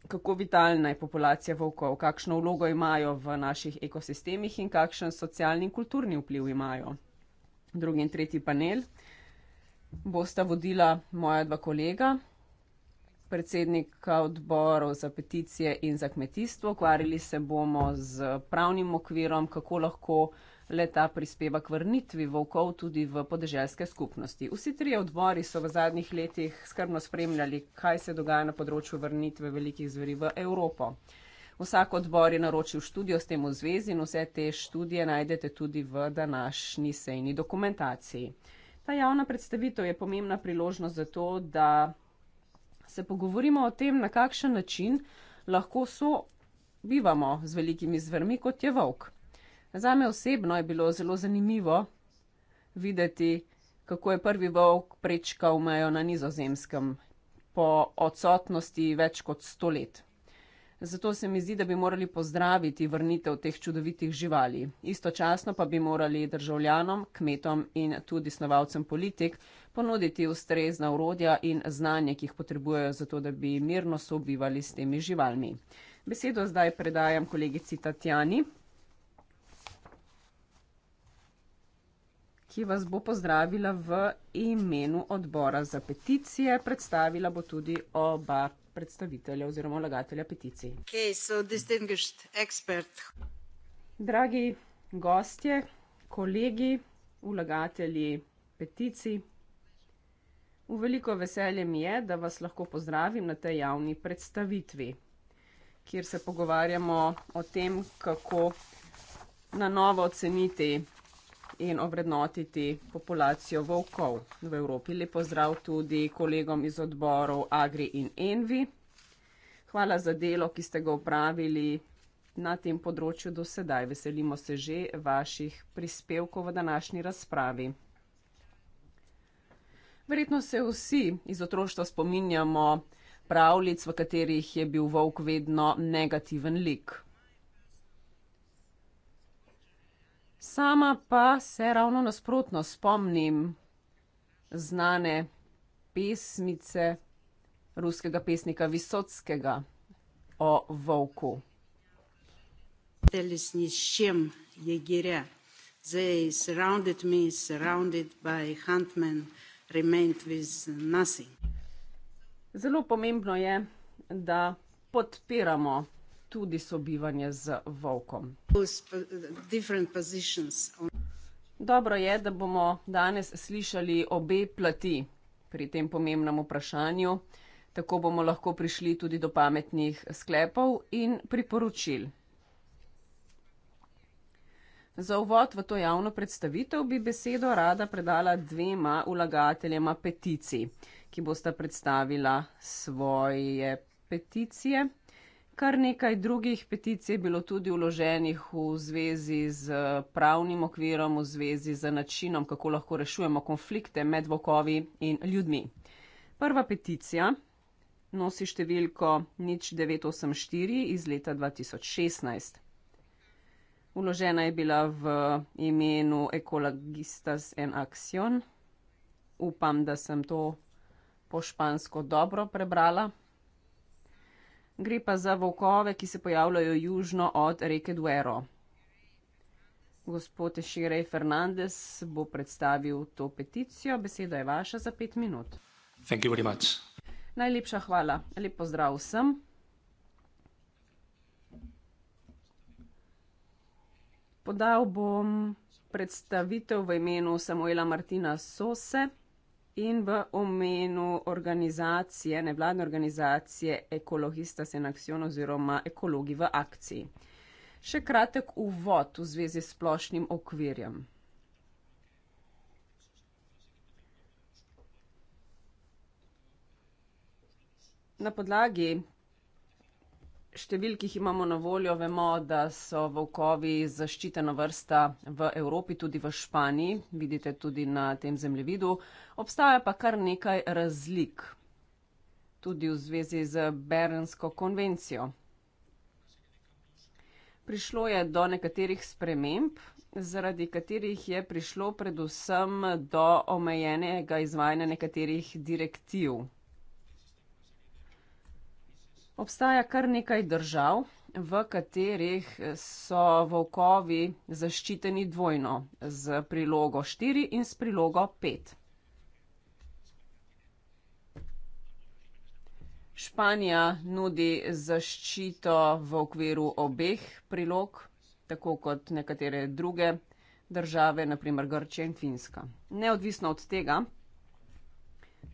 Speaker 6: kako vitalna je populacija volkov, kakšno vlogo imajo v naših ekosistemih in kakšen socialni in kulturni vpliv imajo. Drugi in tretji panel bosta vodila moja dva kolega, predsednika odborov za peticije in za kmetijstvo. Ukvarjali se bomo z pravnim okvirom, kako lahko leta prispeva k vrnitvi volkov tudi v podeželske skupnosti. Vsi tri odbori so v zadnjih letih skrbno spremljali, kaj se dogaja na področju vrnitve velikih zveri v Evropo. Vsak odbor je naročil študijo s tem v zvezi in vse te študije najdete tudi v današnji sejni dokumentaciji. Ta javna predstavitev je pomembna priložnost za to, da se pogovorimo o tem, na kakšen način lahko so bivamo z velikimi zvrmi, kot je volk. Zame osebno je bilo zelo zanimivo videti, kako je prvi volk prečkal mejo na nizozemskem po odsotnosti več kot sto let. Zato se mi zdi, da bi morali pozdraviti vrnitev teh čudovitih živali. Istočasno pa bi morali državljanom, kmetom in tudi snovalcem politik ponuditi ustrezna urodja in znanje, ki jih potrebujejo za to, da bi mirno sobivali s temi živalmi. Besedo zdaj predajam kolegici Tatjani, ki vas bo pozdravila v imenu odbora za peticije. Predstavila bo tudi oba predstavitelja oziroma lagatelja peticij.
Speaker 3: Okay, so distinguished expert.
Speaker 6: Dragi gostje, kolegi, ulagatelji peticij, V veliko veselje mi je, da vas lahko pozdravim na tej javni predstavitvi, kjer se pogovarjamo o tem, kako na novo oceniti in obrednotiti populacijo volkov v Evropi. Lepo zdrav tudi kolegom iz odborov Agri in Envi. Hvala za delo, ki ste ga upravili na tem področju do sedaj. Veselimo se že vaših prispevkov v današnji razpravi. Verjetno se vsi iz otroštva spominjamo pravljic, v katerih je bil volk vedno negativen lik. Sama pa se ravno nasprotno spomnim znane pesmice ruskega pesnika Visockega o volku.
Speaker 7: Surrounded me, surrounded by huntmen.
Speaker 6: Zelo pomembno je, da podpiramo tudi sobivanje z volkom. Uh, Dobro je, da bomo danes slišali obe plati pri tem pomembnem vprašanju. Tako bomo lahko prišli tudi do pametnih sklepov in priporočil. Za uvod v to javno predstavitev bi besedo rada predala dvema ulagateljema peticij, ki bosta predstavila svoje peticije. Kar nekaj drugih peticij je bilo tudi uloženih v zvezi z pravnim okvirom, v zvezi z načinom, kako lahko rešujemo konflikte med vokovi in ljudmi. Prva peticija nosi številko 0984 iz leta 2016. Vložena je bila v imenu Ecologistas en Action. Upam, da sem to po špansko dobro prebrala. Gre pa za volkove, ki se pojavljajo južno od reke Duero. Gospod Eširej Fernandez bo predstavil to peticijo. Beseda je vaša za pet minut. Najlepša hvala. Lep pozdrav vsem. Podal bom predstavitev v imenu Samuela Martina Sose in v imenu organizacije, nevladne organizacije Ekologista Senaksion oziroma Ekologi v akciji. Še kratek uvod v zvezi s splošnim okvirjem. Na podlagi številk, ki jih imamo na voljo, vemo, da so volkovi zaščitena vrsta v Evropi, tudi v Španiji, vidite tudi na tem zemljevidu. Obstaja pa kar nekaj razlik, tudi v zvezi z Berensko konvencijo. Prišlo je do nekaterih sprememb zaradi katerih je prišlo predvsem do omejenega izvajanja nekaterih direktiv. Obstaja kar nekaj držav, v katerih so volkovi zaščiteni dvojno, z prilogo 4 in s prilogo 5. Španija nudi zaščito v okviru obeh prilog, tako kot nekatere druge države, naprimer Grčija in Finska. Neodvisno od tega,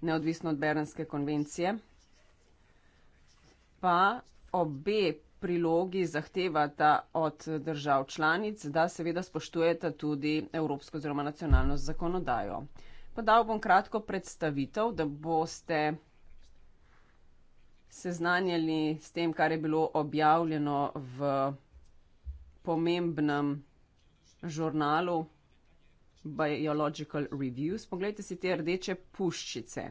Speaker 6: neodvisno od Berenske konvencije, pa obe prilogi zahtevata od držav članic, da seveda spoštujete tudi evropsko oziroma nacionalno zakonodajo. Podal bom kratko predstavitev, da boste seznanjali s tem, kar je bilo objavljeno v pomembnem žurnalu Biological Reviews. Poglejte si te rdeče puščice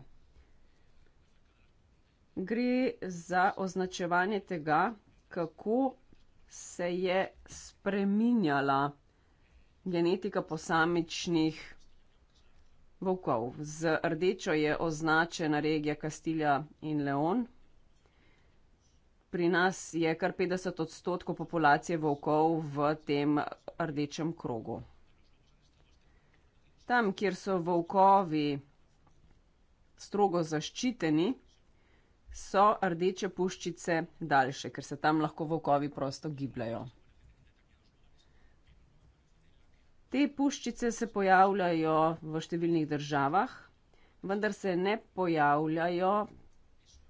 Speaker 6: gre za označevanje tega, kako se je spreminjala genetika posamičnih volkov. Z rdečo je označena regija Kastilja in Leon. Pri nas je kar 50 odstotkov populacije volkov v tem rdečem krogu. Tam, kjer so volkovi strogo zaščiteni, so rdeče puščice daljše, ker se tam lahko vokovi prosto gibljajo. Te puščice se pojavljajo v številnih državah, vendar se ne pojavljajo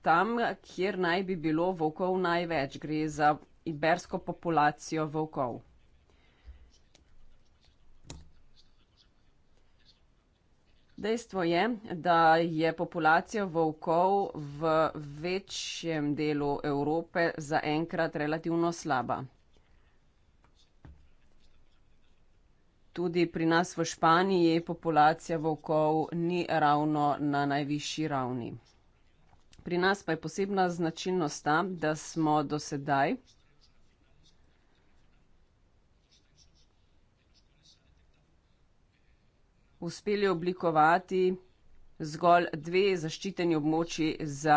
Speaker 6: tam, kjer naj bi bilo vokov največ. Gre za ibersko populacijo vokov. Dejstvo je, da je populacija volkov v večjem delu Evrope zaenkrat relativno slaba. Tudi pri nas v Španiji populacija volkov ni ravno na najvišji ravni. Pri nas pa je posebna značilnost ta, da smo do sedaj uspeli oblikovati zgolj dve zaščiteni območji za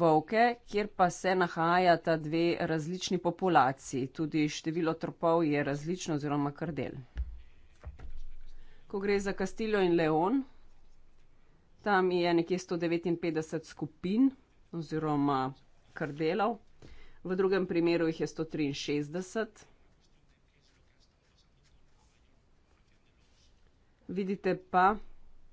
Speaker 6: volke, kjer pa se nahajata dve različni populaciji. Tudi število tropov je različno oziroma krdel. Ko gre za Kastiljo in Leon, tam je nekje 159 skupin oziroma krdelov. V drugem primeru jih je 163. Vidite pa,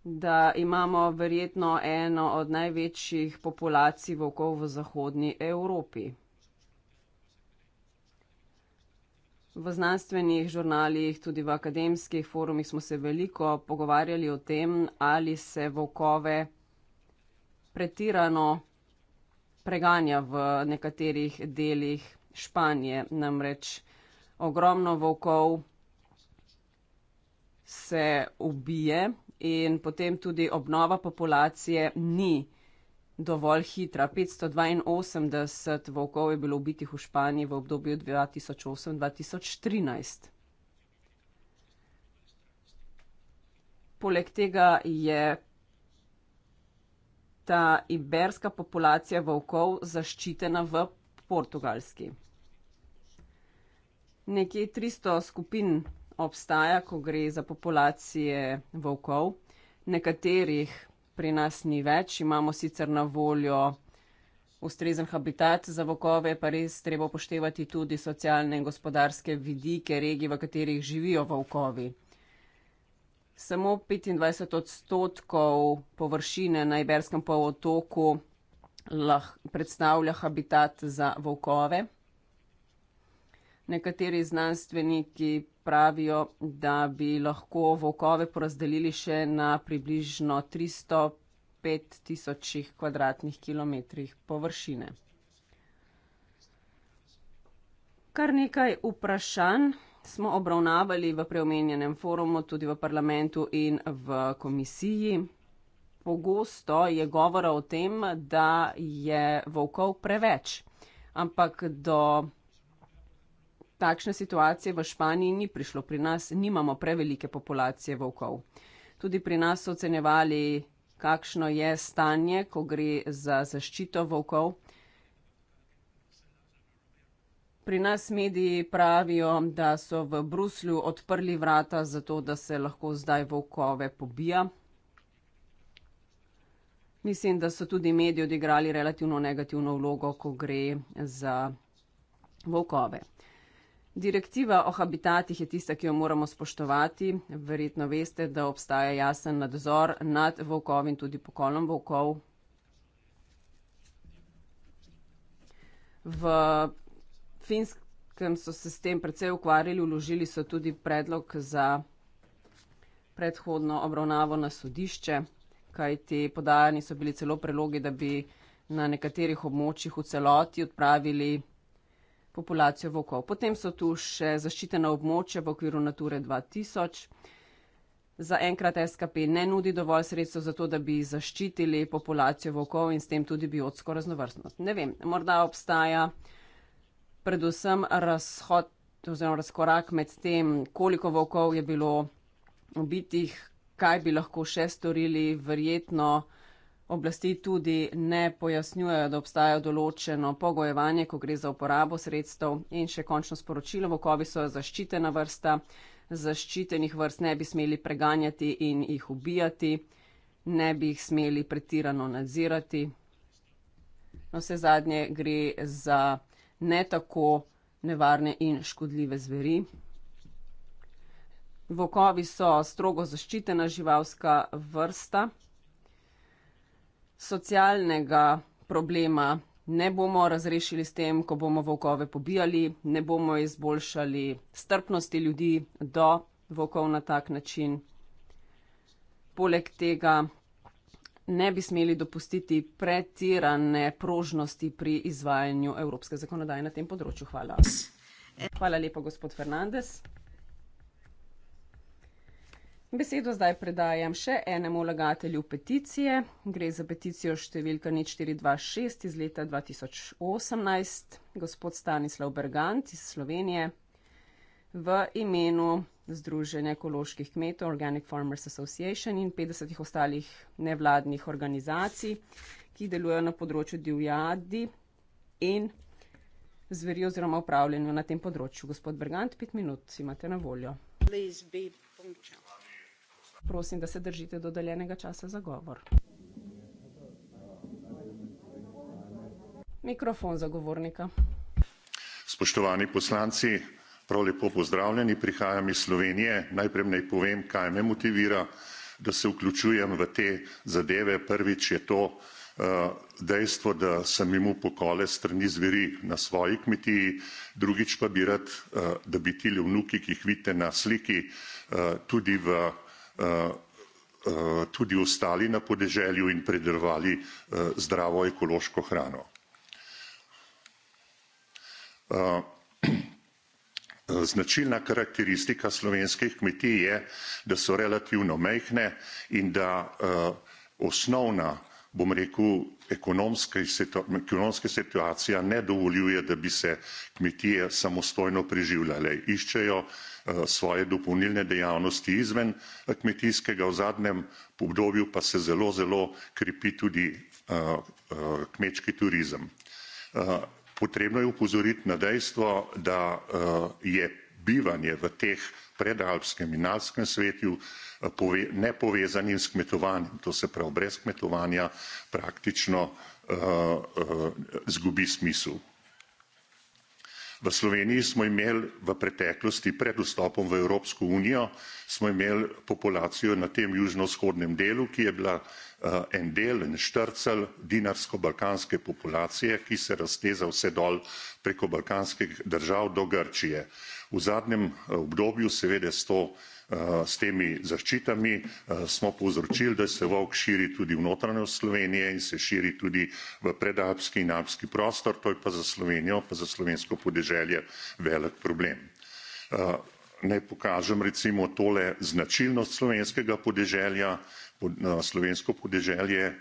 Speaker 6: da imamo verjetno eno od največjih populacij volkov v zahodnji Evropi. V znanstvenih žurnalih, tudi v akademskih forumih smo se veliko pogovarjali o tem, ali se volkove pretirano preganja v nekaterih delih Španije. Namreč ogromno volkov se ubije in potem tudi obnova populacije ni dovolj hitra. 582 volkov je bilo ubitih v Španiji v obdobju 2008-2013. Poleg tega je ta iberska populacija volkov zaščitena v Portugalski. Nekje 300 skupin obstaja, ko gre za populacije volkov. Nekaterih pri nas ni več, imamo sicer na voljo ustrezen habitat za volkove, pa res treba upoštevati tudi socialne in gospodarske vidike regij, v katerih živijo volkovi. Samo 25 odstotkov površine na Iberskem polotoku lahko predstavlja habitat za volkove. Nekateri znanstveniki pravijo, da bi lahko volkove porazdelili še na približno 305 tisoč km2 površine. Kar nekaj vprašanj smo obravnavali v preomenjenem forumu, tudi v parlamentu in v komisiji. Pogosto je govora o tem, da je volkov preveč, ampak do Takšne situacije v Španiji ni prišlo, pri nas nimamo prevelike populacije volkov. Tudi pri nas so ocenjevali, kakšno je stanje, ko gre za zaščito volkov. Pri nas mediji pravijo, da so v Bruslju odprli vrata za to, da se lahko zdaj volkove pobija. Mislim, da so tudi mediji odigrali relativno negativno vlogo, ko gre za volkove. Direktiva o habitatih je tista, ki jo moramo spoštovati. Verjetno veste, da obstaja jasen nadzor nad volkov in tudi pokolom volkov. V Finskem so se s tem precej ukvarjali, uložili so tudi predlog za predhodno obravnavo na sodišče, kajti podajani so bili celo prelogi, da bi na nekaterih območjih v celoti odpravili populacijo volkov. Potem so tu še zaščitena območja v okviru Nature 2000. Za enkrat SKP ne nudi dovolj sredstev za to, da bi zaščitili populacijo volkov in s tem tudi biotsko raznovrstnost. Ne vem, morda obstaja predvsem razhod oziroma razkorak med tem, koliko volkov je bilo ubitih, kaj bi lahko še storili, verjetno. Oblasti tudi ne pojasnjujejo, da obstaja določeno pogojevanje, ko gre za uporabo sredstev in še končno sporočilo, vokovi so zaščitena vrsta, zaščitenih vrst ne bi smeli preganjati in jih ubijati, ne bi jih smeli pretirano nadzirati. No, vse zadnje gre za ne tako nevarne in škodljive zveri. Vokovi so strogo zaščitena živalska vrsta socialnega problema ne bomo razrešili s tem, ko bomo volkove pobijali, ne bomo izboljšali strpnosti ljudi do volkov na tak način. Poleg tega ne bi smeli dopustiti pretirane prožnosti pri izvajanju evropske zakonodaje na tem področju. Hvala. Hvala lepa, gospod Fernandez. Besedo zdaj predajam še enemu lagatelju peticije. Gre za peticijo številka 0426 iz leta 2018, gospod Stanislav Bergant iz Slovenije v imenu Združenja ekoloških kmetov Organic Farmers Association in 50 ostalih nevladnih organizacij, ki delujejo na področju divjadi in zveri oziroma upravljanju na tem področju. Gospod Bergant, pet minut imate na voljo. Please be punctual. Prosim, da se držite dodeljenega časa za govor. Mikrofon zagovornika.
Speaker 5: Spoštovani poslanci, prav lepo pozdravljeni, prihajam iz Slovenije. Najprej naj povem, kaj me motivira, da se vključujem v te zadeve. Prvič je to uh, dejstvo, da sem imel pokole strani zveri na svoji kmetiji, drugič pa bi rad, uh, da bi ti vnuki, ki jih vidite na sliki, uh, tudi v Eh, eh, tudi ostali na podeželju in pridelovali eh, zdravo ekološko hrano. Značilna karakteristika slovenskih kmetij je, da so relativno majhne in da osnovna, bom rekel, ekonomske, ekonomske situacija ne dovoljuje, da bi se kmetije samostojno preživljale. Iščejo eh, svoje dopolnilne dejavnosti izven eh, kmetijskega, v zadnjem obdobju pa se zelo, zelo krepi tudi eh, kmečki turizem. Potrebno je upozoriti na dejstvo, da je bivanje v teh predalpskem in alpskem svetu eh, nepovezanim s kmetovanjem, to se pravi brez kmetovanja praktično eh, eh, izgubi smisel. V Sloveniji smo imeli v preteklosti pred vstopom v Evropsko unijo, smo imeli populacijo na tem južno-shodnem delu, ki je bila uh, en del, en štrcel dinarsko-balkanske populacije, ki se razteza vse dol preko balkanskih držav do Grčije. V zadnjem eh, obdobju, seveda s to uh, Eh, s temi zaščitami eh, smo povzročili, da se volk širi tudi v notranjost Slovenije in se širi tudi v predalpski in alpski prostor, to je pa za Slovenijo, pa za slovensko podeželje velik problem. Eh, naj pokažem recimo tole značilnost slovenskega podeželja, slovensko podeželje,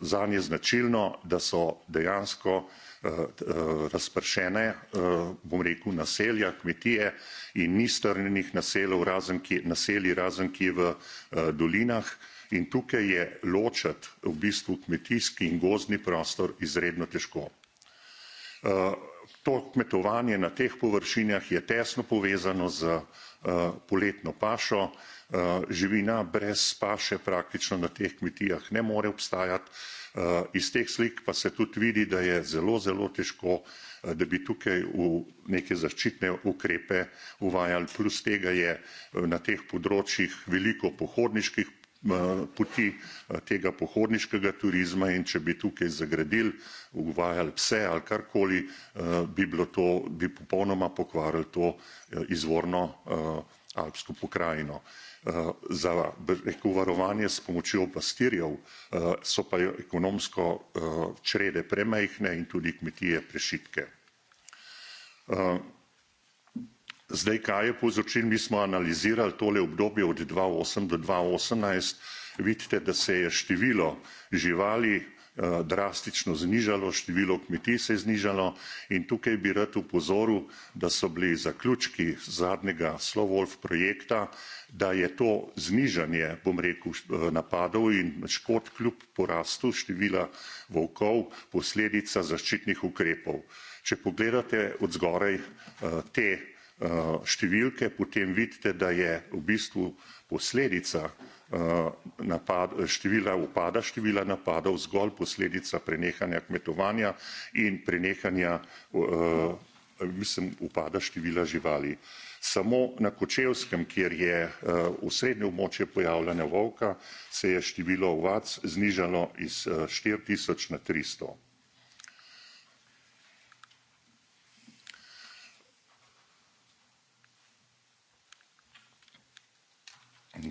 Speaker 5: zanje značilno, da so dejansko Eh, eh, razpršene, eh, bom rekel, naselja, kmetije in ni strnjenih naselij, razen ki je v dolinah. In tukaj je ločati v bistvu kmetijski in gozdni prostor izredno težko. To kmetovanje na teh površinjah je tesno povezano z poletno pašo. Živina brez paše praktično na teh kmetijah ne more obstajati. Eh, iz teh slik pa se tudi vidi, da je zelo, zelo težko, eh, da bi tukaj v neke zaščitne ukrepe uvajali. Plus tega je eh, na teh področjih veliko pohodniških poti tega pohodniškega turizma in če bi tukaj zagradili, uvajali pse ali karkoli, bi bilo to, bi popolnoma pokvarili to izvorno alpsko pokrajino eh, za rekel, varovanje s pomočjo pastirjev, eh, so pa ekonomsko eh, črede premajhne in tudi kmetije prešitke. Zdaj, kaj je povzročil, mi smo analizirali tole obdobje od dva osem do dva osemnajst, vidite, da se je število živali Eh, drastično znižalo, število kmetij se je znižalo in tukaj bi rad upozoril, da so bili zaključki zadnjega Slovolf projekta, da je to znižanje, bom rekel, eh, napadov in škod kljub porastu števila volkov posledica zaščitnih ukrepov. Če pogledate od zgoraj eh, te številke, potem vidite, da je v bistvu posledica Eh, napad, eh, števila, upada števila napadov zgolj posledica prenehanja kmetovanja in prenehanja, uh, mislim, upada števila živali. Samo na Kočevskem, kjer je uh, v srednje območje pojavljanja volka, se je število ovac znižalo iz uh, 4000 na 300.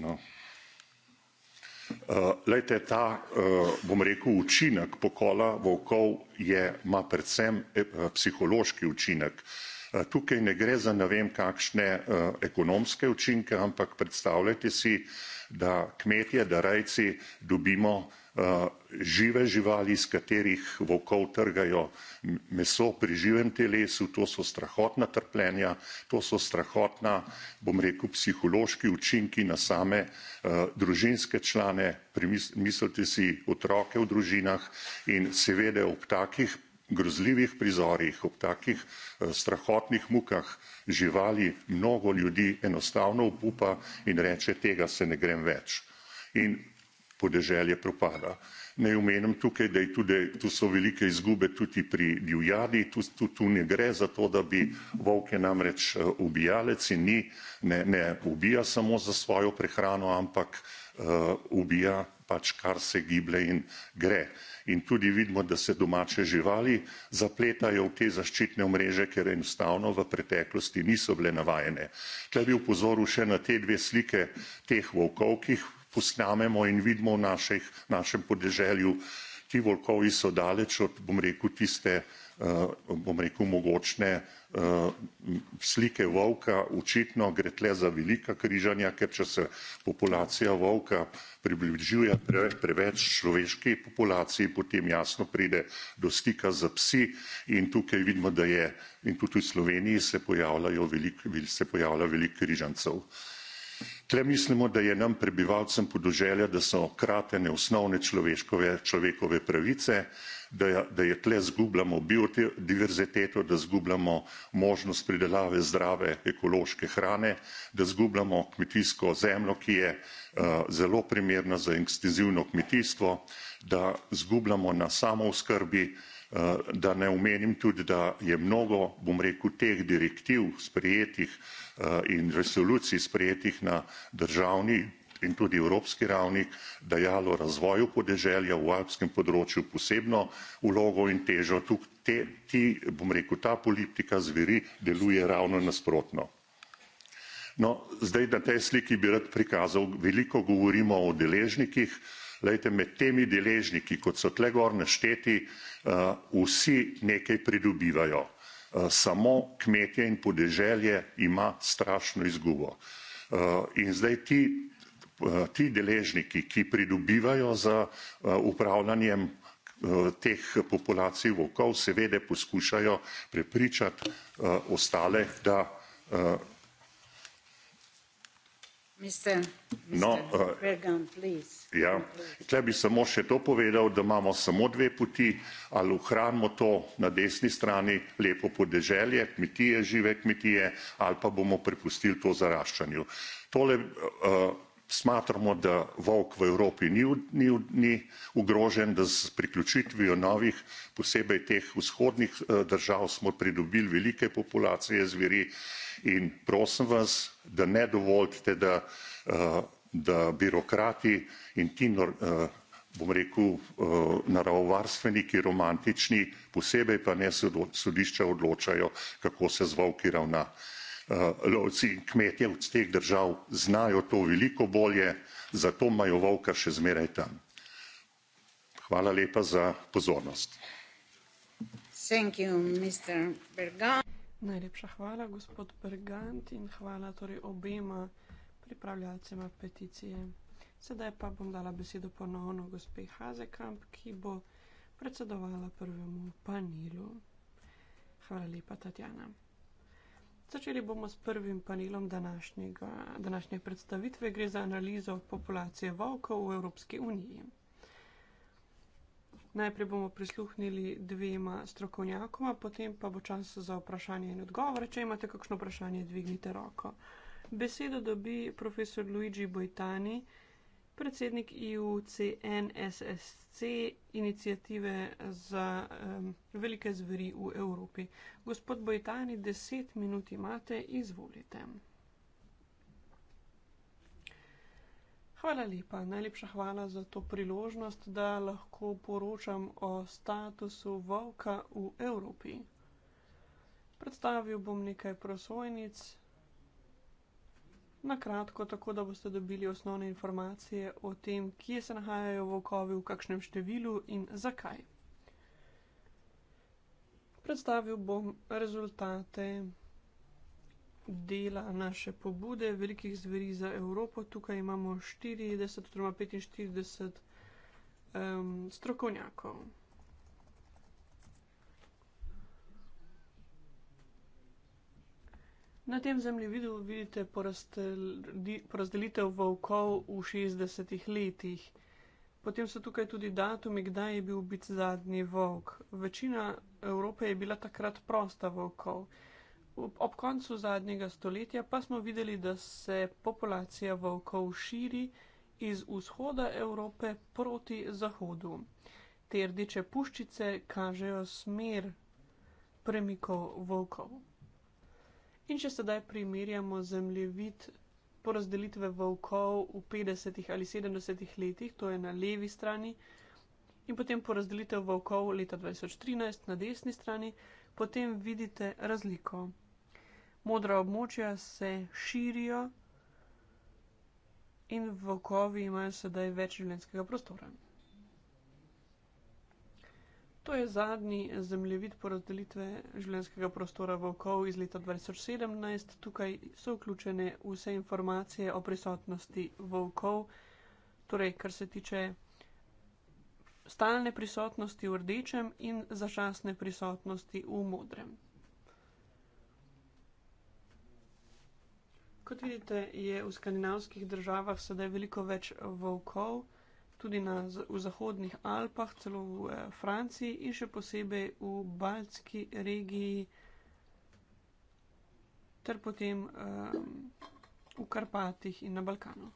Speaker 5: No. Glejte, ta, eh, bom rekel, učinek pokola volkov je, ima predvsem eh, psihološki učinek. Eh, tukaj ne gre za ne vem kakšne ekonomske učinke, ampak predstavljajte si, da kmetje, da rejci dobimo Eh, žive živali, iz katerih vokov trgajo meso pri živem telesu, to so strahotna trpljenja, to so strahotna, bom rekel, psihološki učinki na same eh, družinske člane, mislite si otroke v družinah in seveda ob takih grozljivih prizorih, ob takih eh, strahotnih mukah živali mnogo ljudi enostavno upupa in reče, tega se ne grem več. In podeželje propada. Naj omenim tukaj, da tudi, tu so velike izgube tudi pri divjadi, tu, tu, tu ne gre za to, da bi volk je namreč eh, ubijalec in ni, ne, ne ubija samo za svojo prehrano, ampak uh, ubija pač kar se giblje in gre. In tudi vidimo, da se domače živali zapletajo v te zaščitne mreže, ker enostavno v preteklosti niso bile navajene. Tukaj bi upozoril še na te dve slike teh volkov, ki jih posnamemo in vidimo v našeh, našem podeželju. Ti volkovi so daleč od, bom rekel, tiste, eh, bom rekel, mogočne eh, slike volka. Očitno gre tle za velika križanja, ker če se populacija volka približuje preveč človeški populaciji, potem jasno pride do stika za psi in tukaj vidimo, da je in tudi v Sloveniji se, veliko, se pojavlja veliko križancev tukaj mislimo da je nam prebivalcem podeželja da so kratene osnovne človeškove človekove pravice da je ja, da je tukaj izgubljamo biodiverziteto da izgubljamo možnost pridelave zdrave ekološke hrane da izgubljamo kmetijsko zemljo ki je eh, zelo primerna za ekstenzivno kmetijstvo da izgubljamo na samooskrbi Eh, da ne omenim tudi, da je mnogo, bom rekel, teh direktiv sprejetih eh, in resolucij sprejetih na državni in tudi evropski ravni dajalo razvoju podeželja v alpskem področju posebno vlogo in težo. Tuk te, ti, bom rekel, ta politika zveri deluje ravno nasprotno. No, zdaj na tej sliki bi rad prikazal, veliko govorimo o deležnikih, Lejte, med temi deležniki, kot so tle gor našteti, Eh, vsi nekaj pridobivajo. Eh, samo kmetje in podeželje ima strašno izgubo. Eh, in zdaj ti, ti deležniki, ki pridobivajo za upravljanjem teh populacij volkov, seveda poskušajo prepričati ostale, da
Speaker 3: Mr.
Speaker 7: Mr.
Speaker 5: No, uh,
Speaker 7: Reagan, please.
Speaker 5: Ja, tukaj bi samo še to povedal, da imamo samo dve poti, ali ohranimo to na desni strani lepo podeželje, kmetije, žive kmetije, ali pa bomo prepustili to zaraščanju. Tole uh, smatramo, da volk v Evropi ni, ni, ni ogrožen, da s priključitvijo novih, posebej teh vzhodnih uh, držav, smo pridobili velike populacije zveri in prosim vas, da ne dovolite, da uh, da birokrati in ti, eh, bom rekel, eh, naravovarstveniki romantični, posebej pa ne sodišča odločajo, kako se z volki ravna. Eh, lovci in kmetje od teh držav znajo to veliko bolje, zato imajo volka še zmeraj tam. Hvala lepa za pozornost.
Speaker 1: Thank you, Mr. Najlepša hvala, gospod Bergant, in hvala torej obema pripravljalcema peticije. Sedaj pa bom dala besedo ponovno gospe Hazekamp, ki bo predsedovala prvemu panelu. Hvala lepa, Tatjana. Začeli bomo s prvim panelom današnje predstavitve. Gre za analizo populacije volkov v Evropski uniji. Najprej bomo prisluhnili dvema strokovnjakoma, potem pa bo čas za vprašanje in odgovore. Če imate kakšno vprašanje, dvignite roko. Uh, Besedo dobi profesor Luigi Bojtani, predsednik IUCNSSC, inicijative za um, velike zveri v Evropi. Gospod Bojtani, deset minut imate, izvolite. Hvala lepa, najlepša hvala za to priložnost, da lahko poročam o statusu volka v Evropi. Predstavil bom nekaj prosojnic na kratko, tako da boste dobili osnovne informacije o tem, kje se nahajajo vokovi, v kakšnem številu in zakaj. Predstavil bom rezultate dela naše pobude velikih zveri za Evropo. Tukaj imamo 40 oziroma 45 um, ehm, strokovnjakov. Na tem zemljevidu vidite porazdelitev volkov v 60-ih letih. Potem so tukaj tudi datumi, kdaj je bil biti zadnji volk. Večina Evrope je bila takrat prosta volkov. Ob koncu zadnjega stoletja pa smo videli, da se populacija volkov širi iz vzhoda Evrope proti zahodu. Te rdeče puščice kažejo smer premikov volkov. In če sedaj primerjamo zemljevid porazdelitve volkov v 50 ali 70 letih, to je na levi strani, in potem porazdelitev volkov leta 2013 na desni strani, potem vidite razliko. Modra območja se širijo in volkovi imajo sedaj več življenjskega prostora. To je zadnji zemljevid porazdelitve življenjskega prostora volkov iz leta 2017. Tukaj so vključene vse informacije o prisotnosti volkov, torej kar se tiče stalne prisotnosti v rdečem in začasne prisotnosti v modrem. Kot vidite, je v skandinavskih državah sedaj veliko več volkov tudi na, v Zahodnih Alpah, celo v eh, Franciji in še posebej v Baltski regiji, ter potem um, v Karpatih in na Balkanu.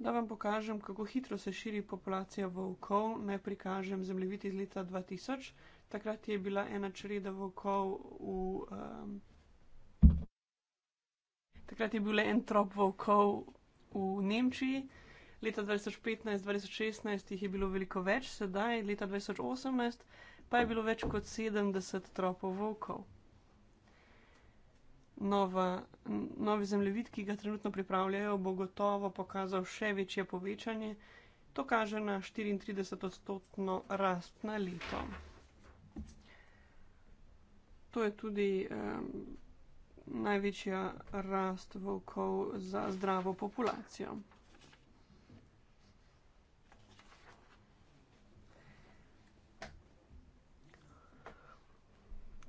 Speaker 1: Da vam pokažem, kako hitro se širi populacija volkov, naj prikažem zemljevid iz leta 2000. Takrat je bila ena čreda volkov v. Um, Takrat je bil le en trop volkov v Nemčiji, leta 2015-2016 jih je bilo veliko več, sedaj leta 2018 pa je bilo več kot 70 tropov volkov. Nova, novi zemljevid, ki ga trenutno pripravljajo, bo gotovo pokazal še večje povečanje. To kaže na 34 odstotno rast na leto. To je tudi. Um, največja rast volkov za zdravo populacijo.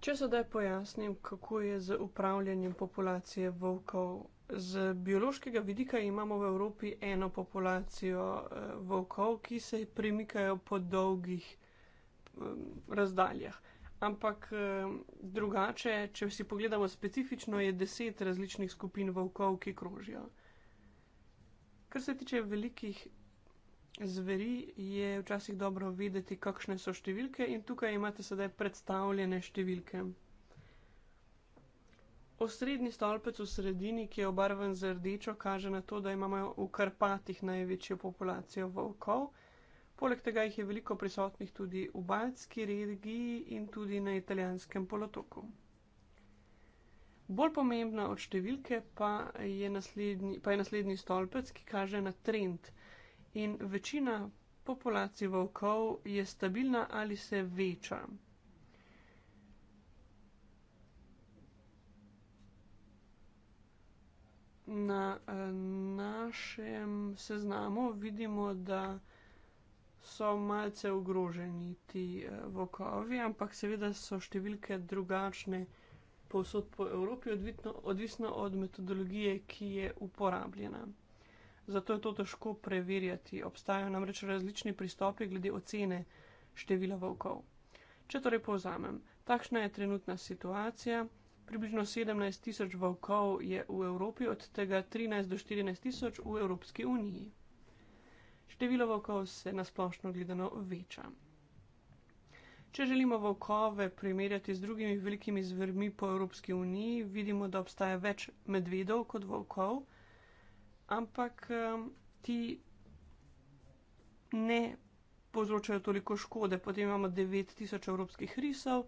Speaker 1: Če sedaj pojasnim, kako je z upravljanjem populacije volkov. Z biološkega vidika imamo v Evropi eno populacijo eh, volkov, ki se premikajo po dolgih eh, razdaljah. Ampak eh, drugače, če si pogledamo specifično, je deset različnih skupin volkov, ki krožijo. Kar se tiče velikih zveri, je včasih dobro vedeti, kakšne so številke, in tukaj imate sedaj predstavljene številke. Osrednji stolpec v sredini, ki je obarvan z rdečo, kaže na to, da imamo v Karpatih največjo populacijo volkov. Poleg tega jih je veliko prisotnih tudi v Baltski regiji in tudi na italijanskem polotoku. Bolj pomembna od številke pa je naslednji, pa je naslednji stolpec, ki kaže na trend. In večina populacij volkov je stabilna ali se veča. Na eh, našem seznamu vidimo, da so malce ogroženi ti eh, vokovi, ampak seveda so številke drugačne povsod po Evropi, odvitno, odvisno od metodologije, ki je uporabljena. Zato je to težko preverjati. Obstajajo namreč različni pristopi glede ocene števila vokov. Če torej povzamem, takšna je trenutna situacija. Približno 17 tisoč vokov je v Evropi, od tega 13 do 14 tisoč v Evropski uniji. Število volkov se nasplošno gledano veča. Če želimo volkove primerjati z drugimi velikimi zvermi po Evropski uniji, vidimo, da obstaja več medvedov kot volkov, ampak um, ti ne povzročajo toliko škode. Potem imamo 9000 evropskih risov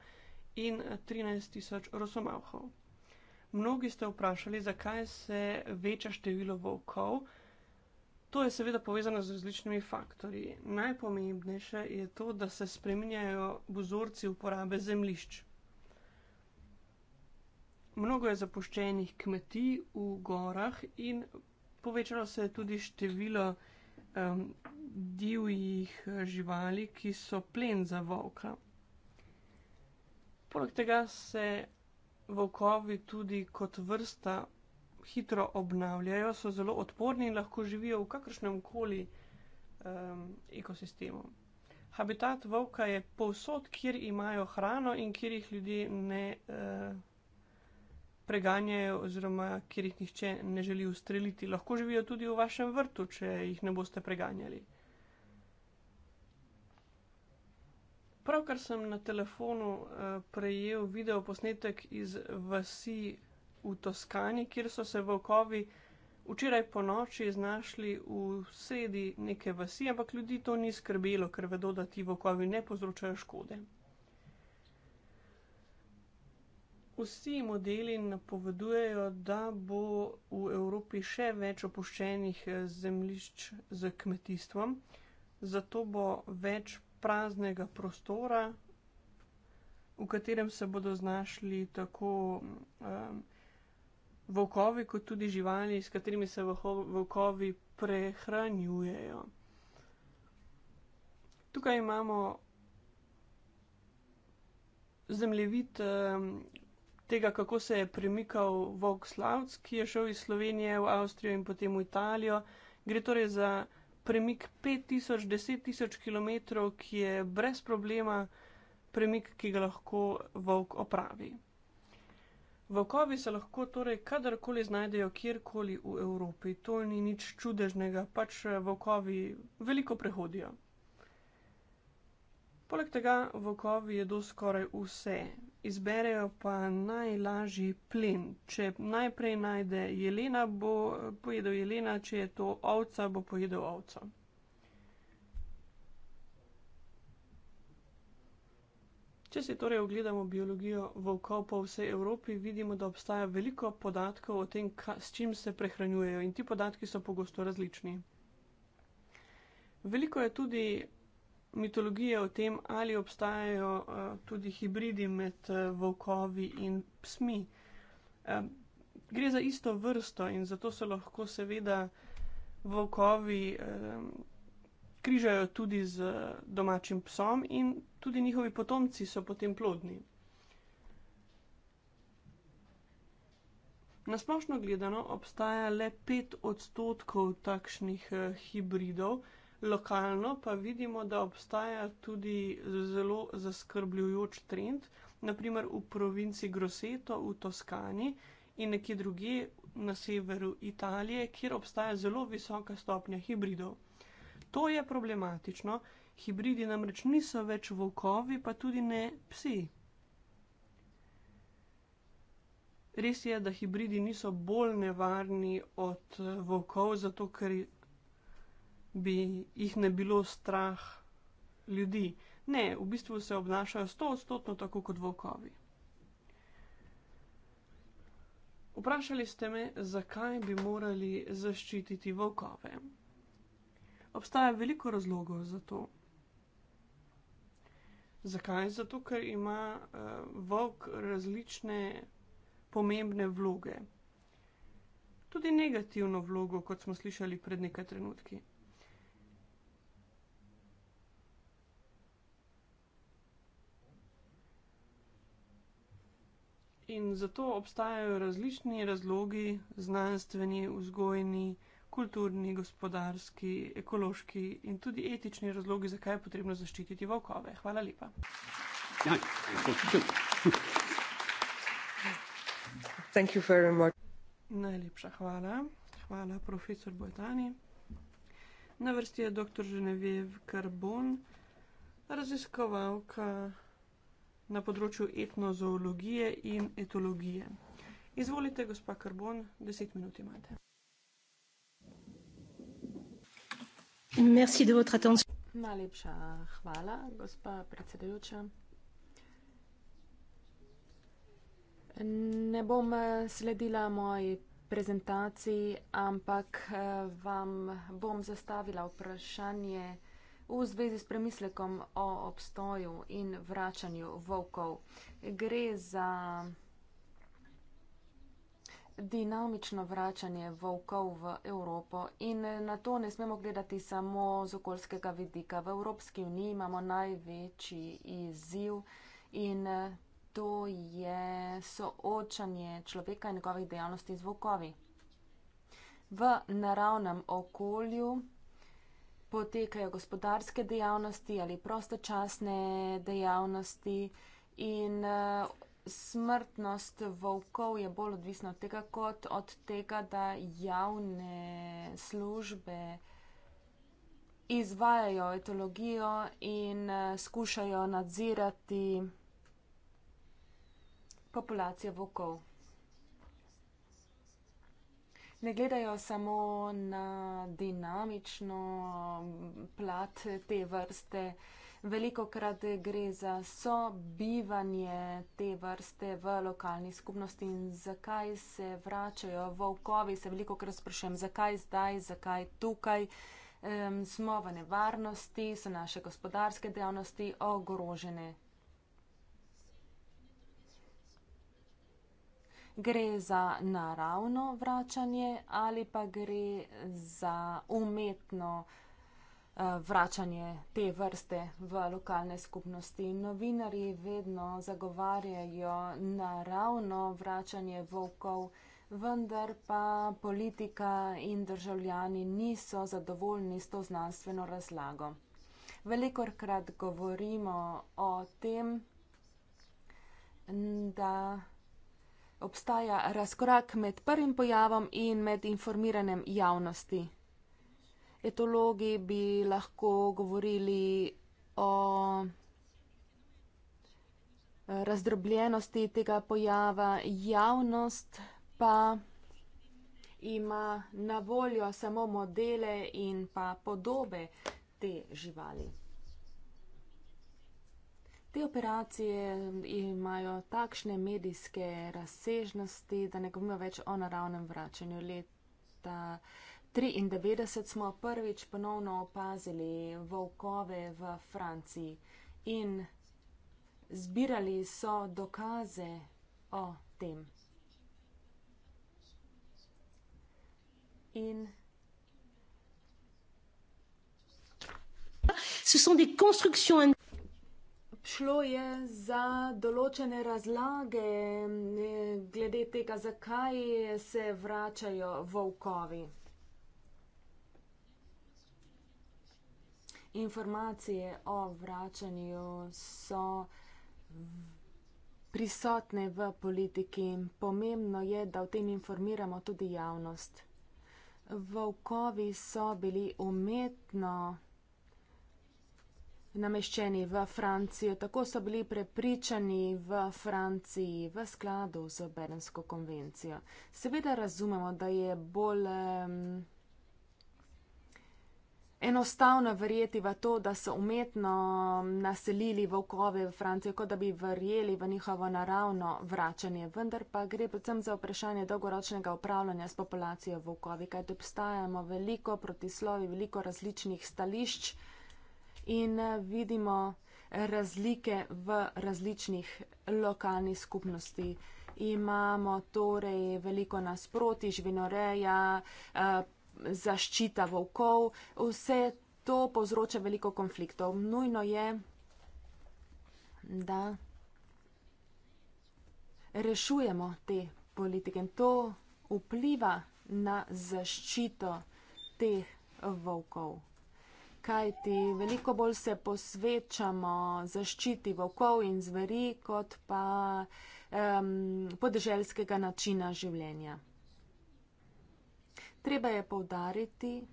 Speaker 1: in 13000 eh, rosomahov. Mnogi ste vprašali, zakaj se veča število volkov. To je seveda povezano z različnimi faktorji. Najpomembnejše je to, da se spreminjajo vzorci uporabe zemljišč. Mnogo je zapuščenih kmetij v gorah in povečalo se je tudi število um, divjih eh, živali, ki so plen za volka. Poleg tega se volkovi tudi kot vrsta hitro obnavljajo, so zelo odporni in lahko živijo v kakršnem koli um, ekosistemu. Habitat volka je povsod, kjer imajo hrano in kjer jih ljudje ne uh, preganjajo, oziroma kjer jih nihče ne želi ustreliti. Lahko živijo tudi v vašem vrtu, če jih ne boste preganjali. Pravkar sem na telefonu uh, prejel video posnetek iz vasi v Toskani, kjer so se volkovi včeraj po noči znašli v sredi neke vasi, ampak ljudi to ni skrbelo, ker vedo, da ti volkovi ne povzročajo škode. Vsi modeli napovedujejo, da bo v Evropi še več opuščenih eh, zemljišč z kmetijstvom, zato bo več praznega prostora, v katerem se bodo znašli tako um, volkovi, kot tudi živali, s katerimi se volkovi prehranjujejo. Tukaj imamo zemljevid tega, kako se je premikal Vok Slavc, ki je šel iz Slovenije v Avstrijo in potem v Italijo. Gre torej za premik 5000-10000 km, ki je brez problema premik, ki ga lahko Vok opravi. Vlkovi se lahko torej kadarkoli znajdejo kjerkoli v Evropi. To ni nič čudežnega, pač eh, vlkovi veliko prehodijo. Poleg tega vlkovi jedo skoraj vse, izberejo pa najlažji plen. Če najprej najde jelena, bo eh, pojedel jelena, če je to ovca, bo pojedel ovca. Če si torej ogledamo biologijo volkov po vsej Evropi, vidimo, da obstaja veliko podatkov o tem, ka, s čim se prehranjujejo in ti podatki so pogosto različni. Veliko je tudi mitologije o tem, ali obstajajo uh, tudi hibridi med uh, volkovi in psmi. Uh, gre za isto vrsto in zato so lahko seveda volkovi. Uh, križajo tudi z domačim psom in tudi njihovi potomci so potem plodni. Nasplošno gledano obstaja le 5 odstotkov takšnih eh, hibridov, lokalno pa vidimo, da obstaja tudi zelo zaskrbljujoč trend, naprimer v provinci Groseto v Toskani in nekje druge na severu Italije, kjer obstaja zelo visoka stopnja hibridov to je problematično. Hibridi namreč niso več volkovi, pa tudi ne psi. Res je, da hibridi niso bolj nevarni od volkov, zato ker bi jih ne bilo strah ljudi. Ne, v bistvu se obnašajo sto odstotno tako kot volkovi. Vprašali ste me, zakaj bi morali zaščititi volkove obstaja veliko razlogov za to. Zakaj? Zato, ker ima uh, volk različne pomembne vloge. Tudi negativno vlogo, kot smo slišali pred nekaj trenutki. In zato obstajajo različni razlogi, znanstveni, vzgojni, uh, kulturni, gospodarski, ekološki in tudi etični razlogi, zakaj je potrebno zaščititi volkove. Hvala lepa. Ja. Najlepša hvala. Hvala, profesor Bojtani. Na vrsti je dr. Ženevjev Karbon, raziskovalka na področju etnozoologije in etologije. Izvolite, gospa Karbon, deset minut imate. Merci de votre attention. Najlepša hvala, gospa predsedujoča.
Speaker 4: Ne bom eh, sledila moji prezentaciji, ampak eh, vam bom zastavila vprašanje v zvezi s premislekom o obstoju in vračanju volkov. Gre za dinamično vračanje volkov v Evropo in na to ne smemo gledati samo z okoljskega vidika. V Evropski uniji imamo največji izziv in to je soočanje človeka in njegovih dejavnosti z volkovi. V naravnem okolju potekajo gospodarske dejavnosti ali prostočasne dejavnosti. In smrtnost volkov je bolj odvisna od tega, kot od tega, da javne službe izvajajo etologijo in eh, skušajo nadzirati populacijo volkov. Ne gledajo samo na dinamično plat te vrste veliko krat gre za sobivanje te vrste v lokalni skupnosti in zakaj se vračajo volkovi, se veliko krat sprašujem, zakaj zdaj, zakaj tukaj. Um, smo v nevarnosti, so naše gospodarske dejavnosti ogrožene. Gre za naravno vračanje ali pa gre za umetno vračanje. Eh, vračanje te vrste v lokalne skupnosti. Novinari vedno zagovarjajo naravno vračanje volkov, vendar pa politika in državljani niso zadovoljni s to znanstveno razlago. Velikokrat govorimo o tem, da obstaja razkorak med prvim pojavom in med informiranjem javnosti etologi bi lahko govorili o razdrobljenosti tega pojava, javnost pa ima na voljo samo modele in pa podobe te živali. Te operacije imajo takšne medijske razsežnosti, da ne govorimo več o naravnem vračanju leta tisoč 1993 smo prvič ponovno opazili volkove v Franciji in zbirali so dokaze o tem. In Šlo je za določene razlage eh, glede tega, zakaj se vračajo volkovi. informacije o vračanju so prisotne v politiki. Pomembno je, da o tem informiramo tudi javnost. Volkovi so bili umetno nameščeni v Francijo, tako so bili prepričani v Franciji v skladu z Berensko konvencijo. Seveda razumemo, da je bolj. Um, enostavno verjeti v to, da so umetno naselili volkove v Francijo, kot da bi verjeli v njihovo naravno vračanje. Vendar pa gre predvsem za vprašanje dolgoročnega upravljanja s populacijo volkovi, kajti obstajamo veliko protislovi, veliko različnih stališč in eh, vidimo razlike v različnih lokalnih skupnosti. Imamo torej veliko nasproti, živinoreja, eh, zaščita volkov, vse to povzroča veliko konfliktov. Nujno je, da rešujemo te politike in to vpliva na zaščito teh volkov. Kaj ti veliko bolj se posvečamo zaščiti volkov in zveri, kot pa um, podeželskega načina življenja. Treba je povdariti,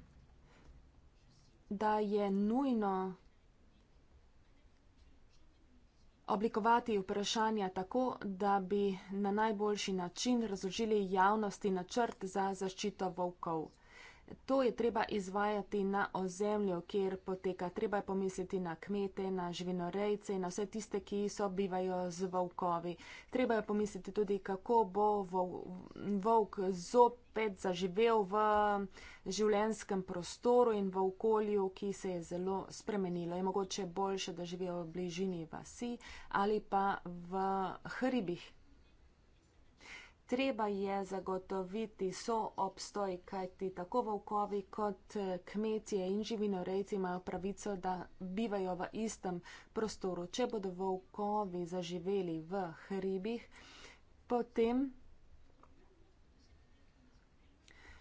Speaker 4: da je nujno oblikovati vprašanja tako, da bi na najboljši način razložili javnosti načrt za zaščito volkov. To je treba izvajati na ozemlju, kjer poteka. Treba je pomisliti na kmete, na živinorejce, na vse tiste, ki so bivajo z volkovi. Treba je pomisliti tudi, kako bo volk zopet zaživel v življenskem prostoru in v okolju, ki se je zelo spremenilo. Je mogoče boljše, da živijo v bližini vasi ali pa v hribih, Treba je zagotoviti so obstoj, kajti tako volkovi kot eh, kmetje in živinorejci imajo pravico, da bivajo v istem prostoru. Če bodo volkovi zaživeli v hribih, potem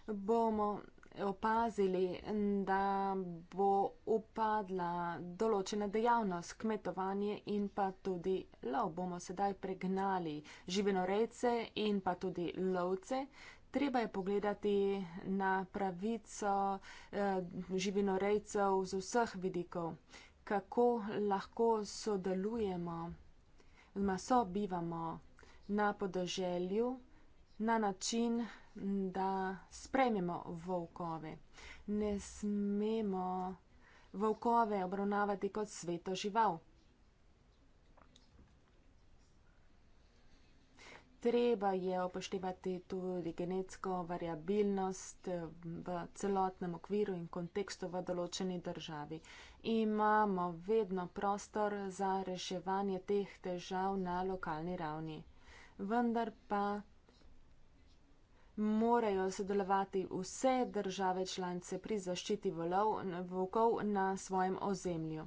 Speaker 4: bomo opazili, da bo upadla določena dejavnost, kmetovanje in pa tudi lov. Bomo sedaj pregnali živinorejce in pa tudi lovce. Treba je pogledati na pravico eh, živinorejcev z vseh vidikov, kako lahko sodelujemo, oziroma sobivamo na podeželju na način, da sprejmemo volkove. Ne smemo volkove obravnavati kot sveto žival. Treba je upoštevati tudi genetsko variabilnost v celotnem okviru in kontekstu v določeni državi. Imamo vedno prostor za reševanje teh težav na lokalni ravni. Vendar pa morajo sodelovati vse države članice pri zaščiti volov, volkov na svojem ozemlju.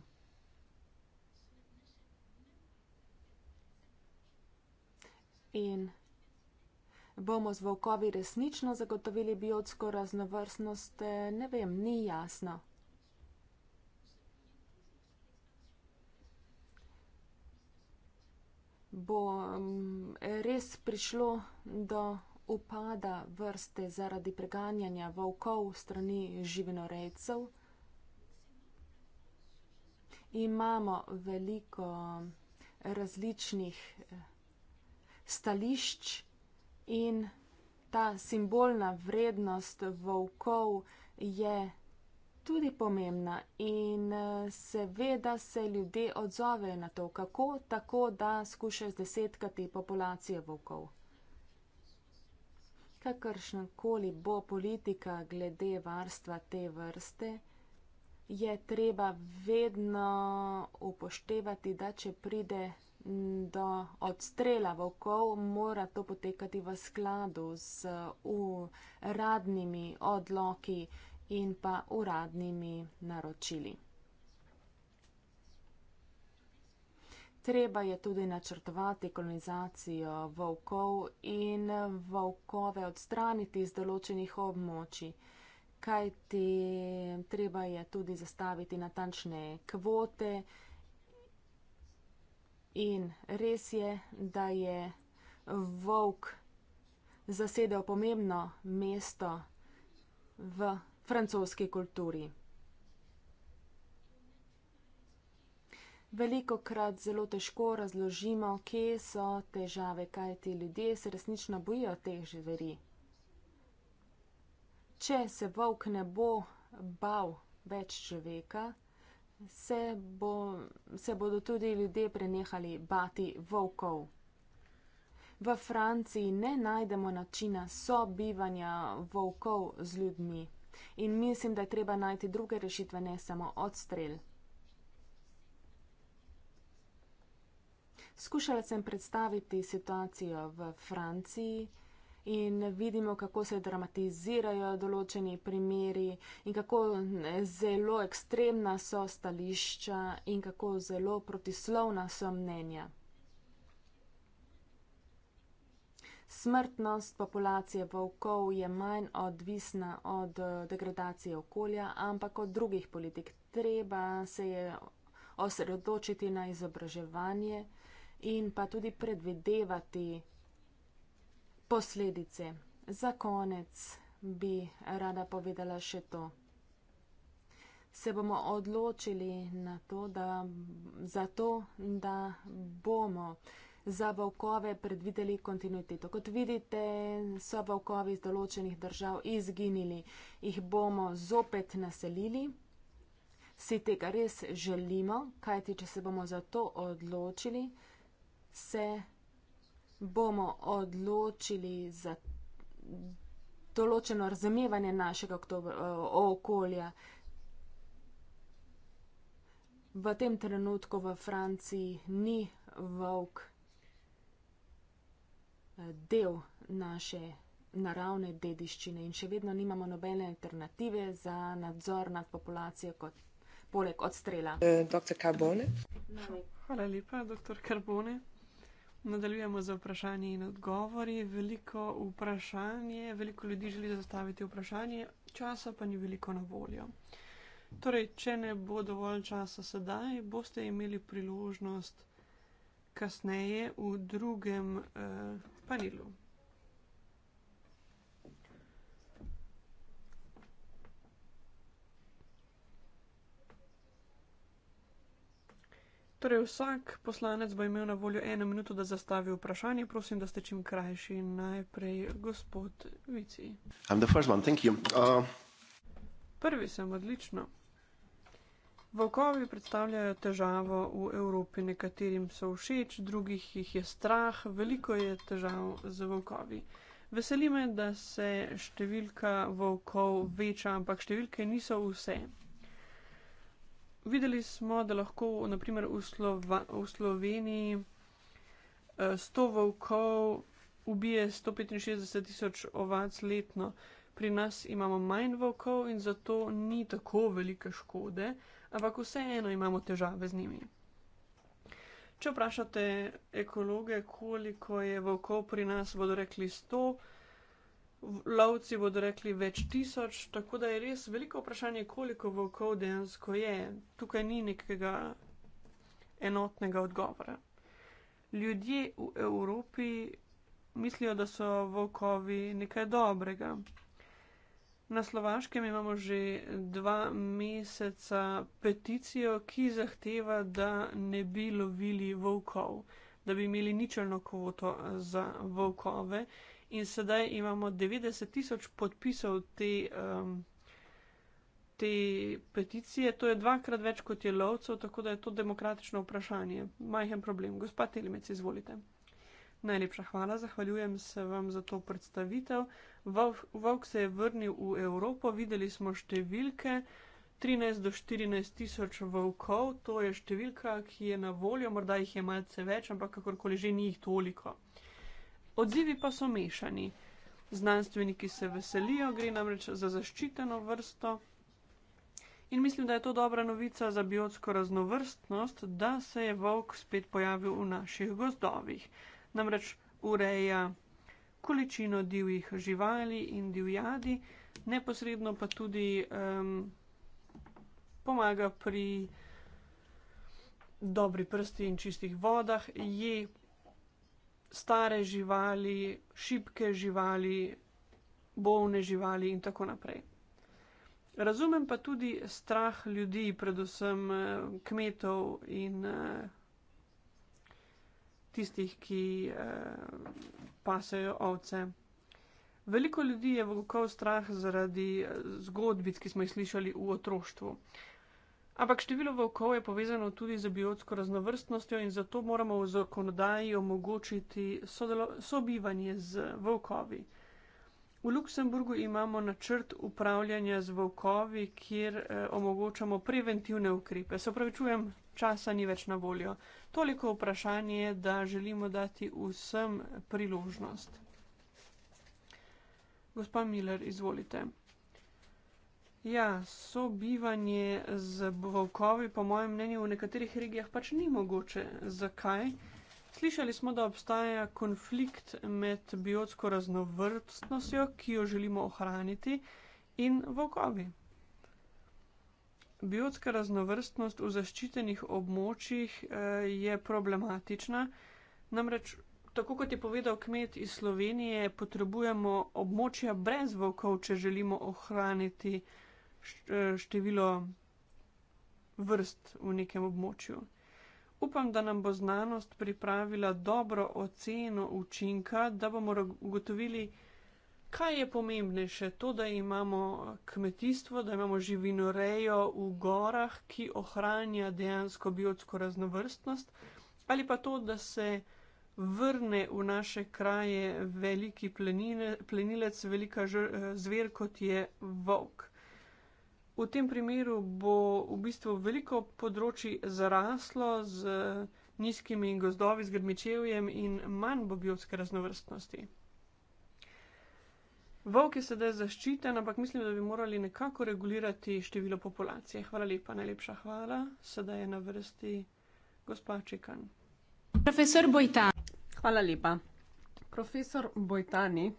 Speaker 4: In bomo z volkovi resnično zagotovili biotsko raznovrstnost, eh, ne vem, ni jasno. Bo mm, res prišlo do upada vrste zaradi preganjanja volkov strani živinorejcev. Imamo veliko eh, različnih eh, stališč in ta simbolna vrednost volkov je tudi pomembna in eh, seveda se ljudje odzovejo na to, kako tako, da skušajo zdesetkati populacije volkov kakršen koli bo politika glede varstva te vrste, je treba vedno upoštevati, da če pride do odstrela volkov, mora to potekati v skladu z uradnimi odloki in pa uradnimi naročili. Treba je tudi načrtovati kolonizacijo volkov in volkove odstraniti iz določenih območij, kajti treba je tudi zastaviti natančne kvote. In res je, da je volk zasedel pomembno mesto v francoski kulturi. veliko krat zelo težko razložimo, kje so težave, kaj ti ljudje se resnično bojijo teh živeri. Če se volk ne bo bal več človeka, se, bo, se bodo tudi ljudje prenehali bati volkov. V Franciji ne najdemo načina sobivanja volkov z ljudmi. In mislim, da je treba najti druge rešitve, ne samo odstrel. Skušala sem predstaviti situacijo v Franciji in vidimo, kako se dramatizirajo določeni primeri in kako zelo ekstremna so stališča in kako zelo protislovna so mnenja. Smrtnost populacije volkov je manj odvisna od degradacije okolja, ampak od drugih politik. Treba se je osredotočiti na izobraževanje in pa tudi predvidevati posledice. Za konec bi rada povedala še to. Se bomo odločili na to, da, za to, da bomo za volkove predvideli kontinuiteto. Kot vidite, so volkovi iz določenih držav izginili, jih bomo zopet naselili. Si tega res želimo, kajti, če se bomo za to odločili, se bomo odločili za določeno razumevanje našega eh, okolja. V tem trenutku v Franciji ni volk eh, del naše naravne dediščine in še vedno nimamo nobene alternative za nadzor nad populacijo kot
Speaker 1: poleg odstrela. Eh, dr. Carbone. Hvala lepa, dr. Carbone. Nadaljujemo z vprašanji in odgovori. Veliko vprašanje, veliko ljudi želi zastaviti vprašanje, časa pa ni veliko na voljo. Torej, če ne bo dovolj časa sedaj, boste imeli priložnost kasneje v drugem eh, panelu. Torej, vsak poslanec bo imel na voljo eno minuto, da zastavi vprašanje. Prosim, da ste čim krajši. Najprej, gospod Vici.
Speaker 3: Uh...
Speaker 1: Prvi sem odlično. Vokovi predstavljajo težavo v Evropi, nekaterim so všeč, drugih jih je strah, veliko je težav z vokovi. Veseli me, da se številka vokov veča, ampak številke niso vse videli smo, da lahko naprimer v, Slova, v Sloveniji eh, sto volkov ubije 165 tisoč ovac letno. Pri nas imamo manj volkov in zato ni tako velike škode, ampak vseeno imamo težave z njimi. Če vprašate ekologe, koliko je volkov pri nas, bodo rekli 100 lovci bodo rekli več tisoč, tako da je res veliko vprašanje, koliko volkov dejansko je. Tukaj ni nekega enotnega odgovora. Ljudje v Evropi mislijo, da so volkovi nekaj dobrega. Na Slovaškem imamo že dva meseca peticijo, ki zahteva, da ne bi lovili volkov, da bi imeli ničelno kvoto za volkove in sedaj imamo 90 tisoč podpisov te, um, te peticije. To je dvakrat več kot je lovcev, tako da je to demokratično vprašanje. Majhen problem. Gospa Telemec, izvolite. Najlepša hvala, zahvaljujem se vam za to predstavitev. Vlk se je vrnil v Evropo, videli smo številke. 13 do 14 tisoč volkov, to je številka, ki je na voljo, morda jih je malce več, ampak kakorkoli že ni jih toliko. Odzivi pa so mešani. Znanstveniki se veselijo, gre namreč za zaščiteno vrsto. In mislim, da je to dobra novica za biotsko raznovrstnost, da se je volk spet pojavil v naših gozdovih. Namreč ureja količino divjih živali in divjadi, neposredno pa tudi um, pomaga pri dobri prsti in čistih vodah, je stare živali, šibke živali, bolne živali in tako naprej. Razumem pa tudi strah ljudi, predvsem eh, kmetov in eh, tistih, ki eh, pasejo ovce. Veliko ljudi je v okolju strah zaradi zgodbic, ki smo jih slišali v otroštvu. Ampak število volkov je povezano tudi z biotsko raznovrstnostjo in zato moramo v zakonodaji omogočiti sobivanje z volkovi. V Luksemburgu imamo načrt upravljanja z volkovi, kjer eh, omogočamo preventivne ukrepe. Se pravi, čujem, časa ni več na voljo. Toliko vprašanje je, da želimo dati vsem priložnost. Gospa Miller, izvolite. Ja, sobivanje z volkovi, po mojem mnenju, v nekaterih regijah pač ni mogoče. Zakaj? Slišali smo, da obstaja konflikt med biotsko raznovrstnostjo, ki jo želimo ohraniti, in volkovi. Biotska raznovrstnost v zaščitenih območjih eh, je problematična. Namreč, tako kot je povedal kmet iz Slovenije, potrebujemo območja brez volkov, če želimo ohraniti. Eh, število vrst v nekem območju. Upam, da nam bo znanost pripravila dobro oceno učinka, da bomo ugotovili, kaj je pomembnejše. To, da imamo kmetijstvo, da imamo živinorejo v gorah, ki ohranja dejansko biotsko raznovrstnost, ali pa to, da se vrne v naše kraje veliki plenilec, velika zver, kot je volk. V tem primeru bo v bistvu veliko področji zaraslo z nizkimi gozdovi, z grmičevjem in manj bo biotske raznovrstnosti. Vlk je sedaj zaščiten, ampak mislim, da bi morali nekako regulirati število populacije. Hvala lepa, najlepša hvala. Sedaj je na vrsti gospa Čekan.
Speaker 6: Profesor Bojtani. Hvala lepa. Profesor Bojtani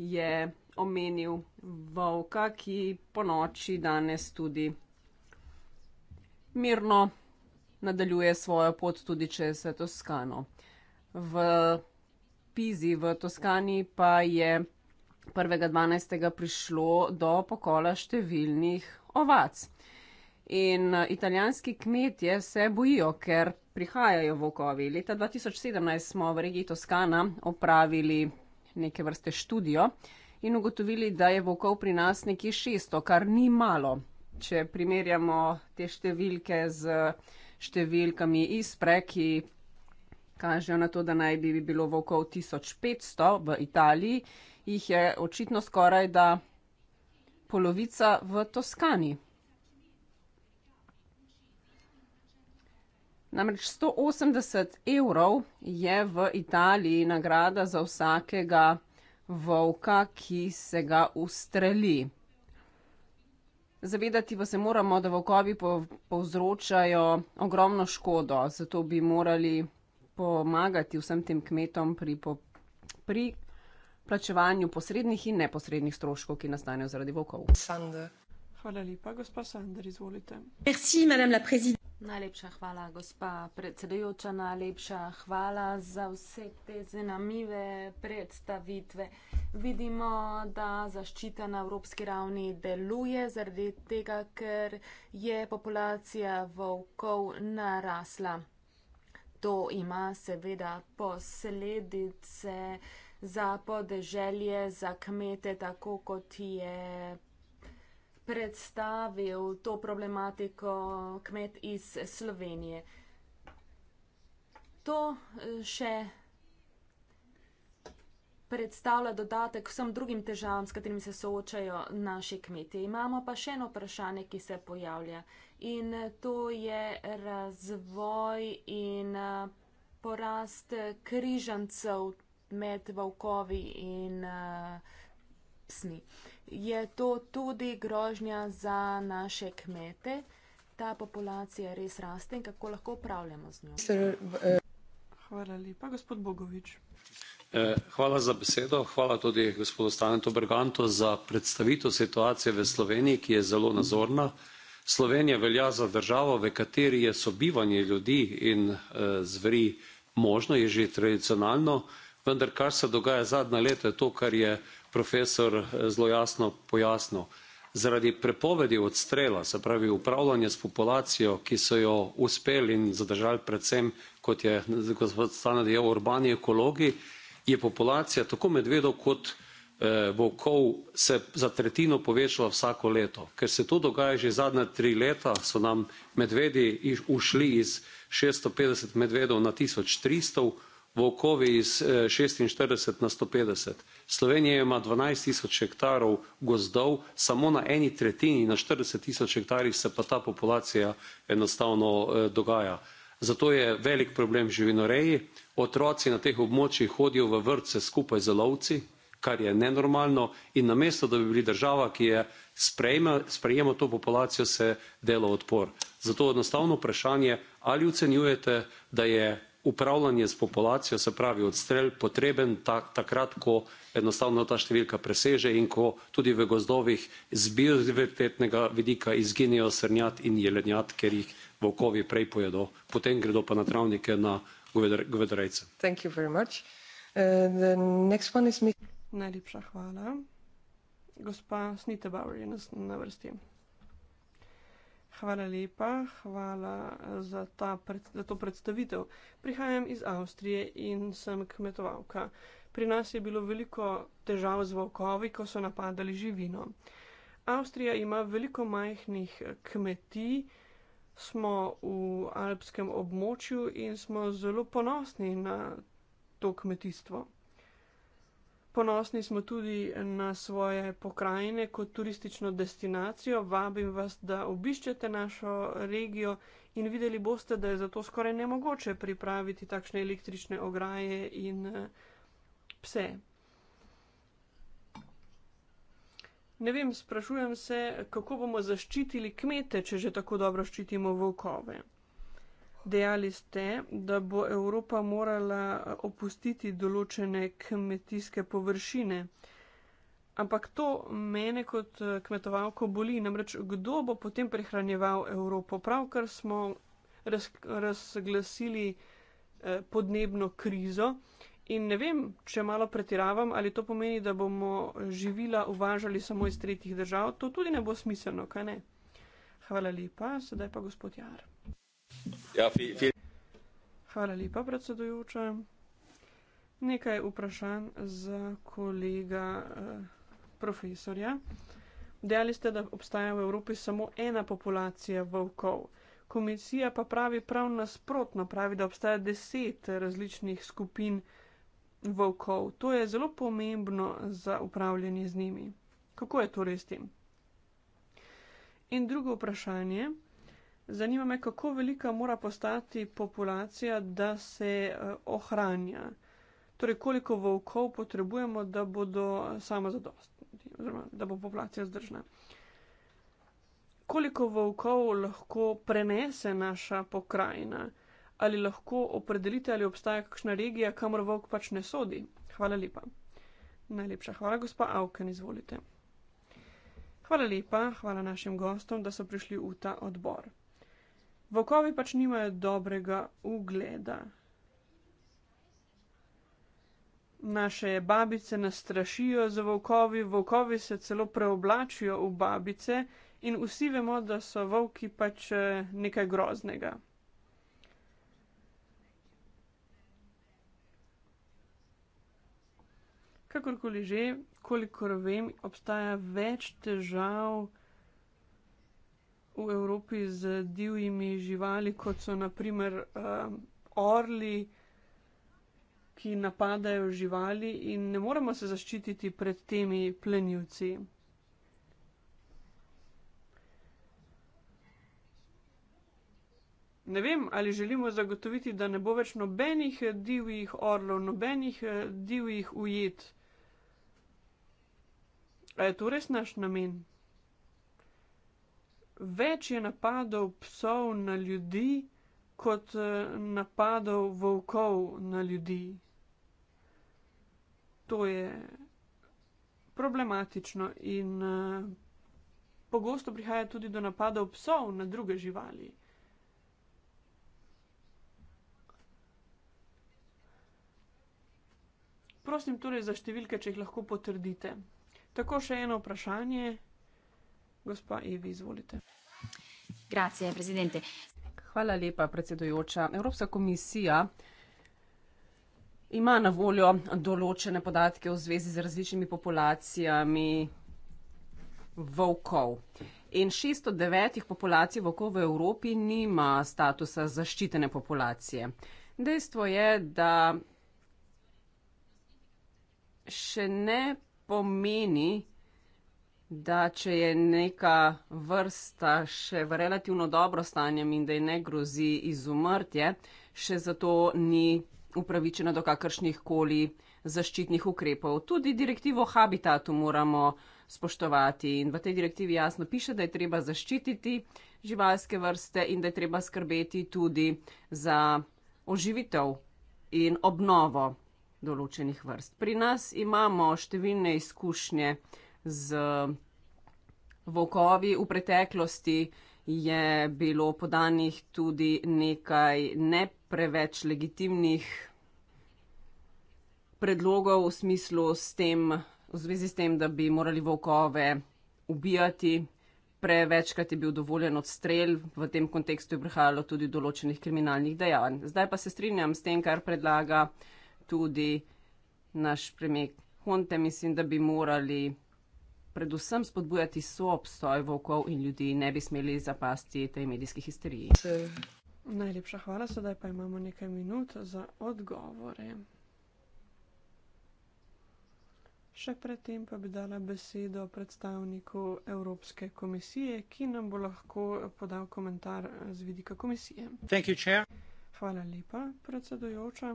Speaker 6: je omenil Vovka, ki po noči danes tudi mirno nadaljuje svojo pot tudi čez Toskano. V Pizi v Toskani pa je 1.12. prišlo do pokola številnih ovac. In italijanski kmetje se bojijo, ker prihajajo vokovi. Leta 2017 smo v regiji Toskana opravili neke vrste študijo, uh, in ugotovili, da je volkov pri nas nekje 600, kar ni malo, če primerjamo te številke z številkami izpre, ki kažejo na to, da naj bi bilo volkov 1500 v Italiji, jih je očitno skoraj da polovica v Toskani. Namreč 180 evrov je v Italiji nagrada za vsakega volka, ki se ga ustreli. Zavedati pa se moramo, da volkovi povzročajo ogromno škodo, zato bi morali pomagati vsem tem kmetom pri, po, pri plačevanju posrednih in neposrednih stroškov, ki nastanejo zaradi volkov. Sander.
Speaker 1: Hvala lepa, gospa Sander, izvolite.
Speaker 7: Merci, madame la présidente.
Speaker 4: Najlepša hvala, gospa predsedujoča, najlepša hvala za vse te zanimive predstavitve. Vidimo, da zaščita na evropski ravni deluje zaradi tega, ker je populacija volkov narasla. To ima seveda posledice za podeželje, za kmete, tako kot je predstavil to problematiko kmet iz Slovenije. To eh, še predstavlja dodatek vsem drugim težavam, s katerimi se soočajo naši kmetje. Imamo pa še eno vprašanje, ki se pojavlja in eh, to je razvoj in eh, porast križancev med volkovi in uh, psmi. Uh, je to tudi grožnja za naše kmete. Ta populacija res raste in kako lahko upravljamo z njo. Eh, hvala lepa,
Speaker 1: gospod Bogovič.
Speaker 2: Eh, hvala za besedo. Hvala tudi gospodu Stanetu Berganto za predstavitev situacije v Sloveniji, ki je zelo nazorna. Slovenija velja za državo, v kateri je sobivanje ljudi in eh, zveri možno, je že tradicionalno, vendar kar se dogaja zadnje leto je to, kar je profesor eh, zelo jasno pojasnil. Zaradi prepovedi odstrela, se pravi upravljanja s populacijo, ki so jo uspeli in zadržali predvsem, kot je gospod Stana dejal, urbani ekologi, je populacija tako medvedov kot eh, volkov se za tretjino povečala vsako leto. Ker se to dogaja že zadnja tri leta, so nam medvedi ušli iz 650 medvedov na 1300, v okovi iz eh, šestinštirideset na sto petdeset slovenija ima dvanajst tisoč hektarov gozdov samo na eni tretjini na štirideset tisoč hektarjih se pa ta populacija enostavno eh, dogaja zato je velik problem v živinoreji otroci na teh območjih hodijo v vrtce skupaj z lovci kar je nenormalno in namesto da bi bili država ki je sprejme sprejema to populacijo se dela odpor zato enostavno vprašanje ali ocenjujete da je upravljanje s populacijo, se pravi odstrel, potreben ta, takrat, ko enostavno ta številka preseže in ko tudi v gozdovih z biodiversitetnega vidika izginijo srnjad in jelenjad, ker jih volkovi prej pojedo, potem gredo pa na travnike na govedorejce.
Speaker 1: Uh, Najlepša hvala. Gospa Snitebauer je na vrsti. Hvala lepa, hvala za, pred, za to predstavitev. Prihajam iz Avstrije in sem kmetovalka. Pri nas je bilo veliko težav z volkovi, ko so napadali živino. Avstrija ima veliko majhnih kmetij, smo v alpskem območju in smo zelo ponosni na to kmetijstvo. Ponosni smo tudi na svoje pokrajine kot turistično destinacijo. Vabim vas, da obiščete našo regijo in videli boste, da je zato skoraj nemogoče pripraviti takšne električne ograje in eh, pse. Ne vem, sprašujem se, kako bomo zaščitili kmete, če že tako dobro ščitimo volkove. Dejali ste, da bo Evropa morala eh, opustiti določene kmetijske površine. Ampak to mene kot eh, kmetovalko boli. Namreč, kdo bo potem prehranjeval Evropo? Pravkar smo raz, razglasili eh, podnebno krizo in ne vem, če malo pretiravam, ali to pomeni, da bomo živila uvažali samo iz tretjih držav. To tudi ne bo smiselno, kaj ne? Hvala lepa, sedaj pa gospod Jar. Ja, Hvala lepa, predsedujoča. Nekaj vprašanj za kolega eh, profesorja. Dejali ste, da obstaja v Evropi samo ena populacija volkov. Komisija pa pravi prav nasprotno, pravi, da obstaja deset različnih skupin volkov. To je zelo pomembno za upravljanje z njimi. Kako je torej s tem? In drugo vprašanje. Zanima me, kako velika mora postati populacija, da se eh, ohranja. Torej, koliko volkov potrebujemo, da bodo sama zadostni, oziroma da bo populacija zdržna. Koliko volkov lahko prenese naša pokrajina? Ali lahko opredelite, ali obstaja kakšna regija, kamor volk pač ne sodi? Hvala lepa. Najlepša hvala, gospa Avken, izvolite. Hvala lepa, hvala našim gostom, da so prišli v ta odbor. Vokovi pač nimajo dobrega ugleda. Naše babice nas strašijo za vokovi, vokovi se celo preoblačijo v babice in vsi vemo, da so volki pač eh, nekaj groznega. Kakorkoli že, kolikor vem, obstaja več težav v Evropi z divjimi živali, kot so naprimer um, orli, ki napadajo živali in ne moremo se zaščititi pred temi plenilci. Ne vem, ali želimo zagotoviti, da ne bo več nobenih divjih orlov, nobenih eh, divjih ujet. A je to res naš namen? Več je napadov psov na ljudi, kot eh, napadov volkov na ljudi. To je problematično in eh, pogosto prihaja tudi do napadov psov na druge živali. Prosim torej za številke, če jih lahko potrdite. Tako še eno vprašanje. Gospa Evi, izvolite. Grazie, presidente.
Speaker 6: Hvala lepa, predsedujoča. Evropska komisija ima na voljo določene podatke v zvezi z različnimi populacijami volkov. In 609 populacij volkov v Evropi nima statusa zaščitene populacije. Dejstvo je, da še ne pomeni, da če je neka vrsta še v relativno dobro stanjem in da ji ne grozi izumrtje, še zato ni upravičena do kakršnih koli zaščitnih ukrepov. Tudi direktivo o habitatu moramo spoštovati in v tej direktivi jasno piše, da je treba zaščititi živalske vrste in da je treba skrbeti tudi za oživitev in obnovo določenih vrst. Pri nas imamo številne izkušnje z volkovi v preteklosti, je bilo podanih tudi nekaj ne preveč legitimnih predlogov v smislu s tem, v zvezi s tem, da bi morali volkove ubijati. Prevečkrat je bil dovoljen odstrel, v tem kontekstu je prihajalo tudi določenih kriminalnih dejanj. Zdaj pa se strinjam s tem, kar predlaga tudi naš premijer Honte. Mislim, da bi morali predvsem spodbujati soobstoj volkov in ljudi ne bi smeli zapasti tej medijski histeriji.
Speaker 1: Najlepša hvala, sedaj pa imamo nekaj minut za odgovore. Še predtem pa bi dala besedo predstavniku Evropske komisije, ki nam bo lahko podal komentar z vidika komisije. Hvala lepa, predsedujoča.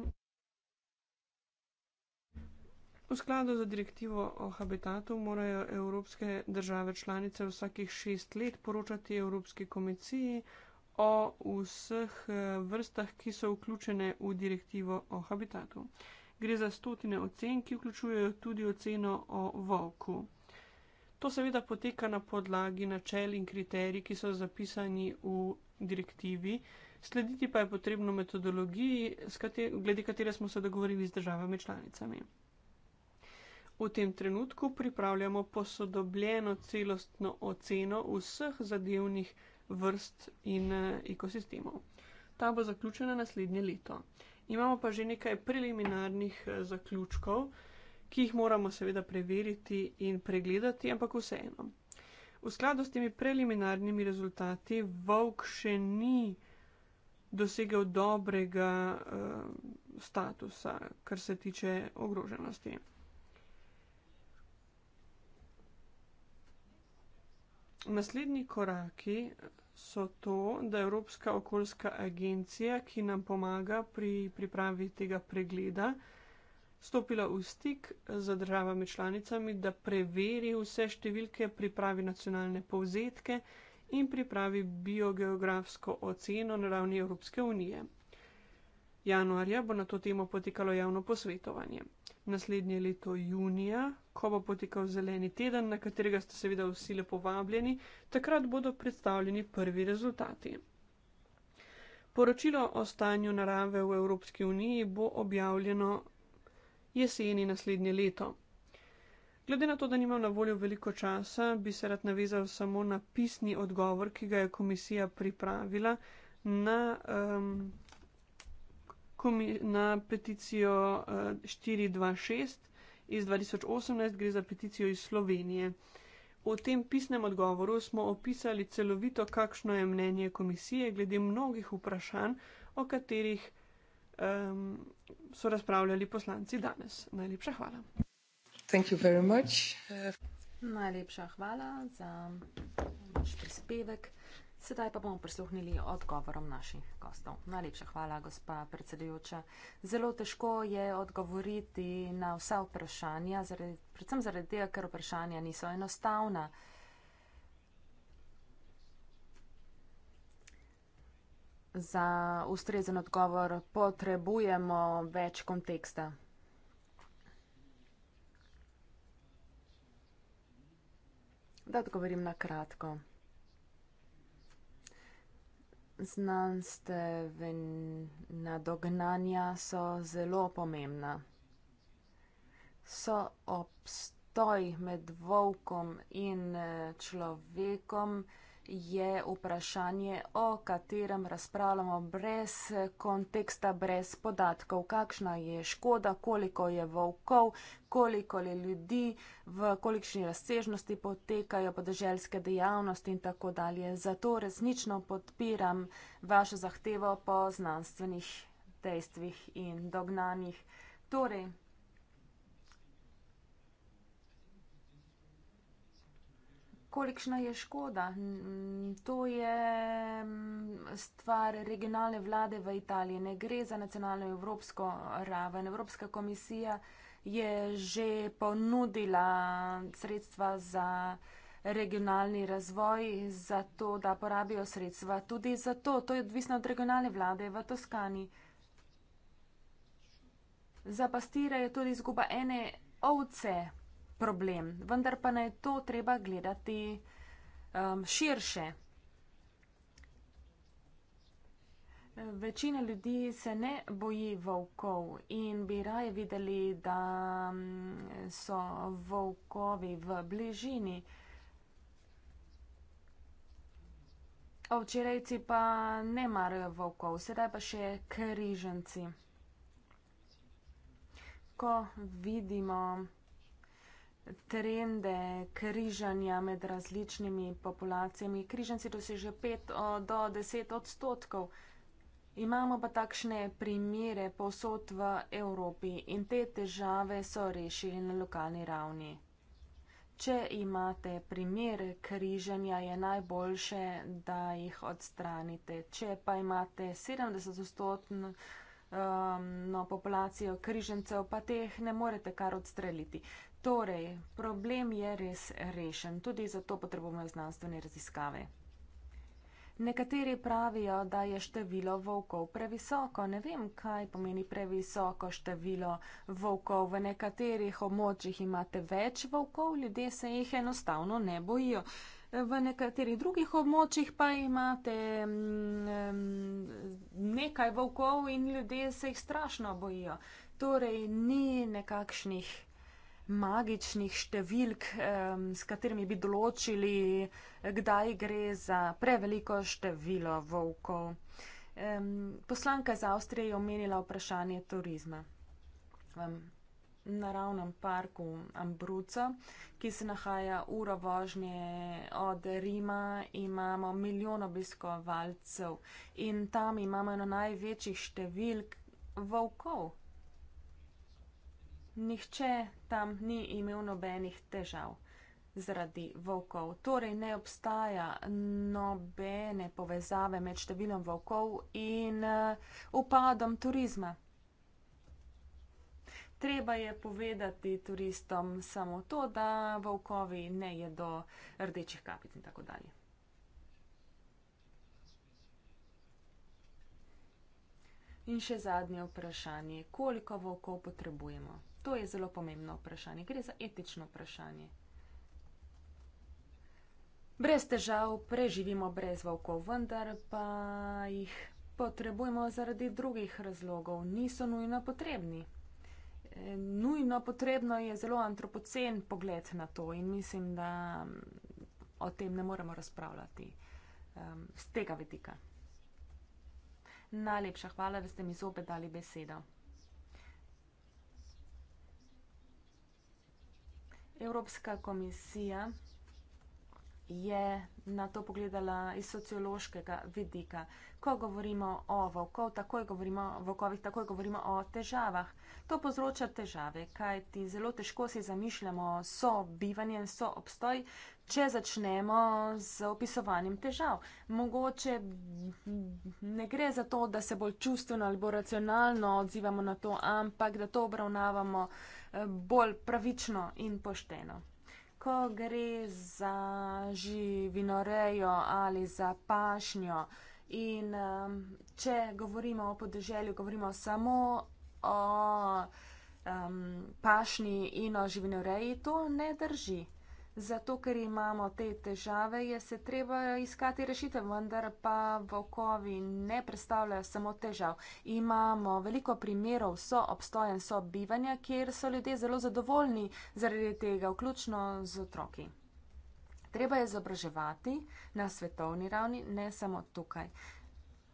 Speaker 1: V skladu z direktivo o habitatu morajo evropske države članice vsakih šest let poročati Evropski komisiji o vseh eh, vrstah, ki so vključene v direktivo o habitatu. Gre za stotine ocen, ki vključujejo tudi oceno o volku. To seveda poteka na podlagi načel in kriterij, ki so zapisani v direktivi, slediti pa je potrebno metodologiji, glede katere smo se dogovorili z državami članicami. V tem trenutku pripravljamo posodobljeno celostno oceno vseh zadevnih vrst in eh, ekosistemov. Ta bo zaključena naslednje leto. Imamo pa že nekaj preliminarnih eh, zaključkov, ki jih moramo seveda preveriti in pregledati, ampak vseeno. V skladu s temi preliminarnimi rezultati volk še ni dosegel dobrega uh, statusa, kar se tiče ogroženosti. Naslednji koraki so to, da Evropska okoljska agencija, ki nam pomaga pri pripravi tega pregleda, stopila v stik z državami članicami, da preveri vse številke, pripravi nacionalne povzetke in pripravi biogeografsko oceno na ravni Evropske unije. Januarja bo na to temo potekalo javno posvetovanje naslednje leto junija, ko bo potekal zeleni teden, na katerega ste seveda vsi lepo povabljeni, takrat bodo predstavljeni prvi rezultati. Poročilo o stanju narave v Evropski uniji bo objavljeno jeseni naslednje leto. Glede na to, da nimam na voljo veliko časa, bi se rad navezal samo na pisni odgovor, ki ga je komisija pripravila na um, na peticijo 426 eh, iz 2018, gre za peticijo iz Slovenije. V tem pisnem odgovoru smo opisali celovito, kakšno je mnenje komisije glede mnogih vprašanj, o katerih um, so razpravljali poslanci danes. Najlepša hvala.
Speaker 4: Najlepša hvala za vaš prispevek. Sedaj pa bomo prisluhnili odgovorom naših gostov. Najlepša hvala, gospa predsedujoča. Zelo težko je odgovoriti na vsa vprašanja, zaradi, predvsem zaradi tega, ker vprašanja niso enostavna. Za ustrezen odgovor potrebujemo več konteksta. Da odgovorim na kratko znanstvena dognanja so zelo pomembna. So obstoj med volkom in eh, človekom je vprašanje, o katerem razpravljamo brez konteksta, brez podatkov, kakšna je škoda, koliko je volkov, koliko je ljudi, v kolikšni razsežnosti potekajo podeželske dejavnosti in tako dalje. Zato resnično podpiram vašo zahtevo po znanstvenih dejstvih in dognanjih. Torej, kolikšna je škoda. To je stvar regionalne vlade v Italiji. Ne gre za nacionalno evropsko raven. Evropska komisija je že ponudila sredstva za regionalni razvoj, za to, da porabijo sredstva. Tudi za to, to je odvisno od regionalne vlade v Toskani. Za pastire je tudi izguba ene ovce problem. Vendar pa naj to treba gledati um, širše. Večina ljudi se ne boji volkov in bi raje videli, da um, so volkovi v bližini. Ovčerejci pa ne marajo volkov, sedaj pa še križanci. Ko vidimo trende križanja med različnimi populacijami. Križanci dosežejo 5 do 10 odstotkov. Imamo pa takšne primere povsod v Evropi in te težave so rešili na lokalni ravni. Če imate primer križanja, je najboljše, da jih odstranite. Če pa imate 70-odstotno um, no, populacijo križencev, pa teh ne morete kar odstreliti. Torej, problem je res rešen, tudi zato potrebujemo znanstvene raziskave. Nekateri pravijo, da je število volkov previsoko. Ne vem, kaj pomeni previsoko število volkov. V nekaterih območjih imate več volkov, ljudje se jih enostavno ne bojijo. V nekaterih drugih območjih pa imate mm, mm, nekaj volkov in ljudje se jih strašno bojijo. Torej, ni nekakšnih magičnih številk, s katerimi bi določili, kdaj gre za preveliko število volkov. Poslanka iz Avstrije je omenila vprašanje turizma. V naravnem parku Ambruco, ki se nahaja uro vožnje od Rima, imamo milijon obiskovalcev in tam imamo eno največjih številk volkov nihče tam ni imel nobenih težav zaradi volkov. Torej ne obstaja nobene povezave med številom volkov in eh, upadom turizma. Treba je povedati turistom samo to, da volkovi ne jedo rdečih kapic in tako dalje. In še zadnje vprašanje, koliko volkov potrebujemo? To je zelo pomembno vprašanje. Gre za etično vprašanje. Brez težav preživimo brez volkov, vendar pa jih potrebujemo zaradi drugih razlogov. Niso nujno potrebni. E, nujno potrebno je zelo antropocen pogled na to in mislim, da mm, o tem ne moremo razpravljati um, z tega vidika. Najlepša hvala, da ste mi zopet dali besedo. Evropska komisija je na to pogledala iz sociološkega vidika. Ko govorimo o volkov, takoj govorimo o volkovih, takoj govorimo o težavah. To povzroča težave, kajti zelo težko si zamišljamo so bivanje, so obstoj, če začnemo z opisovanjem težav. Mogoče ne gre za to, da se bolj čustveno ali bolj racionalno odzivamo na to, ampak da to obravnavamo bolj pravično in pošteno. Ko gre za živinorejo ali za pašnjo in um, če govorimo o podeželju, govorimo samo o um, pašnji in o živinoreji, to ne drži. Zato, ker imamo te težave, je se treba iskati rešitev, vendar pa vokovi ne predstavljajo samo težav. Imamo veliko primerov so obstojen so bivanja, kjer so ljudje zelo zadovoljni zaradi tega, vključno z otroki. Treba je izobraževati na svetovni ravni, ne samo tukaj.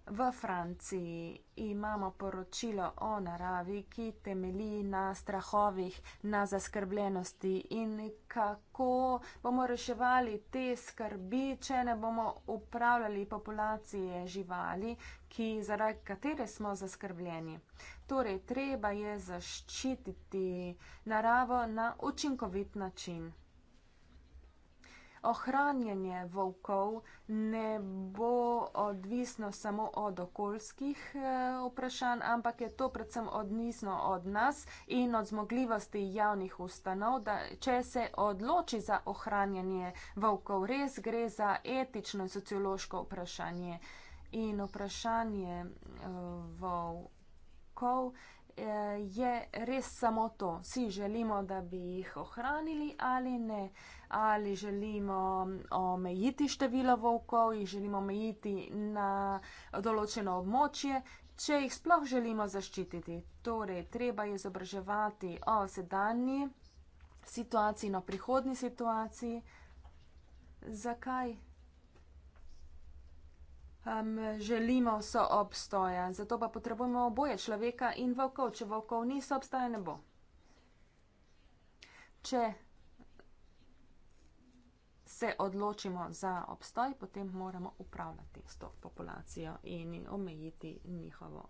Speaker 4: V Franciji imamo poročilo o naravi, ki temeli na strahovih, na zaskrbljenosti in kako bomo reševali te skrbi, če ne bomo upravljali populacije živali, ki, zaradi katere smo zaskrbljeni. Torej, treba je zaščititi naravo na učinkovit način. Ohranjanje volkov ne bo odvisno samo od okoljskih eh, vprašanj, ampak je to predvsem odvisno od nas in od zmogljivosti javnih ustanov, da če se odloči za ohranjanje volkov, res gre za etično in sociološko vprašanje. In vprašanje eh, volkov eh, je res samo to, si želimo, da bi jih ohranili ali ne ali želimo omejiti število volkov, jih želimo omejiti na določeno območje, če jih sploh želimo zaščititi. Torej, treba je izobraževati o sedanji situaciji, o prihodni situaciji. Zakaj? Um, želimo so obstoja, zato pa potrebujemo oboje človeka in volkov. Če volkov ni, so obstoja ne bo. Če se odločimo za obstoj, potem moramo upravljati s to populacijo in omejiti njihovo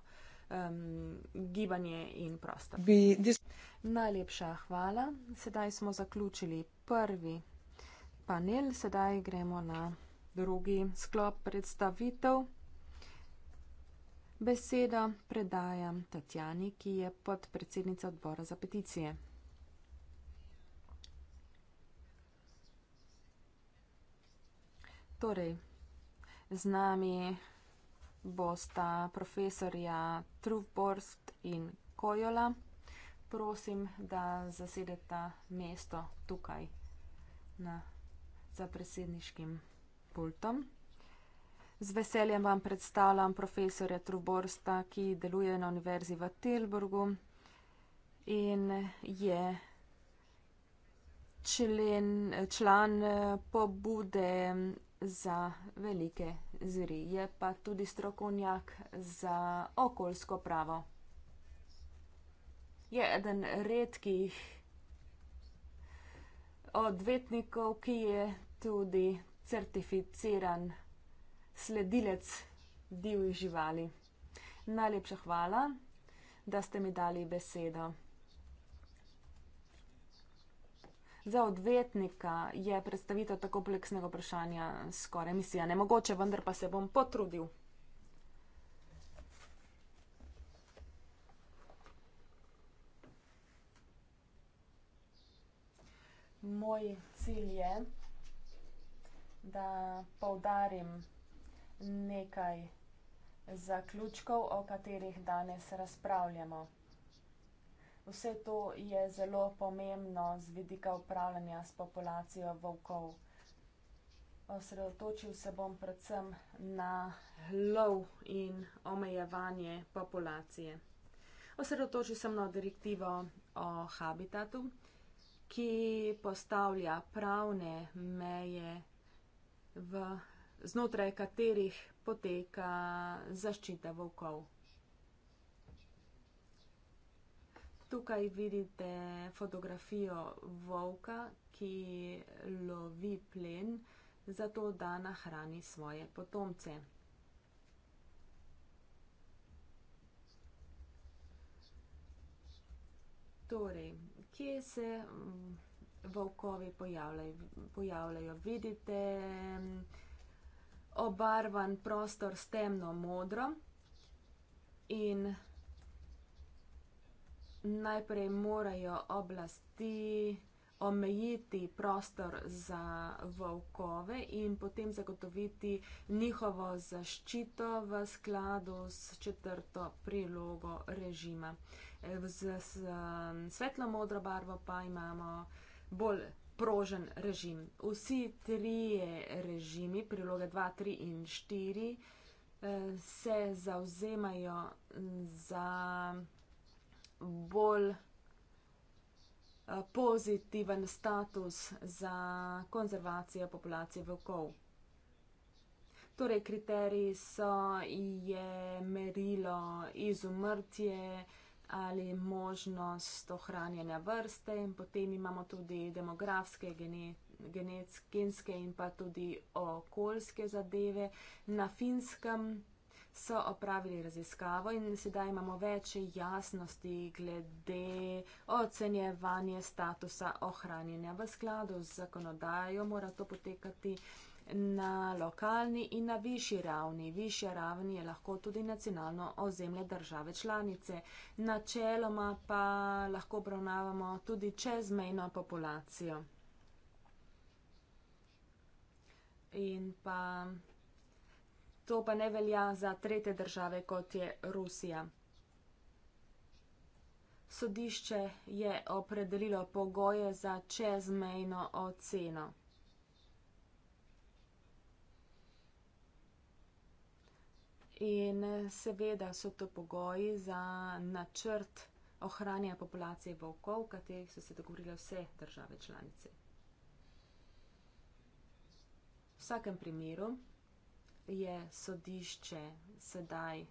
Speaker 4: um, gibanje in prostor. This... Najlepša hvala. Sedaj smo zaključili prvi panel, sedaj gremo na drugi sklop predstavitev. Besedo predajam Tatjani, ki je podpredsednica odbora za peticije. Torej, z nami bosta profesorja Truborst in Kojola. Prosim, da zasedete mesto tukaj na, za presedniškim pultom. Z veseljem vam predstavljam profesorja Truborsta, ki deluje na Univerzi v Tilburgu in je člen, član pobude za velike zveri, je pa tudi strokovnjak za okoljsko pravo. Je eden redkih odvetnikov, ki je tudi certificiran sledilec divjih živali. Najlepša hvala, da ste mi dali besedo. Za odvetnika je predstavitev tako kompleksnega vprašanja skoraj misija nemogoče, vendar pa se bom potrudil. Moj cilj je, da povdarim nekaj zaključkov, o katerih danes razpravljamo. Vse to je zelo pomembno z vidika upravljanja s populacijo volkov. Osredotočil se bom predvsem na lov in omejevanje populacije. Osredotočil sem na direktivo o habitatu, ki postavlja pravne meje, znotraj katerih poteka zaščita volkov. Tukaj vidite fotografijo volka, ki lovi plen, zato da nahrani svoje potomce. Torej, kje se mm, volkovi pojavljajo? pojavljajo? Vidite mm, obarvan prostor s temno modro in najprej morajo oblasti omejiti prostor za volkove in potem zagotoviti njihovo zaščito v skladu s četrto prilogo režima. Z, z svetlo modro barvo pa imamo bolj prožen režim. Vsi trije režimi, priloge 2, 3 in 4, eh, se zauzemajo za bolj eh, pozitiven status za konzervacijo populacije vlkov. Torej, kriteriji so, je merilo izumrtje ali možnost ohranjanja vrste in potem imamo tudi demografske genetske in pa tudi okoljske zadeve. Na finskem so opravili raziskavo in sedaj imamo več jasnosti glede ocenjevanja statusa ohranjenja. V skladu z zakonodajo mora to potekati na lokalni in na višji ravni. Višja raven je lahko tudi nacionalno ozemlje države članice. Načeloma pa lahko obravnavamo tudi čezmejno populacijo. In pa To pa ne velja za trete države, kot je Rusija. Sodišče je opredelilo pogoje za čezmejno oceno. In seveda so to pogoji za načrt ohranja populacije volkov, v katerih so se dogovorile vse države članice. V vsakem primeru je sodišče sedaj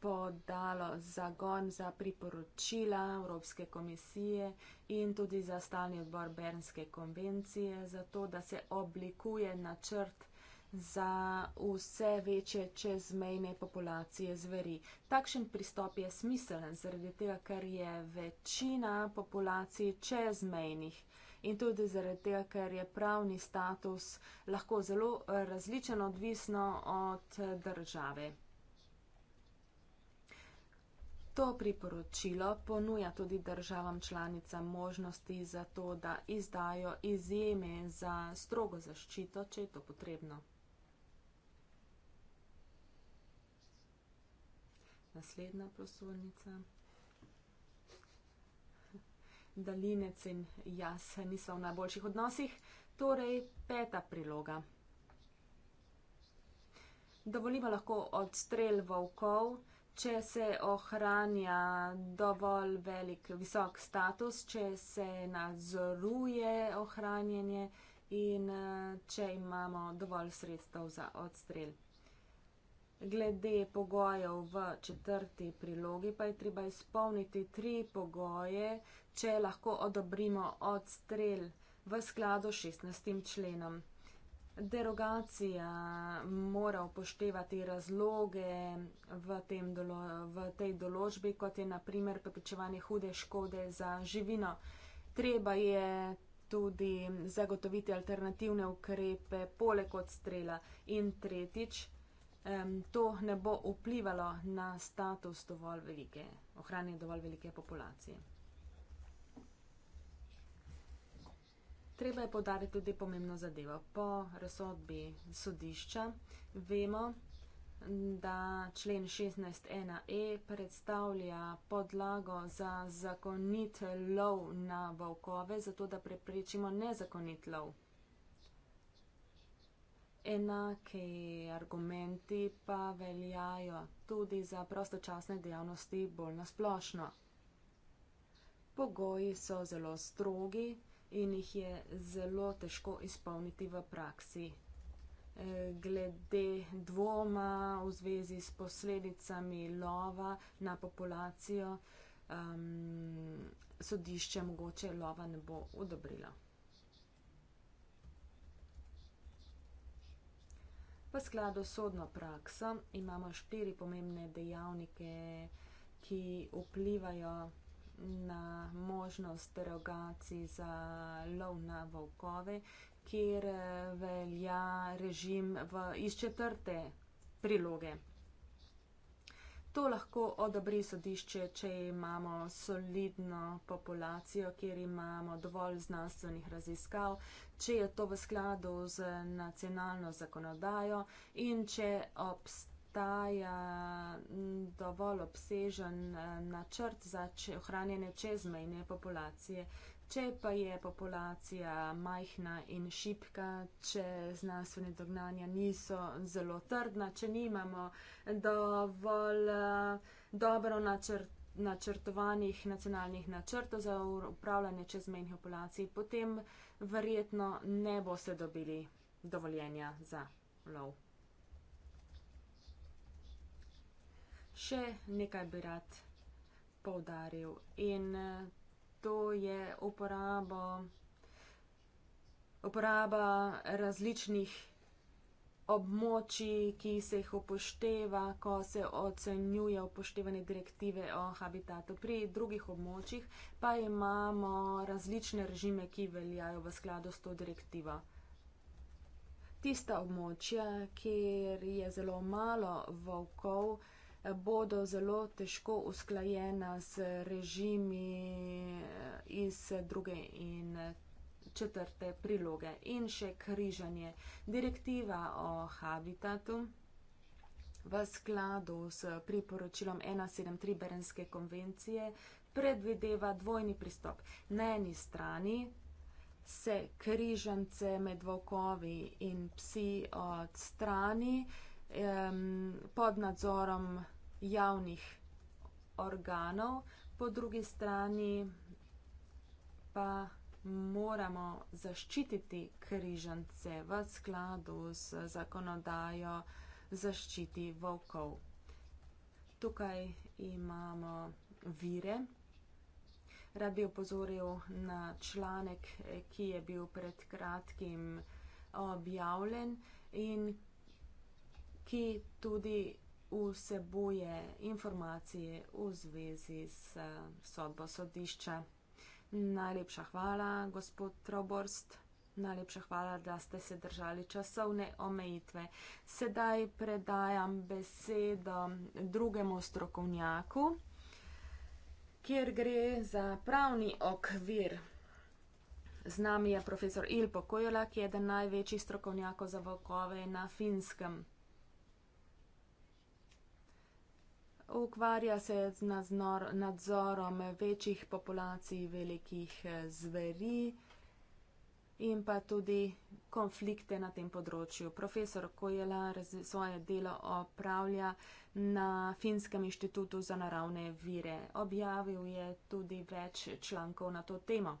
Speaker 4: podalo zagon za priporočila Evropske komisije in tudi za stalni odbor Bernske konvencije, zato da se oblikuje načrt za vse večje čezmejne populacije zveri. Takšen pristop je smiselen, zaradi tega, ker je večina populacij čezmejnih in tudi zaradi tega, ker je pravni status lahko zelo eh, različen, odvisno od eh, države. To priporočilo ponuja tudi državam članicam možnosti za to, da izdajo izjeme za strogo zaščito, če je to potrebno. Naslednja prosovnica. Dalinec in jaz nismo v najboljših odnosih, torej peta priloga. Dovolimo lahko odstrel volkov, če se ohranja dovolj velik, visok status, če se nadzoruje ohranjanje in eh, če imamo dovolj sredstev za odstrel. Glede pogojev v četrti prilogi pa je treba izpolniti tri pogoje, če lahko odobrimo odstrel v skladu s 16. členom. Derogacija mora upoštevati razloge v, tem, v tej določbi, kot je naprimer preprečevanje hude škode za živino. Treba je tudi zagotoviti alternativne ukrepe poleg odstrela in tretjič um, to ne bo vplivalo na status dovolj velike, ohranjanje dovolj velike populacije. Treba je podariti tudi pomembno zadevo. Po razsodbi sodišča vemo, da člen 16.1e predstavlja podlago za zakonit lov na volkove, zato da preprečimo nezakonit lov Enake argumenti pa veljajo tudi za prostočasne dejavnosti bolj nasplošno. Pogoji so zelo strogi in jih je zelo težko izpolniti v praksi. E, glede dvoma v zvezi s posledicami lova na populacijo, sodišče mogoče lova ne bo odobrilo. V skladu s sodno prakso imamo štiri pomembne dejavnike, ki vplivajo na možnost derogacij za lov na volkove, kjer velja režim v, iz četrte priloge to lahko odobri sodišče, če imamo solidno populacijo, kjer imamo dovolj znanstvenih raziskav, če je to v skladu z nacionalno zakonodajo in če obstaja dovolj obsežen eh, načrt za ohranjanje čezmejne populacije Če pa je populacija majhna in šipka, če znanstvene dognanja niso zelo trdna, če nimamo dovolj eh, dobro načrt, načrtovanih nacionalnih načrtov za upravljanje čezmejnih populacij, potem verjetno ne boste dobili dovoljenja za lov. Še nekaj bi rad poudaril in eh, to je uporabo, uporaba različnih območij, ki se jih upošteva, ko se ocenjuje upoštevanje direktive o habitatu. Pri drugih območjih pa imamo različne režime, ki veljajo v skladu s to direktivo. Tista območja, kjer je zelo malo volkov, bodo zelo težko usklajena z režimi eh, iz druge in eh, četrte priloge. In še križanje. Direktiva o habitatu v skladu s priporočilom 173 Berenske konvencije predvideva dvojni pristop. Na eni strani se križance med volkovi in psi odstrani, um, pod nadzorom javnih organov, po drugi strani pa moramo zaščititi križance v skladu z zakonodajo zaščiti volkov. Tukaj imamo vire. Rad bi opozoril na članek, ki je bil pred kratkim objavljen in ki tudi vsebuje informacije v zvezi s sodbo sodišča. Najlepša hvala, gospod Troborst. Najlepša hvala, da ste se držali časovne omejitve. Sedaj predajam besedo drugemu strokovnjaku, kjer gre za pravni okvir. Z nami je profesor Ilpo Kojola, ki je eden največjih strokovnjakov za volkove na finskem. ukvarja se z nadzor, nadzorom večjih populacij velikih eh, zveri in pa tudi konflikte na tem področju. Profesor Kojela svoje delo opravlja na Finskem inštitutu za naravne vire. Objavil je tudi več člankov na to temo.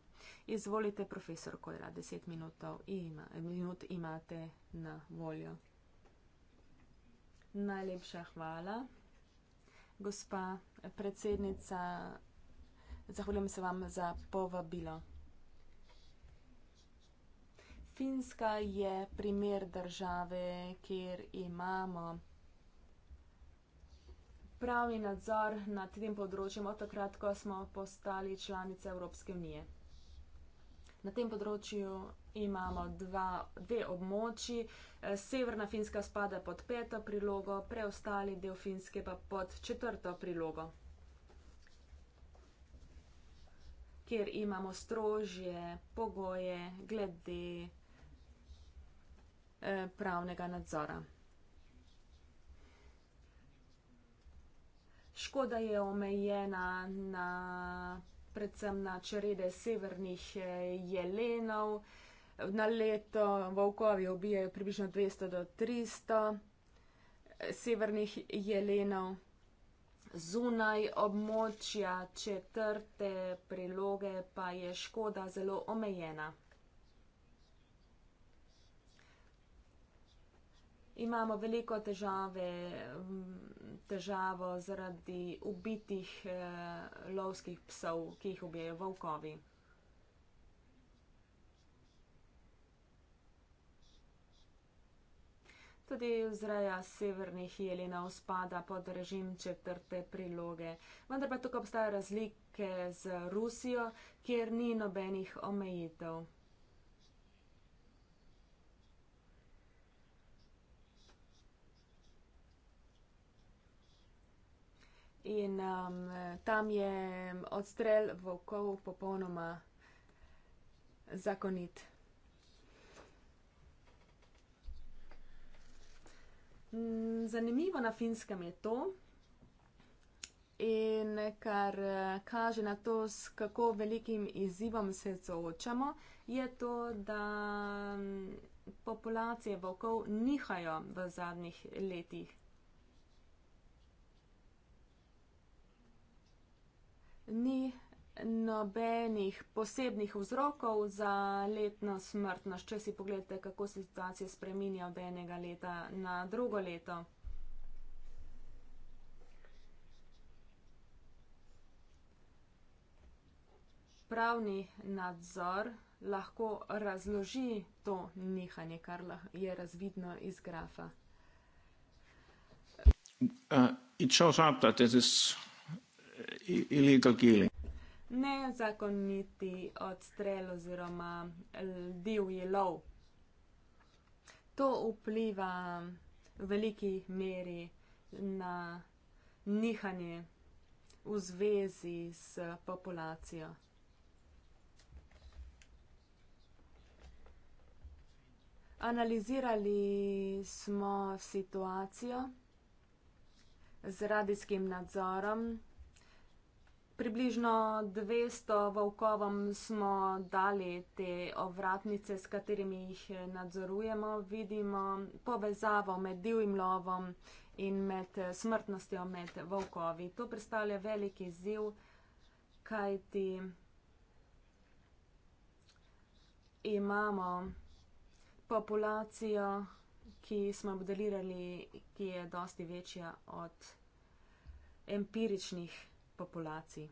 Speaker 4: Izvolite, profesor Kojela, deset ima, minut imate na voljo. Najlepša hvala gospa predsednica, zahvaljujem se vam za povabilo. Finska je primer države, kjer imamo pravi nadzor nad tem področjem od takrat, ko smo postali članice Evropske unije. Na tem področju imamo dva, dve območji. Eh, Severna Finska spada pod peto prilogo, preostali del Finske pa pod četrto prilogo, kjer imamo strožje pogoje glede eh, pravnega nadzora. Škoda je omejena na predvsem na črede severnih eh, jelenov. Na leto volkovi ubijajo približno 200 do 300 eh, severnih jelenov. Zunaj območja četrte priloge pa je škoda zelo omejena. imamo veliko težave, težavo zaradi ubitih eh, lovskih psov, ki jih ubijajo volkovi. Tudi vzreja severnih jelinov spada pod režim četrte priloge. Vendar pa tukaj obstajajo razlike z Rusijo, kjer ni nobenih omejitev. in um, tam je odstrel volkov popolnoma zakonit. Mm, zanimivo na finskem je to in kar eh, kaže na to, s kako velikim izzivom se soočamo, je to, da mm, populacije volkov nihajo v zadnjih letih. ni nobenih posebnih vzrokov za letno smrtnost, če si pogledate, kako se situacija spreminja od enega leta na drugo leto. Pravni nadzor lahko razloži to nihanje, kar je razvidno iz grafa.
Speaker 3: Uh, it shows up that this is illegal killing.
Speaker 4: Nezakoniti odstrel oziroma divji lov. To vpliva v veliki meri na nihanje v zvezi s populacijo. Analizirali smo situacijo z radijskim nadzorom. Približno 200 volkovom smo dali te ovratnice, s katerimi jih nadzorujemo. Vidimo povezavo med divjim lovom in med smrtnostjo med volkovi. To predstavlja veliki ziv, kajti imamo populacijo, ki smo modelirali, ki je dosti večja od empiričnih populacij.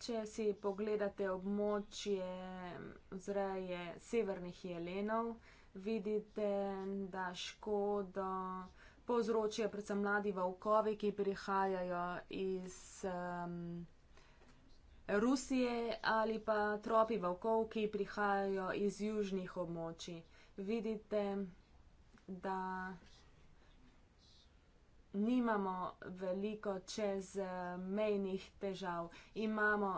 Speaker 4: Če si pogledate območje vzreje severnih jelenov, vidite, da škodo povzročijo predvsem mladi valkovi, ki prihajajo iz um, Rusije ali pa tropi valkov, ki prihajajo iz južnih območij. Vidite, da nimamo veliko čezmejnih težav. Imamo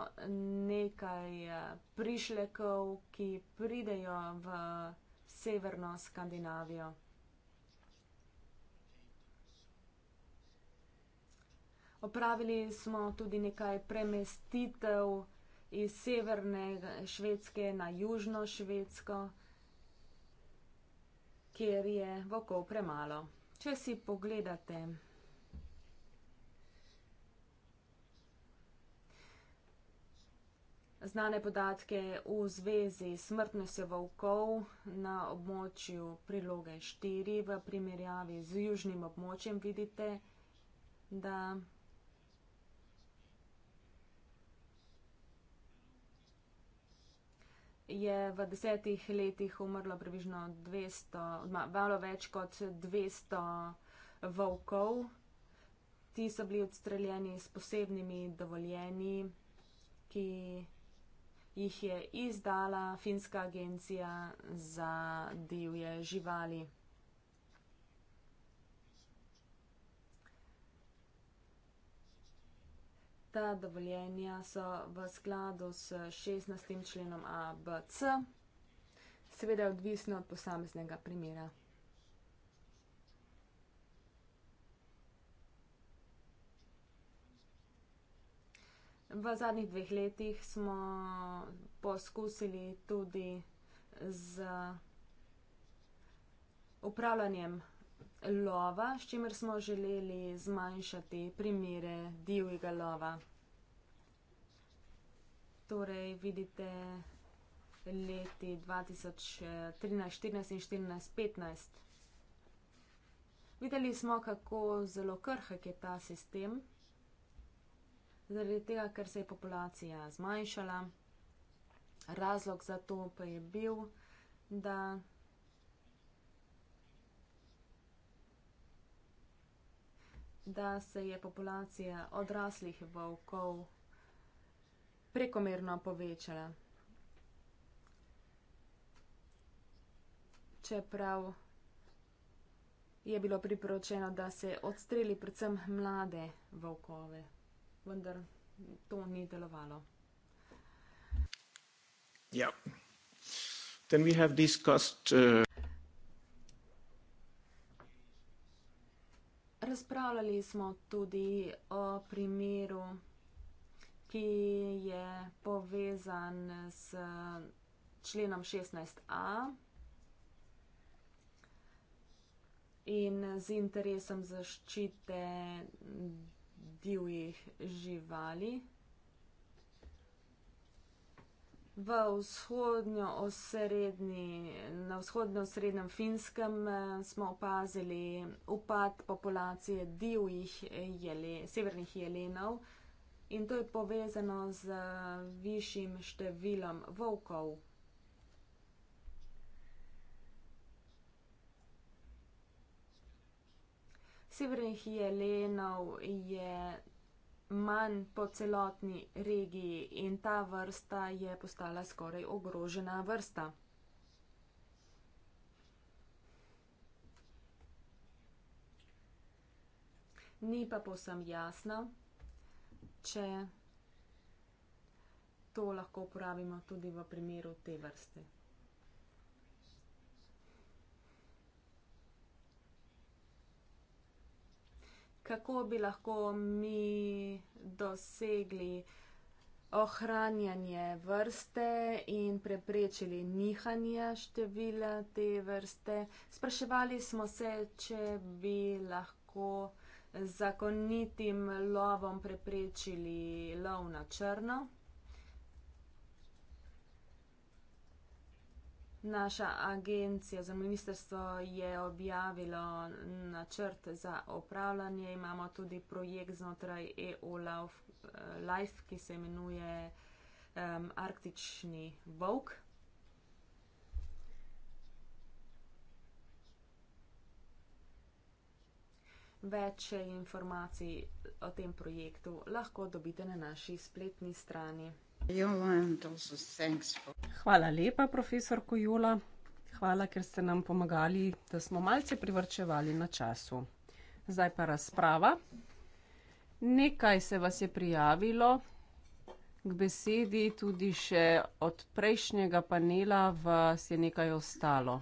Speaker 4: nekaj eh, prišlekov, ki pridejo v severno Skandinavijo. Opravili smo tudi nekaj premestitev iz severne Švedske na južno Švedsko, kjer je vokov premalo. Če si pogledate, Znane podatke v zvezi smrtnosti volkov na območju priloge 4 v primerjavi z južnim območjem vidite, da je v desetih letih umrlo približno 200, malo več kot 200 volkov. Ti so bili odstreljeni s posebnimi dovoljeni, ki jih je izdala finska agencija za divje živali. ta dovoljenja so v skladu s 16. členom ABC, seveda odvisno od posameznega primera. V zadnjih dveh letih smo poskusili tudi z upravljanjem lova, s čimer smo želeli zmanjšati primere divjega lova. Torej, vidite leti 2013, 2014-2015. Videli smo, kako zelo krhek je ta sistem. Zaradi tega, ker se je populacija zmanjšala, razlog za to pa je bil, da da se je populacija odraslih volkov prekomerno povečala. Čeprav je bilo priporočeno, da se odstreli predvsem mlade volkove, vendar to ni delovalo.
Speaker 3: Ja. Yeah. Then we have discussed uh...
Speaker 4: razpravljali smo tudi o primeru, ki je povezan s členom 16a in z interesom zaščite divjih živali v vzhodnjo osrednji, na vzhodnjo osrednjem finskem eh, smo opazili upad populacije divjih jele, severnih jelenov in to je povezano z višjim številom volkov. Severnih jelenov je manj po celotni regiji in ta vrsta je postala skoraj ogrožena vrsta. Ni pa povsem jasno, če to lahko uporabimo tudi v primeru te vrste. kako bi lahko mi dosegli ohranjanje vrste in preprečili nihanje števila te vrste. Spraševali smo se, če bi lahko zakonitim lovom preprečili lov na črno. Naša agencija za ministrstvo je objavila načrt za upravljanje. Imamo tudi projekt znotraj EU eh, Life, ki se imenuje um, Arktični Vok. Več informacij o tem projektu lahko dobite na naši spletni strani.
Speaker 6: Hvala lepa, profesor Kojola. Hvala, ker ste nam pomagali, da smo malce privrčevali na času. Zdaj pa razprava. Nekaj se vas je prijavilo k besedi, tudi še od prejšnjega panela vas je nekaj ostalo.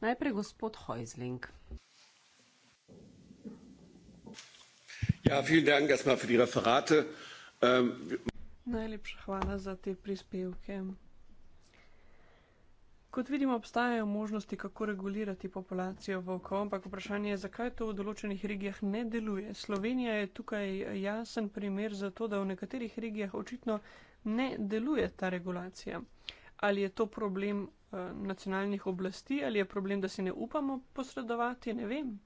Speaker 6: Najprej gospod Hojzling.
Speaker 3: Ja, vielen Dank erstmal für die Referate. Ähm,
Speaker 1: Najlepša hvala za te prispevke. Kot vidimo, obstajajo možnosti, kako regulirati populacijo volkov, ampak vprašanje je, zakaj to v določenih regijah ne deluje. Slovenija je tukaj jasen primer za to, da v nekaterih regijah očitno ne deluje ta regulacija. Ali je to problem eh, nacionalnih oblasti, ali je problem, da si ne upamo posredovati, ne vem.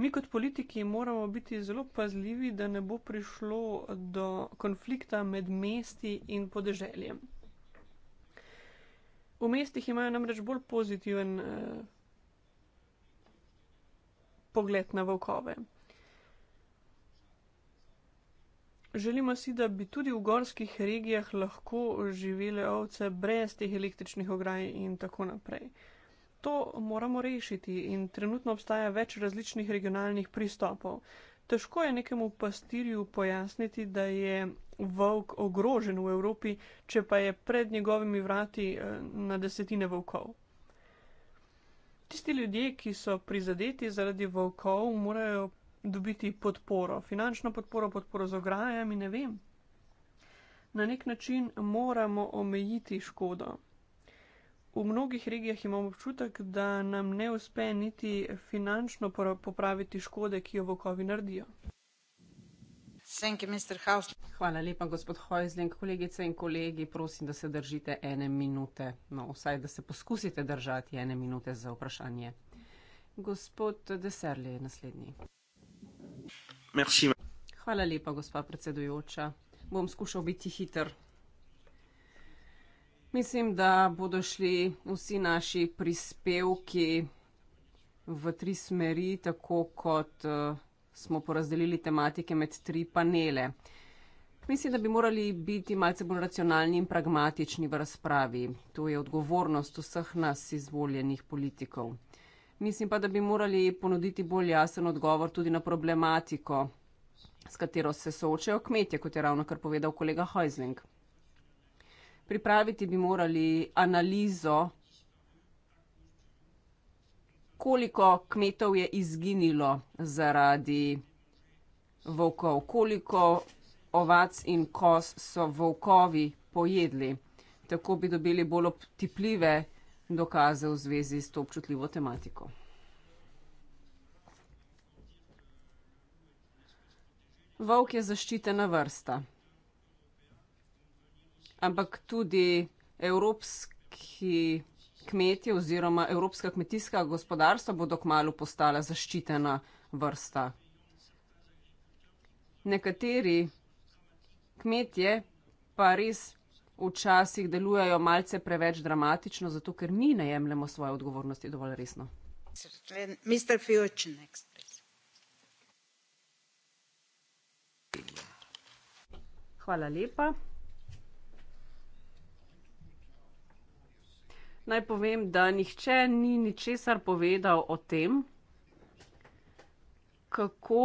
Speaker 1: Mi kot politiki moramo biti zelo pazljivi, da ne bo prišlo do konflikta med mesti in podeželjem. V mestih imajo namreč bolj pozitiven eh, pogled na volkove. Želimo si, da bi tudi v gorskih regijah lahko živele ovce brez teh električnih ograj in tako naprej. Eh, To moramo rešiti in trenutno obstaja več različnih regionalnih pristopov. Težko je nekemu pastirju pojasniti, da je volk ogrožen v Evropi, če pa je pred njegovimi vrati eh, na desetine volkov. Tisti ljudje, ki so prizadeti zaradi volkov, morajo dobiti podporo, finančno podporo, podporo z ograjami, ne vem. Na nek način moramo omejiti škodo. V mnogih regijah imamo občutek, da nam ne uspe niti finančno popraviti škode, ki jo vokovi naredijo. You, Hvala lepa, gospod Hojzling. Kolegice in
Speaker 6: kolegi, prosim, da se držite ene minute, no vsaj, da se poskusite držati ene minute za vprašanje. Gospod Deserli je naslednji. Merci. Hvala lepa, gospa predsedujoča. Bom skušal biti hiter, Mislim, da bodo šli vsi naši prispevki v tri smeri, tako kot uh, smo porazdelili tematike med tri panele. Mislim, da bi morali biti malce bolj racionalni in pragmatični v razpravi. To je odgovornost vseh nas izvoljenih politikov. Mislim pa, da bi morali ponuditi bolj jasen odgovor tudi na problematiko, s katero se soočajo kmetje, kot je ravno kar povedal kolega Heusling pripraviti bi morali analizo, koliko kmetov je izginilo zaradi volkov, koliko ovac in kos so volkovi pojedli. Tako bi dobili bolj optipljive dokaze v zvezi s to občutljivo tematiko. Volk je zaščitena vrsta ampak tudi evropski kmetje oziroma evropska kmetijska gospodarstva bodo kmalo postala zaščitena vrsta. Nekateri kmetje pa res včasih delujejo malce preveč dramatično, zato ker mi ne jemljemo svoje odgovornosti dovolj resno. Hvala lepa. Naj povem, da nihče ni ničesar povedal o tem, kako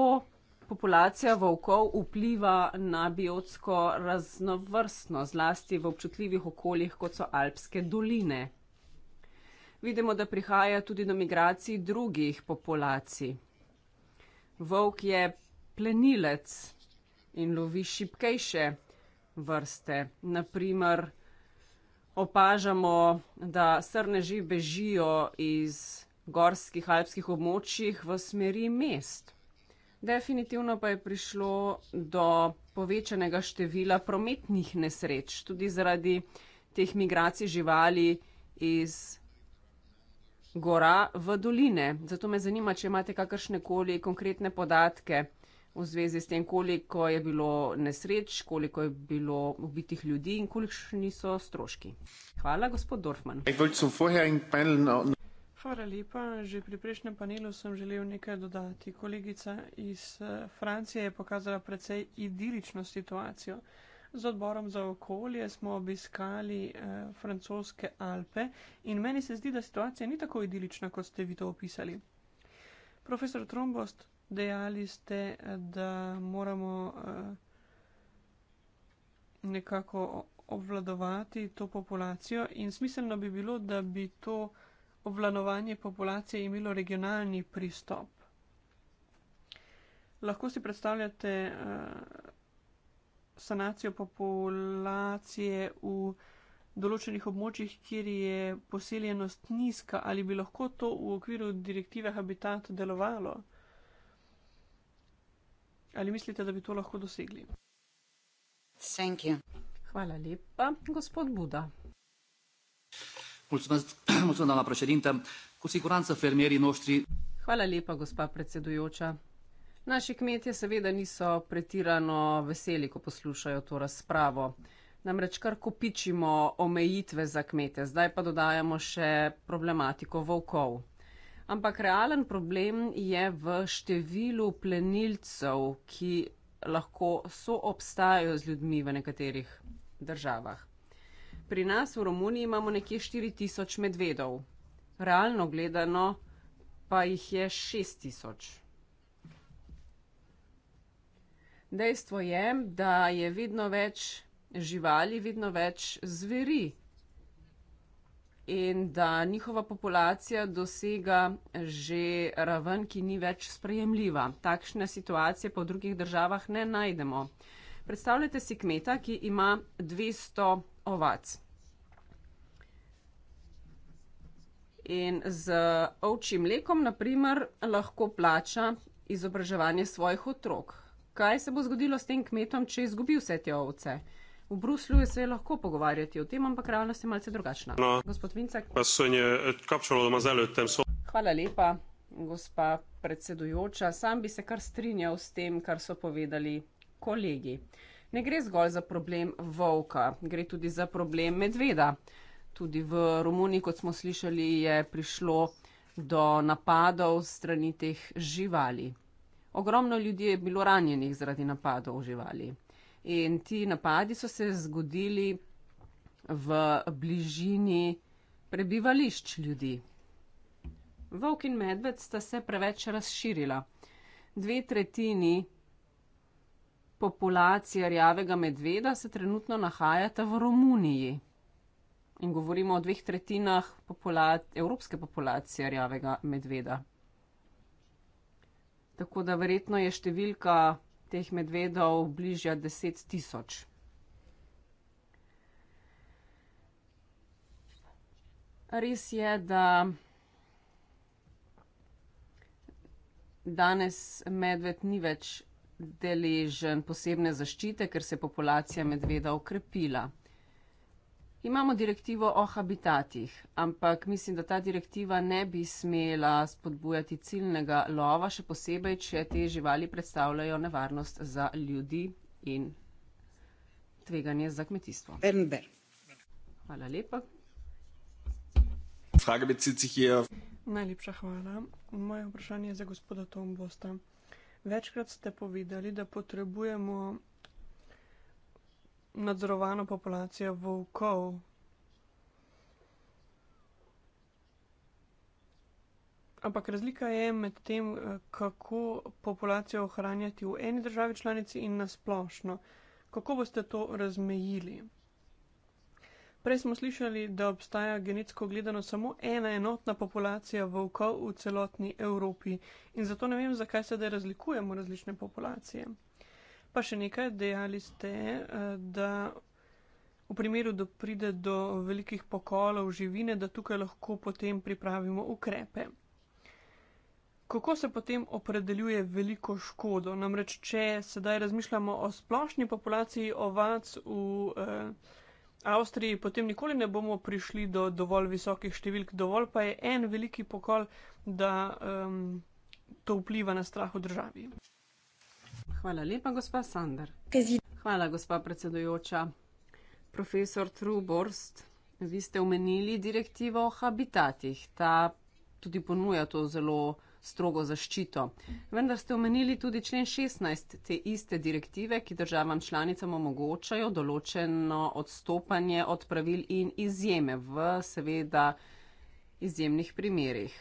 Speaker 6: populacija volkov vpliva na biotsko raznovrstnost, zlasti v občutljivih okoljih, kot so alpske doline. Vidimo, da prihaja tudi do migracij drugih populacij. Volk je plenilec in lovi šipkejše vrste, naprimer opažamo, da srneži bežijo iz gorskih alpskih območjih v smeri mest. Definitivno pa je prišlo do povečanega števila prometnih nesreč, tudi zaradi teh migracij živali iz gora v doline. Zato me zanima, če imate kakršne koli konkretne podatke v zvezi s tem, koliko je bilo nesreč, koliko je bilo ubitih ljudi in
Speaker 1: kolikšni
Speaker 6: so stroški. Hvala, gospod Dorfman.
Speaker 1: Hvala lepa. Že pri prejšnjem panelu sem želel nekaj dodati. Kolegica iz eh, Francije je pokazala precej idilično situacijo. Z odborom za okolje smo obiskali eh, francoske Alpe in meni se zdi, da situacija ni tako idilična, kot ste vi to opisali. Profesor Trombost, dejali ste, da moramo eh, nekako obvladovati to populacijo in smiselno bi bilo, da bi to obvladovanje populacije imelo regionalni pristop. Lahko si predstavljate eh, sanacijo populacije v določenih območjih, kjer je poseljenost nizka, ali bi lahko to v okviru direktive Habitat delovalo? Ali mislite, da bi to lahko dosegli? Hvala lepa, gospod Buda.
Speaker 6: Hvala lepa, gospa predsedujoča. Naši kmetje seveda niso pretirano veseli, ko poslušajo to razpravo. Namreč kar kopičimo omejitve za kmete, zdaj pa dodajamo še problematiko volkov. Ampak realen problem je v številu plenilcev, ki lahko soobstajajo z ljudmi v nekaterih državah. Pri nas v Romuniji imamo nekje 4000 medvedov, realno gledano pa jih je 6000. Dejstvo je, da je vedno več živali, vedno več zveri in da njihova populacija dosega že raven, ki ni več sprejemljiva. Takšne situacije po drugih državah ne najdemo. Predstavljajte si kmeta, ki ima 200 ovac. In z ovčjim mlekom, naprimer, lahko plača izobraževanje svojih otrok. Kaj se bo zgodilo s tem kmetom, če izgubi vse te ovce? V Bruslju se je lahko pogovarjati o tem, ampak realnost je malce drugačna. No. Gospod Vincek. Eh, Hvala lepa, gospa predsedujoča. Sam bi se kar strinjal s tem, kar so povedali kolegi. Ne gre zgolj za problem volka, gre tudi za problem medveda. Tudi v Romuniji, kot smo slišali, je prišlo do napadov strani teh živali. Ogromno ljudi je bilo ranjenih zaradi napadov živali. In ti napadi so se zgodili v bližini prebivališč ljudi. Volk in medved sta se preveč razširila. Dve tretjini populacije rjavega medveda se trenutno nahajata v Romuniji. In govorimo o dveh tretjinah popula evropske populacije rjavega medveda. Tako da verjetno je številka teh medvedov bližja deset tisoč. Res je, da danes medved ni več deležen posebne zaščite, ker se je populacija medveda okrepila. Imamo direktivo o habitatih, ampak mislim, da ta direktiva ne bi smela spodbujati ciljnega lova, še posebej, če te živali predstavljajo nevarnost za ljudi in tveganje za kmetijstvo.
Speaker 1: Hvala lepa. Najlepša hvala. Moje vprašanje je za gospoda Tombosta. Večkrat ste povedali, da potrebujemo nadzorovano populacijo volkov. Ampak razlika je med tem, eh, kako populacijo ohranjati v eni državi članici in nasplošno. Kako boste to razmejili? Prej smo slišali, da obstaja genetsko gledano samo ena enotna populacija volkov v celotni Evropi in zato ne vem, zakaj se da razlikujemo različne populacije. Pa še nekaj, dejali ste, eh, da v primeru, da pride do velikih pokolov živine, da tukaj lahko potem pripravimo ukrepe. Kako se potem opredeljuje veliko škodo? Namreč, če sedaj razmišljamo o splošni populaciji ovac v eh, Avstriji, potem nikoli ne bomo prišli do dovolj visokih številk. Dovolj pa je en veliki pokol, da eh, to vpliva na strah v državi.
Speaker 6: Hvala lepa, gospa Sander. Hvala, gospa predsedujoča. Profesor Truborst, vi ste omenili direktivo o habitatih. Ta tudi ponuja to zelo strogo zaščito. Vendar ste omenili tudi člen 16 te iste direktive, ki državam članicam omogočajo določeno odstopanje od pravil in izjeme v seveda izjemnih primerjih.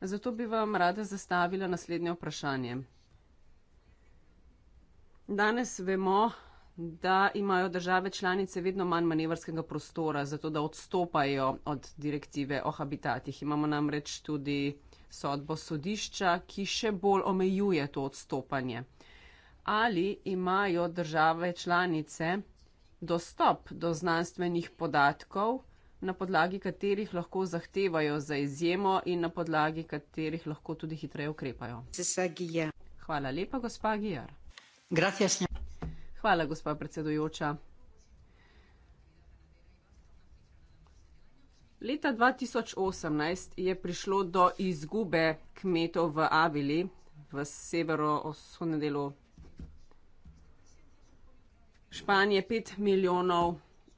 Speaker 6: Zato bi vam rada zastavila naslednje vprašanje. Danes vemo, da imajo države članice vedno manj manevrskega prostora za to, da odstopajo od direktive o habitatih. Imamo namreč tudi sodbo sodišča, ki še bolj omejuje to odstopanje. Ali imajo države članice dostop do znanstvenih podatkov, na podlagi katerih lahko zahtevajo za izjemo in na podlagi katerih lahko tudi hitreje ukrepajo? Hvala lepa, gospa Gijar gospa predsedujoča. Leta dva tisoč osemnajst je prišlo do izgube kmetov v Avili, v severovzhodnem delu Španije pet milijonov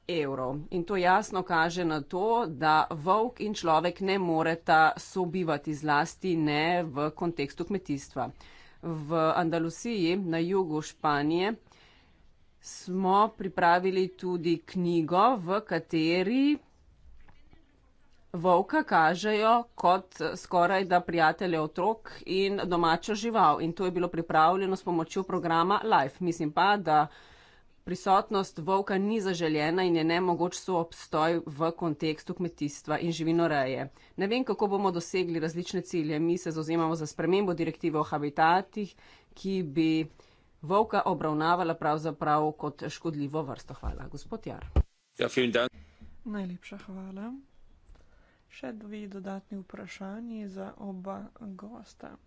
Speaker 6: evrov. In to jasno kaže na to, da volk in človek ne moreta sobivati, zlasti ne v kontekstu kmetijstva v Andalusiji na jugu Španije, smo pripravili tudi knjigo, v kateri volka kažejo kot skoraj da prijatelje otrok in domačo žival. In to je bilo pripravljeno s pomočjo programa Life. Mislim pa, da prisotnost volka ni zaželjena in je ne mogoč so obstoj v kontekstu kmetijstva in živinoreje. Ne vem, kako bomo dosegli različne cilje. Mi se zauzemamo za spremembo direktive o habitatih, ki bi volka obravnavala pravzaprav kot škodljivo vrsto. Hvala, gospod Jar.
Speaker 2: Ja,
Speaker 1: Najlepša hvala. Še dve dodatni vprašanji za oba gosta.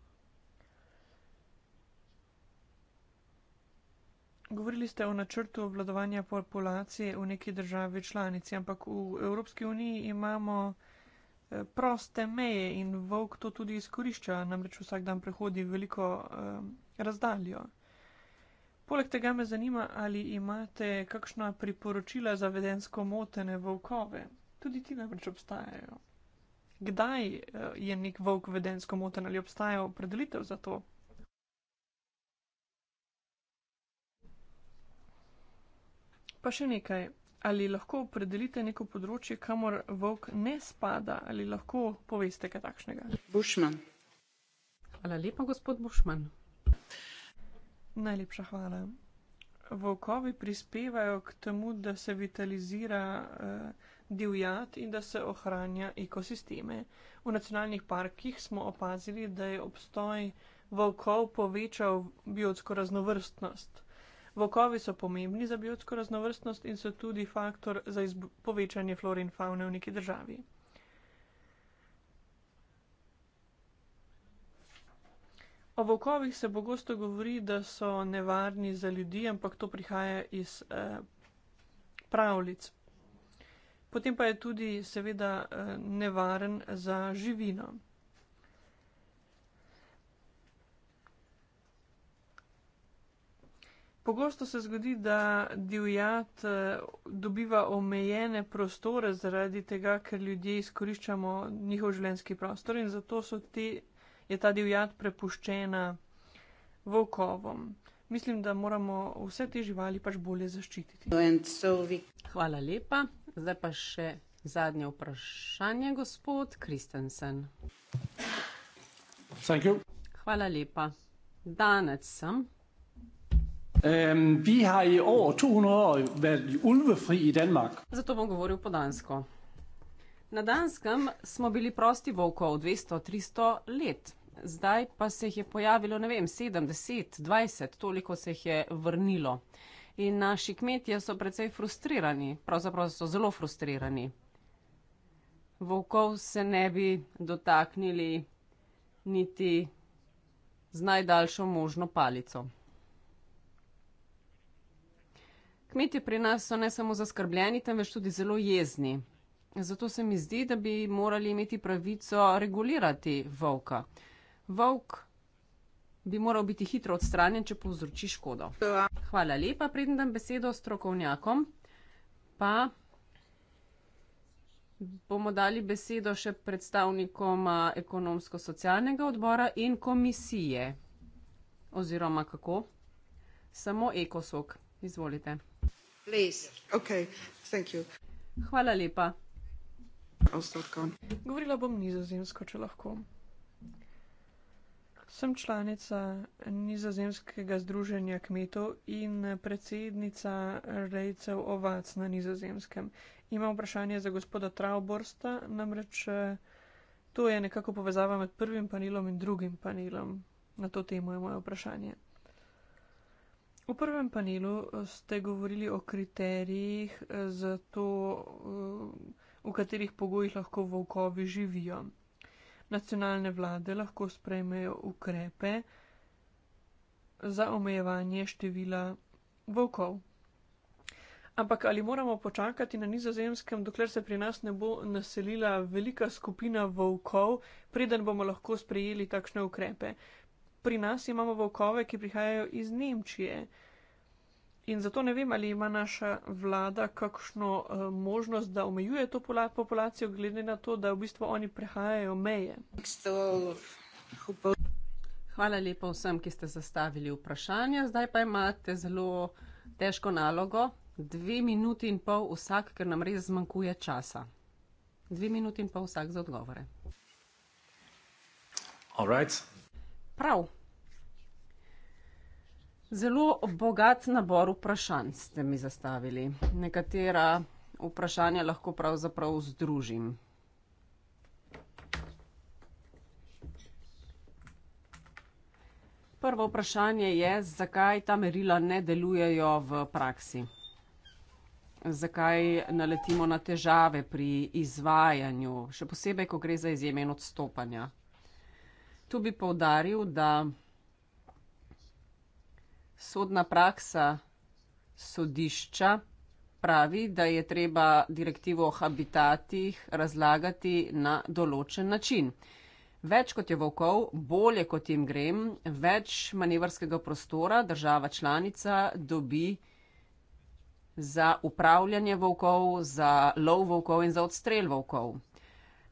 Speaker 1: Govorili ste o načrtu obvladovanja populacije v neki državi članici, ampak v Evropski uniji imamo eh, proste meje in volk to tudi izkorišča, namreč vsak dan prehodi veliko eh, razdaljo. Poleg tega me zanima, ali imate kakšna priporočila za vedensko motene volkove. Tudi ti namreč obstajajo. Kdaj eh, je nek volk vedensko moten ali obstaja opredelitev za to? Pa še nekaj. Ali lahko opredelite neko področje, kamor volk ne spada, ali lahko poveste kaj takšnega? Bušman. Hvala lepa, gospod Bušman. Najlepša hvala. Volkovi prispevajo k temu, da se vitalizira uh, divjad in da se ohranja ekosisteme. V nacionalnih parkih smo opazili, da je obstoj volkov povečal biotsko raznovrstnost. Vokovi so pomembni za biotsko raznovrstnost in so tudi faktor za povečanje flore in faune v neki državi. O vokovih se pogosto govori, da so nevarni za ljudi, ampak to prihaja iz eh, pravljic. Potem pa je tudi seveda eh, nevaren za živino. Pogosto se zgodi, da divjad eh, dobiva omejene prostore zaradi tega, ker ljudje izkoriščamo njihov življenski prostor in zato te, je ta divjad prepuščena volkovom. Mislim, da moramo vse te živali pač bolje zaščititi. Hvala
Speaker 6: lepa. Zdaj pa še zadnje vprašanje, gospod Kristensen. Hvala lepa. Danes sem
Speaker 2: Vi har i år 200 år været ulvefri i Danmark.
Speaker 6: Zato bom govoril po dansko. Na danskem smo bili prosti volkov 200-300 let. Zdaj pa se jih je pojavilo, ne vem, 70, 20, toliko se jih je vrnilo. In naši kmetje so precej frustrirani, pravzaprav so zelo frustrirani. Volkov se ne bi dotaknili niti z najdaljšo možno palico. kmetje pri nas so ne samo zaskrbljeni, temveč tudi zelo jezni. Zato se mi zdi, da bi morali imeti pravico regulirati volka. Volk bi moral biti hitro odstranjen, če povzroči škodo. Hvala lepa, predem dam besedo strokovnjakom. Pa bomo dali besedo še predstavnikom ekonomsko-socialnega odbora in komisije. Oziroma kako? Samo ekosok. Izvolite.
Speaker 1: Hvala lepa. Govorila bom nizozemsko, če lahko. Sem članica nizozemskega združenja kmetov in predsednica rejcev ovac na nizozemskem. Imam vprašanje za gospoda Trauborsta, namreč eh, to je nekako povezava med prvim panelom in drugim panelom. Na to temo je moje vprašanje. V prvem panelu eh, ste govorili o kriterijih eh, za to, eh, v katerih pogojih lahko volkovi živijo. Nacionalne vlade lahko sprejmejo ukrepe za omejevanje števila volkov. Ampak ali moramo počakati na nizozemskem, dokler se pri nas ne bo naselila velika skupina volkov, preden bomo lahko sprejeli takšne ukrepe? pri nas imamo volkove, ki prihajajo iz Nemčije. In zato ne vem, ali ima naša vlada kakšno uh, možnost, da omejuje to populacijo, glede na to, da v bistvu oni prehajajo meje. Hvala lepa vsem, ki ste zastavili vprašanje.
Speaker 6: Zdaj pa imate zelo težko nalogo. Dve minuti in pol vsak, ker nam res zmanjkuje časa. Dve minuti in pol vsak za odgovore. All right prav. Zelo bogat nabor vprašanj ste mi zastavili. Nekatera vprašanja lahko pravzaprav združim. Prvo vprašanje je, zakaj ta merila ne delujejo v praksi? Zakaj naletimo na težave pri izvajanju, še posebej, ko gre za izjeme in odstopanja? Tu bi povdaril, da sodna praksa sodišča pravi, da je treba direktivo o habitatih razlagati na določen način. Več kot je volkov, bolje kot jim grem, več manevrskega prostora država članica dobi za upravljanje volkov, za lov volkov in za odstrel volkov.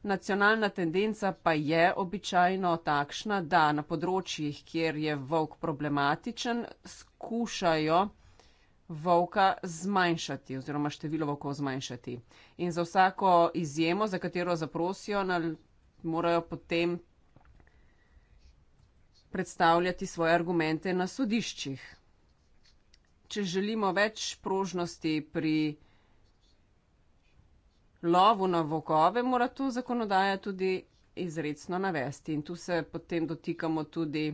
Speaker 6: Nacionalna tendenca pa je običajno takšna, da na področjih, kjer je volk problematičen, skušajo volka zmanjšati oziroma število volkov zmanjšati. In za vsako izjemo, za katero zaprosijo, morajo potem predstavljati svoje argumente na sodiščih. Če želimo več prožnosti pri lovu na vokove mora to zakonodaja tudi izredno navesti. In tu se potem dotikamo tudi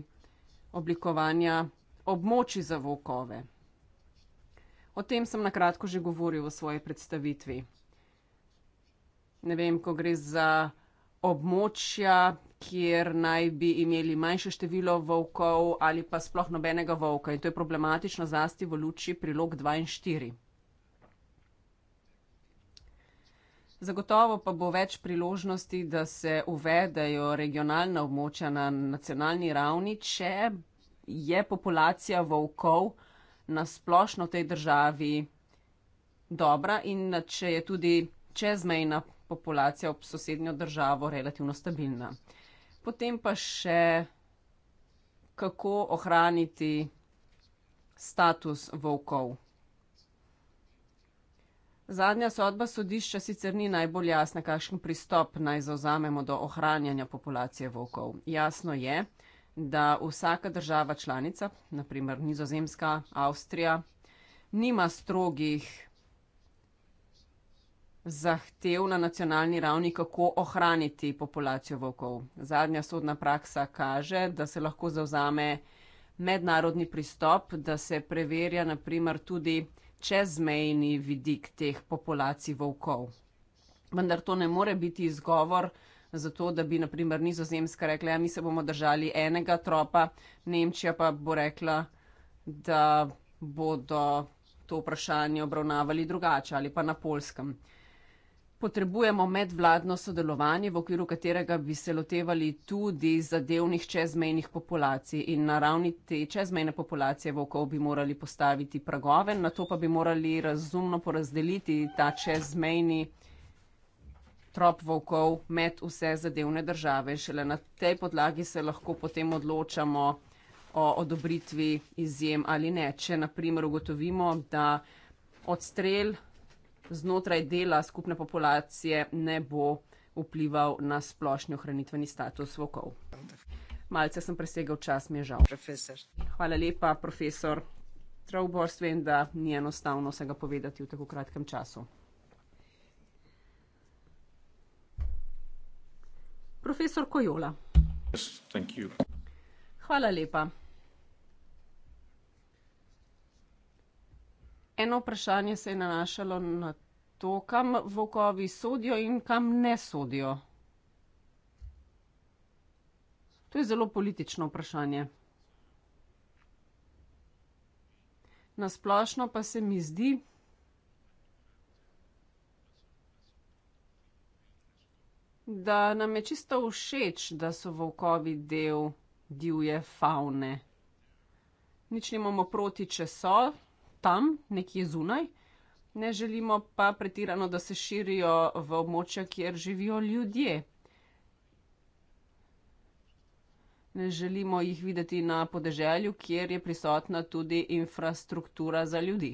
Speaker 6: oblikovanja območij za vokove. O tem sem na kratko že govoril v svoji predstavitvi. Ne vem, ko gre za območja, kjer naj bi imeli manjše število volkov ali pa sploh nobenega volka. In to je problematično zlasti v luči prilog 2 in 4. Zagotovo pa bo več priložnosti, da se uvedejo regionalna območja na nacionalni ravni, če je populacija volkov na splošno v tej državi dobra in če je tudi čezmejna populacija ob sosednjo državo relativno stabilna. Potem pa še, kako ohraniti status volkov. Zadnja sodba sodišča sicer ni najbolj jasna, kakšen pristop naj zauzamemo do ohranjanja populacije volkov. Jasno je, da vsaka država članica, naprimer Nizozemska, Avstrija, nima strogih zahtev na nacionalni ravni, kako ohraniti populacijo volkov. Zadnja sodna praksa kaže, da se lahko zauzame mednarodni pristop, da se preverja naprimer tudi čezmejni vidik teh populacij volkov. Vendar to ne more biti izgovor za to, da bi naprimer nizozemska rekla, ja, mi se bomo držali enega tropa, Nemčija pa bo rekla, da bodo to vprašanje obravnavali drugače ali pa na polskem potrebujemo medvladno sodelovanje, v okviru katerega bi se lotevali tudi zadevnih čezmejnih populacij in na ravni te čezmejne populacije v okol bi morali postaviti pragove, na to pa bi morali razumno porazdeliti ta čezmejni trop v okol med vse zadevne države. Šele na tej podlagi se lahko potem odločamo o odobritvi izjem ali ne. Če naprimer ugotovimo, da odstrel znotraj dela skupne populacije ne bo vplival na splošni ohranitveni status vokov. Malce sem presegel čas, mi je žal. Profesor. Hvala lepa, profesor Traubor. Vem, da ni enostavno vsega povedati v tako kratkem času. Profesor Kojola.
Speaker 5: Yes,
Speaker 6: Hvala lepa. Eno vprašanje se je nanašalo na to, kam vokovi sodijo in kam ne sodijo. To je zelo politično vprašanje. Nasplošno pa se mi zdi, da nam je čisto všeč, da so vokovi del divje favne. Nič nimamo proti, če so tam, nekje zunaj. Ne želimo pa pretirano, da se širijo v območja, kjer živijo ljudje. Ne želimo jih videti na podeželju, kjer je prisotna tudi infrastruktura za ljudi.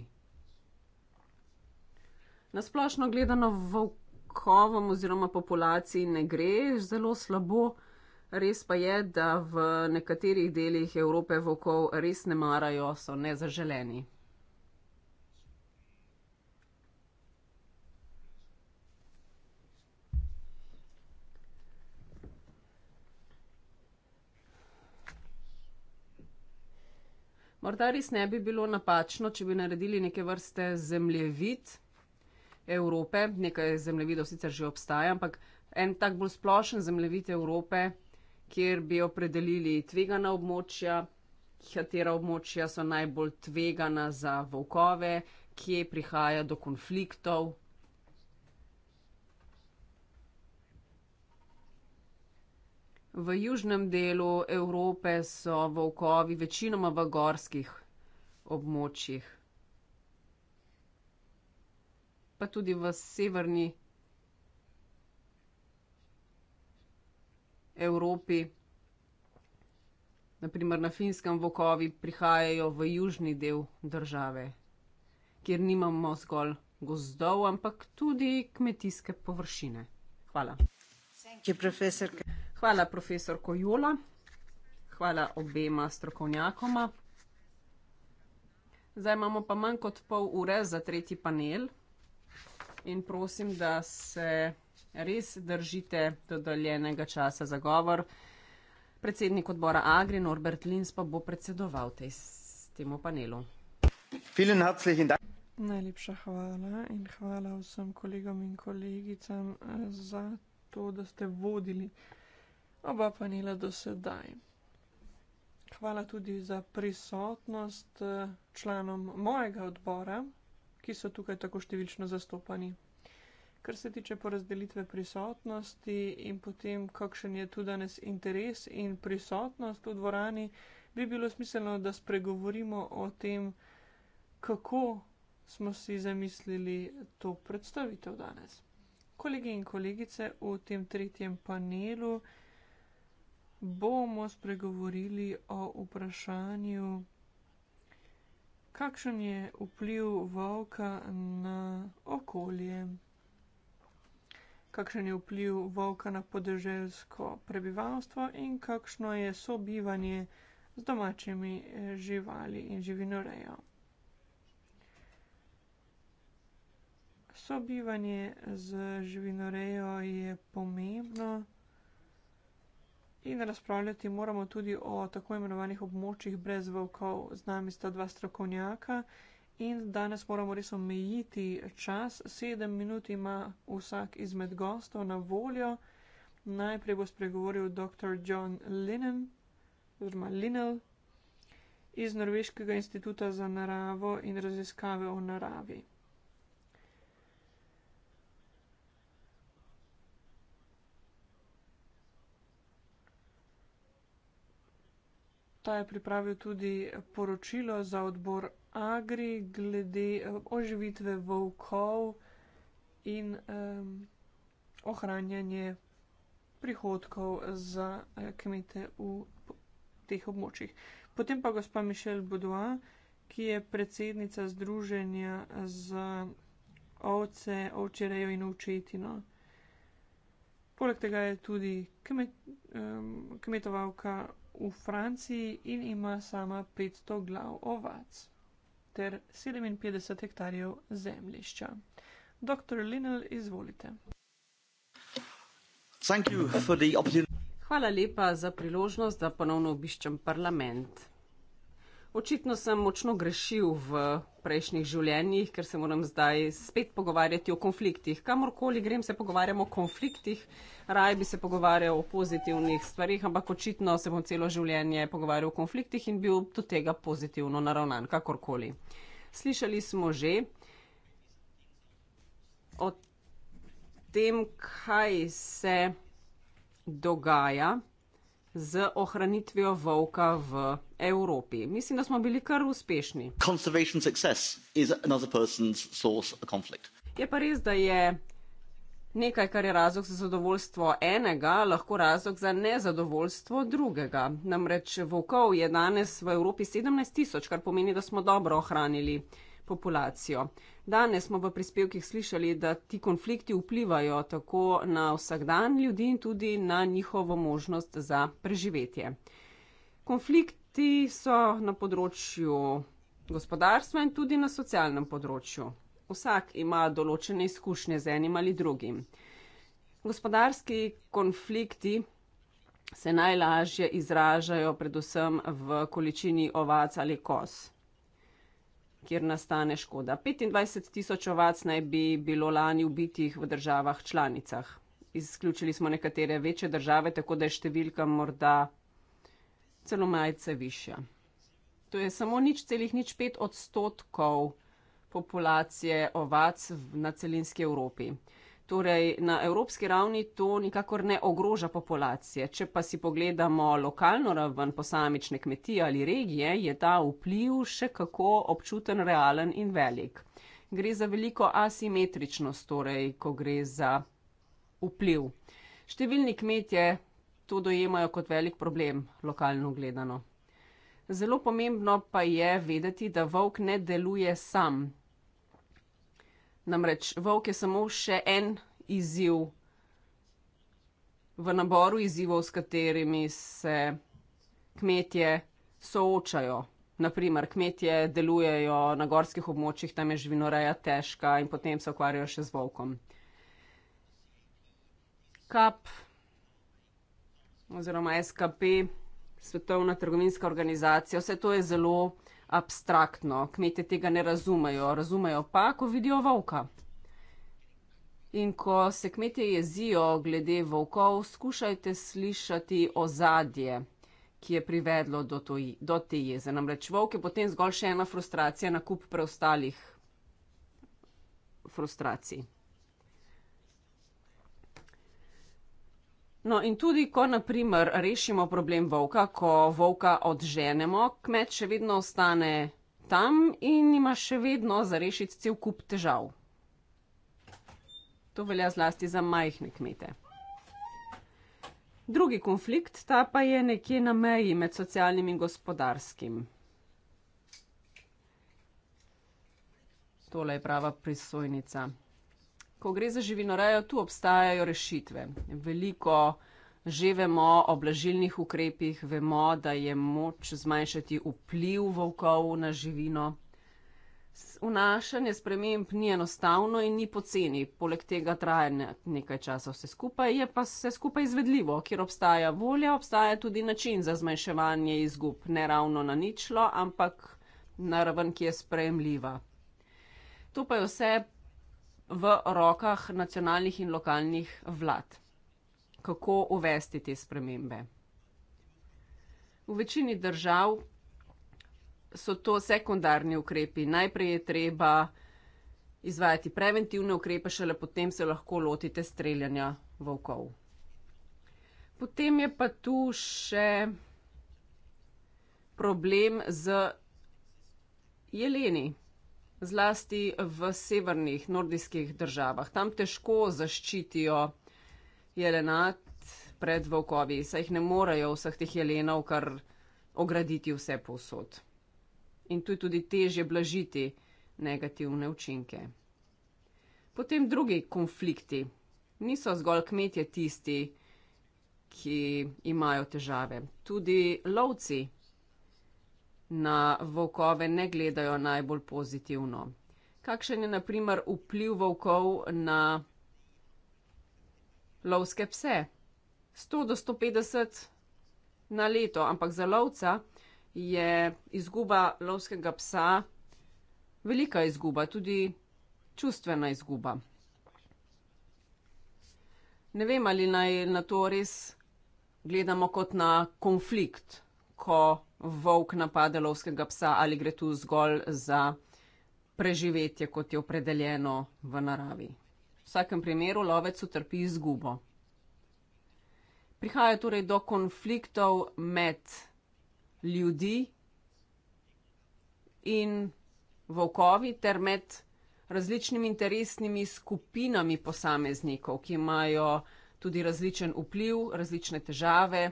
Speaker 6: Nasplošno gledano volkovom oziroma populaciji ne gre zelo slabo. Res pa je, da v nekaterih delih Evrope volkov res ne marajo, so nezaželeni. Morda res ne bi bilo napačno, če bi naredili neke vrste zemljevid Evrope. Nekaj zemljevidov sicer že obstaja, ampak en tak bolj splošen zemljevid Evrope, kjer bi opredelili tvegana območja, katera območja so najbolj tvegana za volkove, kje prihaja do konfliktov V južnem delu Evrope so volkovi večinoma v gorskih območjih. Pa tudi v severni Evropi, naprimer na finskem, vokovi prihajajo v južni del države, kjer nimamo zgolj gozdov, ampak tudi kmetijske površine. Hvala. Thank you, Hvala, profesor Kojola. Hvala obema strokovnjakoma. Zdaj imamo pa manj kot pol ure za tretji panel in prosim, da se res držite dodaljenega časa za govor. Predsednik odbora Agri Norbert Lins pa bo predsedoval tej, temu
Speaker 1: panelu. Najlepša hvala in hvala vsem kolegom in kolegicam eh, za to, da ste vodili oba panela do sedaj. Hvala tudi za prisotnost eh, članom mojega odbora, ki so tukaj tako številčno zastopani. Kar se tiče porazdelitve prisotnosti in potem, kakšen je tu danes interes in prisotnost v dvorani, bi bilo smiselno, da spregovorimo o tem, kako smo si zamislili to predstavitev danes. Kolegi in kolegice v tem tretjem panelu bomo spregovorili o vprašanju, kakšen je vpliv volka na okolje, kakšen je vpliv volka na podeželsko prebivalstvo in kakšno je sobivanje z domačimi eh, živali in živinorejo. Sobivanje z živinorejo je pomembno. In razpravljati moramo tudi o tako imenovanih območjih brez volkov. Z nami sta dva strokovnjaka in danes moramo res omejiti čas. Sedem minut ima vsak izmed gostov na voljo. Najprej bo spregovoril dr. John Linen, oziroma Linel, iz Norveškega instituta za naravo in raziskave o naravi. Ta je pripravil tudi poročilo za odbor Agri glede eh, oživitve volkov in um, ohranjanje prihodkov za eh, kmete v teh območjih. Potem pa gospa Mišel Bodoa, ki je predsednica Združenja za ovce, ovčerejo in ovčetino. Poleg tega je tudi kmet, um, kmetovalka v Franciji in ima sama 500 glav ovac ter 57 hektarjev zemljišča. Dr. Linel, izvolite. Hvala
Speaker 6: lepa za priložnost, da ponovno obiščem parlament. Očitno sem močno grešil v prejšnjih življenjih, ker se moram zdaj spet pogovarjati o konfliktih. Kamorkoli grem, se pogovarjam o konfliktih, raj bi se pogovarjal o pozitivnih stvarih, ampak očitno se bom celo življenje pogovarjal o konfliktih in bil do tega pozitivno naravnan, kakorkoli. Slišali smo že o tem, kaj se dogaja z ohranitvijo volka v Evropi. Mislim, da smo bili kar
Speaker 8: uspešni.
Speaker 6: Je pa res, da je nekaj, kar je razlog za zadovoljstvo enega, lahko razlog za nezadovoljstvo drugega. Namreč volkov je danes v Evropi 17 tisoč, kar pomeni, da smo dobro ohranili populacijo. Danes smo v prispevkih slišali, da ti konflikti vplivajo tako na vsakdan ljudi in tudi na njihovo možnost za preživetje. Konflikti so na področju gospodarstva in tudi na socialnem področju. Vsak ima določene izkušnje z enim ali drugim. Gospodarski konflikti se najlažje izražajo predvsem v količini ovac ali kos kjer nastane škoda. 25 tisoč ovac naj bi bilo lani ubitih v državah članicah. Izključili smo nekatere večje države, tako da je številka morda celo majce višja. To je samo nič celih nič pet odstotkov populacije ovac na celinski Evropi. Torej, na evropski ravni to nikakor ne ogroža populacije. Če pa si pogledamo lokalno raven posamične kmetije ali regije, je ta vpliv še kako občuten, realen in velik. Gre za veliko asimetričnost, torej, ko gre za vpliv. Številni kmetje to dojemajo kot velik problem, lokalno gledano. Zelo pomembno pa je vedeti, da volk ne deluje sam. Namreč volk je samo še en izziv v naboru izzivov, s katerimi se kmetje soočajo. Naprimer, kmetje delujejo na gorskih območjih, tam je živinoreja težka in potem se ukvarjajo še z volkom. KAP oziroma SKP, Svetovna trgovinska organizacija, vse to je zelo abstraktno, kmete tega ne razumejo, razumejo pa, ko vidijo volka. In ko se kmete jezijo glede volkov, skušajte slišati ozadje, ki je privedlo do, to, do te jeze. Namreč volk je potem zgolj še ena frustracija na kup preostalih frustracij. No, in tudi, ko naprimer rešimo problem volka, ko volka odženemo, kmet še vedno ostane tam in ima še vedno za rešiti cel kup težav. To velja zlasti za majhne kmete. Drugi konflikt, ta pa je nekje na meji med socialnim in gospodarskim. Tole je prava prisojnica ko gre za živinorejo, tu obstajajo rešitve. Veliko že vemo o blažilnih ukrepih, vemo, da je moč zmanjšati vpliv volkov na živino. Vnašanje sprememb ni enostavno in ni poceni, poleg tega traja nekaj časa vse skupaj, je pa vse skupaj izvedljivo, kjer obstaja volja, obstaja tudi način za zmanjševanje izgub, ne ravno na ničlo, ampak na raven, ki je sprejemljiva. To pa je vse v rokah nacionalnih in lokalnih vlad, kako uvesti te spremembe. V večini držav so to sekundarni ukrepi. Najprej je treba izvajati preventivne ukrepe, šele potem se lahko lotite streljanja volkov. Potem je pa tu še problem z jeleni zlasti v severnih nordijskih državah. Tam težko zaščitijo jelenat pred volkovi, saj jih ne morejo vseh teh jelenov kar ograditi vse povsod. In tu je tudi težje blažiti negativne učinke. Potem drugi konflikti. Niso zgolj kmetje tisti, ki imajo težave. Tudi lovci na volkove ne gledajo najbolj pozitivno. Kakšen je, na primer, vpliv volkov na lovske pse? 100 do 150 na leto, ampak za lovca je izguba lovskega psa velika izguba, tudi čustvena izguba. Ne vem, ali naj na to res gledamo kot na konflikt ko volk napade lovskega psa, ali gre tu zgolj za preživetje, kot je opredeljeno v naravi. V vsakem primeru lovec utrpi izgubo. Prihaja torej do konfliktov med ljudi in volkovi ter med različnimi interesnimi skupinami posameznikov, ki imajo tudi različen vpliv, različne težave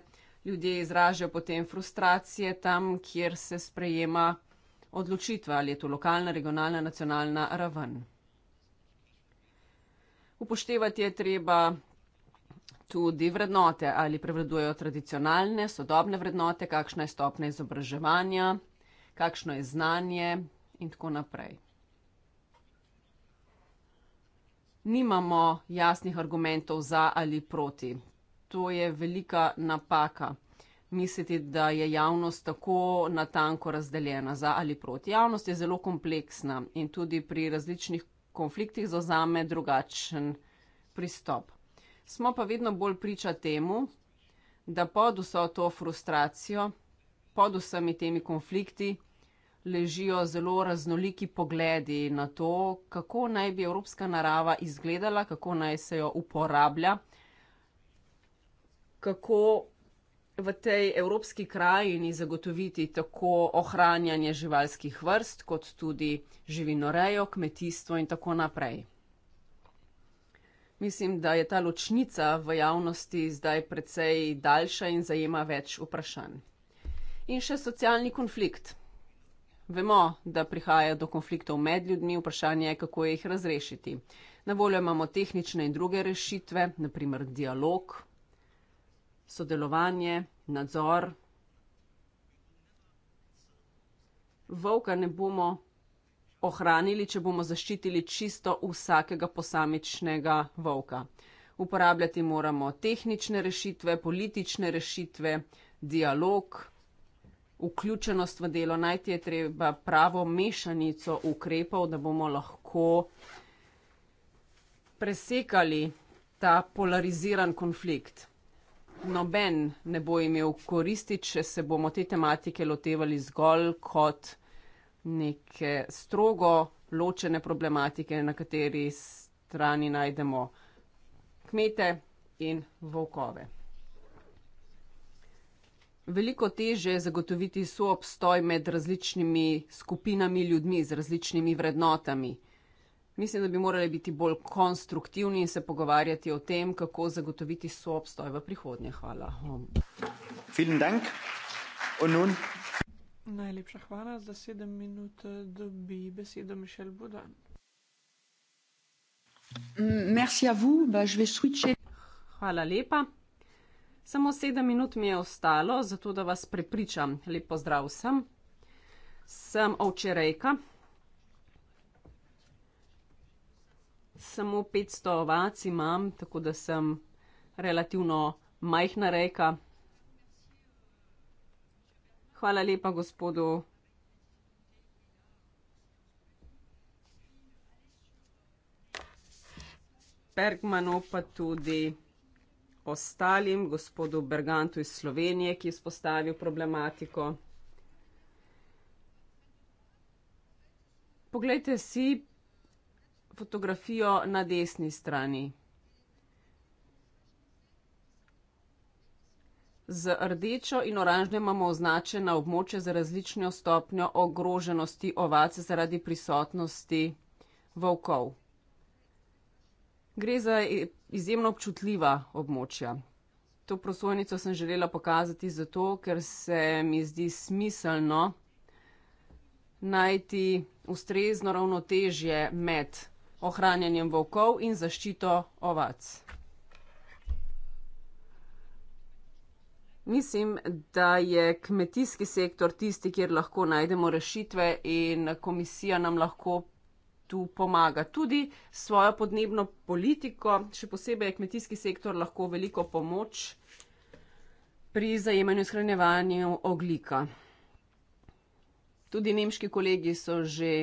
Speaker 6: ljudje izražajo potem frustracije tam, kjer se sprejema odločitva, ali je to lokalna, regionalna, nacionalna raven. Upoštevati je treba tudi vrednote, ali prevladujejo tradicionalne, sodobne vrednote, kakšna je stopnja izobraževanja, kakšno je znanje in tako naprej. Nimamo jasnih argumentov za ali proti to je velika napaka. Misliti, da je javnost tako natanko razdeljena za ali proti. Javnost je zelo kompleksna in tudi pri različnih konfliktih zauzame drugačen pristop. Smo pa vedno bolj priča temu, da pod vso to frustracijo, pod vsemi temi konflikti ležijo zelo raznoliki pogledi na to, kako naj bi evropska narava izgledala, kako naj se jo uporablja kako v tej evropski krajini zagotoviti tako ohranjanje živalskih vrst, kot tudi živinorejo, kmetijstvo in tako naprej. Mislim, da je ta ločnica v javnosti zdaj precej daljša in zajema več vprašanj. In še socialni konflikt. Vemo, da prihaja do konfliktov med ljudmi, vprašanje je, kako jih razrešiti. Na voljo imamo tehnične in druge rešitve, naprimer dialog, sodelovanje, nadzor. Volka ne bomo ohranili, če bomo zaščitili čisto vsakega posamičnega volka. Uporabljati moramo tehnične rešitve, politične rešitve, dialog, vključenost v delo. Najti je treba pravo mešanico ukrepov, da bomo lahko presekali ta polariziran konflikt noben ne bo imel koristi, če se bomo te tematike lotevali zgolj kot neke strogo ločene problematike, na kateri strani najdemo kmete in volkove. Veliko teže je zagotoviti soobstoj med različnimi skupinami ljudmi z različnimi vrednotami. Mislim, da bi morali biti bolj konstruktivni in se pogovarjati o tem, kako zagotoviti soobstoj v prihodnje. Hvala.
Speaker 1: Najlepša hvala. Za sedem minut eh, dobi besedo Mišel Budan. Mm,
Speaker 6: hvala lepa. Samo sedem minut mi je ostalo, zato da vas prepričam. Lep pozdrav vsem. Sem ovčerejka, samo 500 ovac imam, tako da sem relativno majhna reka. Hvala lepa gospodu. Bergmanu pa tudi ostalim, gospodu Bergantu iz Slovenije, ki je izpostavil problematiko. Poglejte si fotografijo na desni strani. Z rdečo in oranžno imamo označena območja z različno stopnjo ogroženosti ovac zaradi prisotnosti volkov. Gre za izjemno občutljiva območja. To prosojnico sem želela pokazati zato, ker se mi zdi smiselno najti ustrezno ravnotežje med ohranjanjem volkov in zaščito ovac. Mislim, da je kmetijski sektor tisti, kjer lahko najdemo rešitve in komisija nam lahko tu pomaga. Tudi svojo podnebno politiko, še posebej je kmetijski sektor lahko veliko pomoč pri zajemanju in shranjevanju oglika. Tudi nemški kolegi so že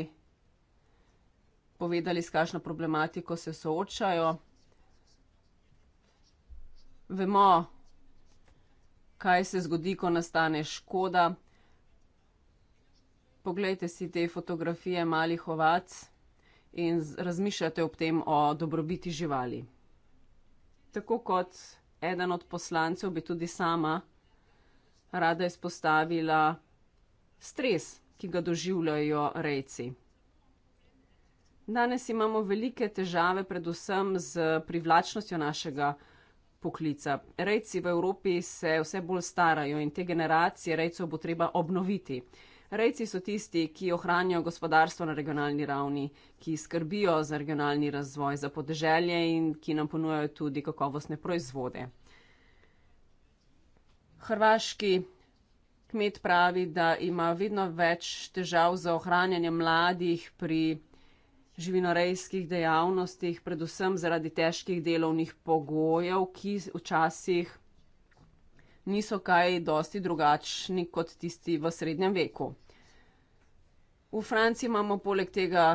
Speaker 6: povedali, s kakšno problematiko se soočajo. Vemo, kaj se zgodi, ko nastane škoda. Poglejte si te fotografije malih ovac in razmišljate ob tem o dobrobiti živali. Tako kot eden od poslancev bi tudi sama rada izpostavila stres, ki ga doživljajo rejci. Danes imamo velike težave, predvsem z privlačnostjo našega poklica. Rejci v Evropi se vse bolj starajo in te generacije rejcev bo treba obnoviti. Rejci so tisti, ki ohranjajo gospodarstvo na regionalni ravni, ki skrbijo za regionalni razvoj, za podeželje in ki nam ponujajo tudi kakovostne proizvode. Hrvaški kmet pravi, da ima vedno več težav za ohranjanje mladih pri živinorejskih dejavnostih, predvsem zaradi težkih delovnih pogojev, ki včasih niso kaj dosti drugačni kot tisti v srednjem veku. V Franciji imamo poleg tega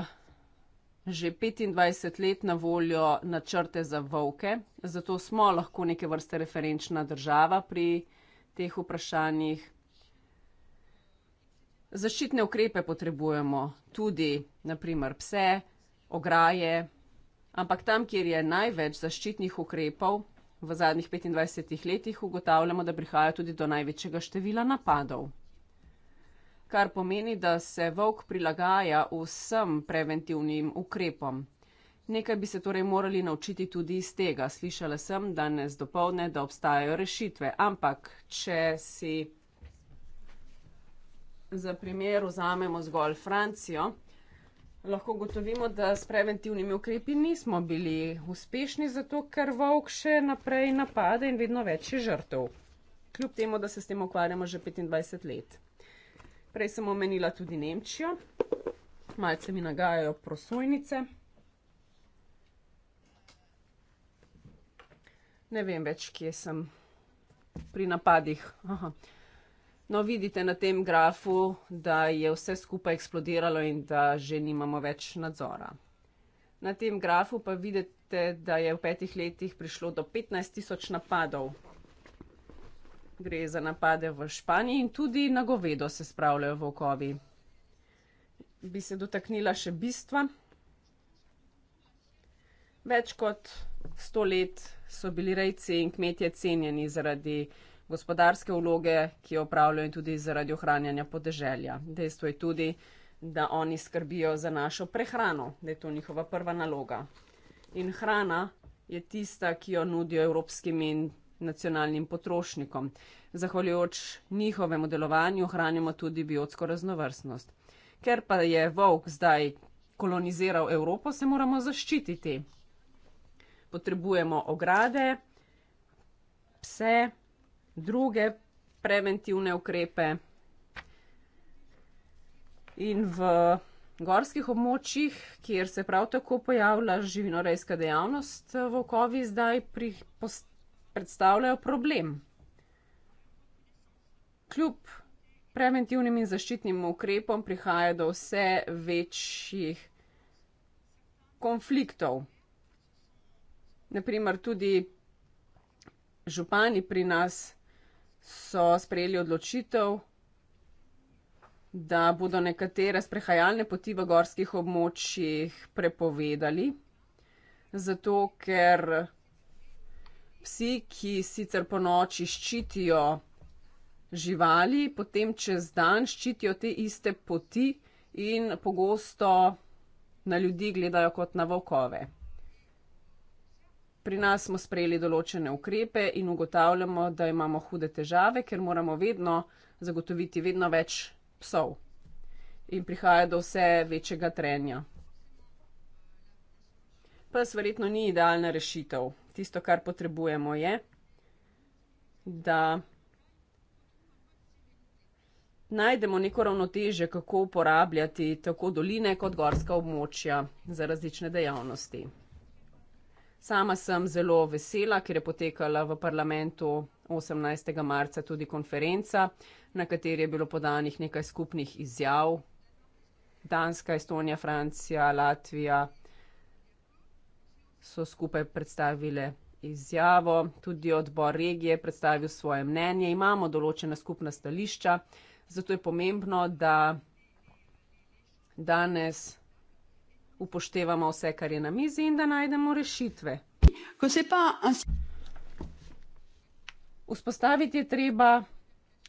Speaker 6: že 25 let na voljo načrte za volke, zato smo lahko neke vrste referenčna država pri teh vprašanjih. Zaščitne ukrepe potrebujemo tudi, naprimer, pse, ograje, ampak tam, kjer je največ zaščitnih ukrepov v zadnjih 25 letih, ugotavljamo, da prihaja tudi do največjega števila napadov. Kar pomeni, da se volk prilagaja vsem preventivnim ukrepom. Nekaj bi se torej morali naučiti tudi iz tega. Slišala sem danes dopolne, da obstajajo rešitve, ampak če si za primer vzamemo zgolj Francijo, lahko gotovimo, da s preventivnimi ukrepi nismo bili uspešni, zato ker volk še naprej napade in vedno več je žrtev. Kljub temu, da se s tem ukvarjamo že 25 let. Prej sem omenila tudi Nemčijo, malce mi nagajajo prosojnice. Ne vem več, kje sem pri napadih. Aha. No, vidite na tem grafu, da je vse skupaj eksplodiralo in da že nimamo več nadzora. Na tem grafu pa vidite, da je v petih letih prišlo do 15 tisoč napadov. Gre za napade v Španiji in tudi na govedo se spravljajo volkovi. Bi se dotaknila še bistva. Več kot sto let so bili rejci in kmetje cenjeni zaradi gospodarske vloge, ki jo upravljajo in tudi zaradi ohranjanja podeželja. Dejstvo je tudi, da oni skrbijo za našo prehrano, da je to njihova prva naloga. In hrana je tista, ki jo nudijo evropskim in nacionalnim potrošnikom. Zahvaljujoč njihovemu delovanju ohranjamo tudi biotsko raznovrstnost. Ker pa je volk zdaj koloniziral Evropo, se moramo zaščititi. Potrebujemo ograde, pse, druge preventivne ukrepe. In v gorskih območjih, kjer se prav tako pojavlja živinorejska dejavnost, vokovi zdaj pri, post, predstavljajo problem. Kljub preventivnim in zaščitnim ukrepom prihaja do vse večjih konfliktov. Naprimer, tudi župani pri nas so sprejeli odločitev, da bodo nekatere sprehajalne poti v gorskih območjih prepovedali, zato ker psi, ki sicer po noči ščitijo živali, potem čez dan ščitijo te iste poti in pogosto na ljudi gledajo kot na volkove. Pri nas smo sprejeli določene ukrepe in ugotavljamo, da imamo hude težave, ker moramo vedno zagotoviti vedno več psov. In prihaja do vse večjega trenja. Pes verjetno ni idealna rešitev. Tisto, kar potrebujemo, je, da najdemo neko ravnoteže, kako uporabljati tako doline kot gorska območja za različne dejavnosti. Sama sem zelo vesela, ker je potekala v parlamentu 18. marca tudi konferenca, na kateri je bilo podanih nekaj skupnih izjav. Danska, Estonija, Francija, Latvija so skupaj predstavile izjavo, tudi odbor regije je predstavil svoje mnenje. Imamo določena skupna stališča, zato je pomembno, da danes upoštevamo vse, kar je na mizi in da najdemo rešitve. Ko se pa... Vzpostaviti je treba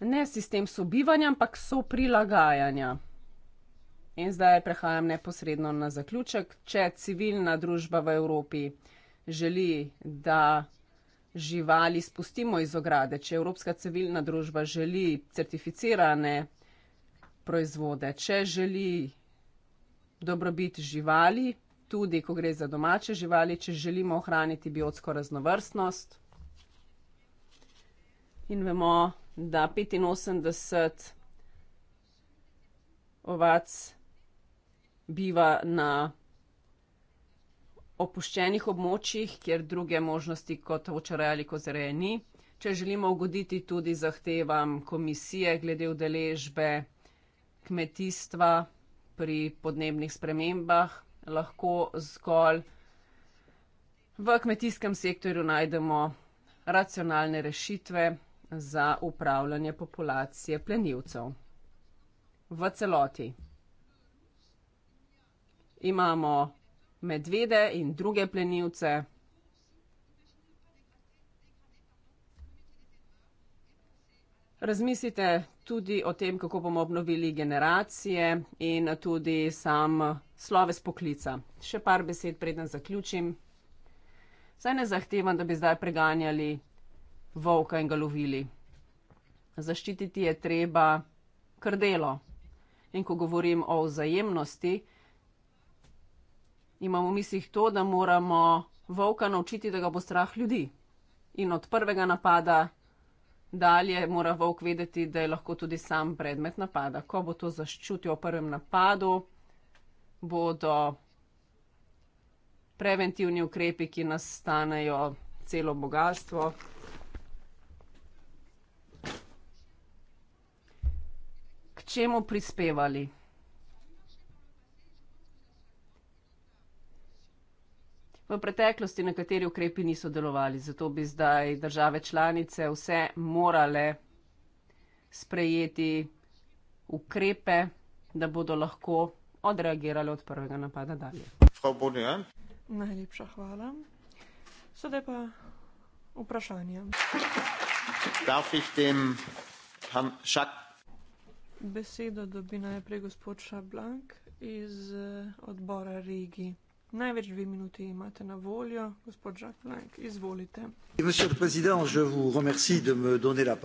Speaker 6: ne sistem sobivanja, ampak soprilagajanja. In zdaj prehajam neposredno na zaključek. Če civilna družba v Evropi želi, da živali spustimo iz ograde, če Evropska civilna družba želi certificirane proizvode, če želi dobrobit živali, tudi ko gre za domače živali, če želimo ohraniti biotsko raznovrstnost. In vemo, da 85 ovac biva na opuščenih območjih, kjer druge možnosti kot očaraj ali kozereje ni. Če želimo ugoditi tudi zahtevam komisije glede udeležbe kmetijstva, pri podnebnih spremembah, lahko zgolj v kmetijskem sektorju najdemo racionalne rešitve za upravljanje populacije plenilcev v celoti. Imamo medvede in druge plenilce. Razmislite tudi o tem, kako bomo obnovili generacije in tudi sam sloves poklica. Še par besed preden zaključim. Zdaj ne zahtevam, da bi zdaj preganjali volka in ga lovili. Zaščititi je treba krdelo. In ko govorim o vzajemnosti, imam v mislih to, da moramo volka naučiti, da ga bo strah ljudi. In od prvega napada Dalje mora volk vedeti, da je lahko tudi sam predmet napada. Ko bo to zaščutil v prvem napadu, bodo preventivni ukrepi, ki nastanejo celo bogatstvo. K čemu prispevali? V preteklosti nekateri ukrepi niso delovali, zato bi zdaj države članice vse morale sprejeti ukrepe, da bodo lahko odreagirali od prvega napada dalje.
Speaker 1: Najlepša hvala. Sedaj pa vprašanje. Besedo dobi najprej gospod Šablank iz eh, odbora Rigi. Največ dve minuti imate na voljo, gospod Jacques Blanc, izvolite.
Speaker 8: President, me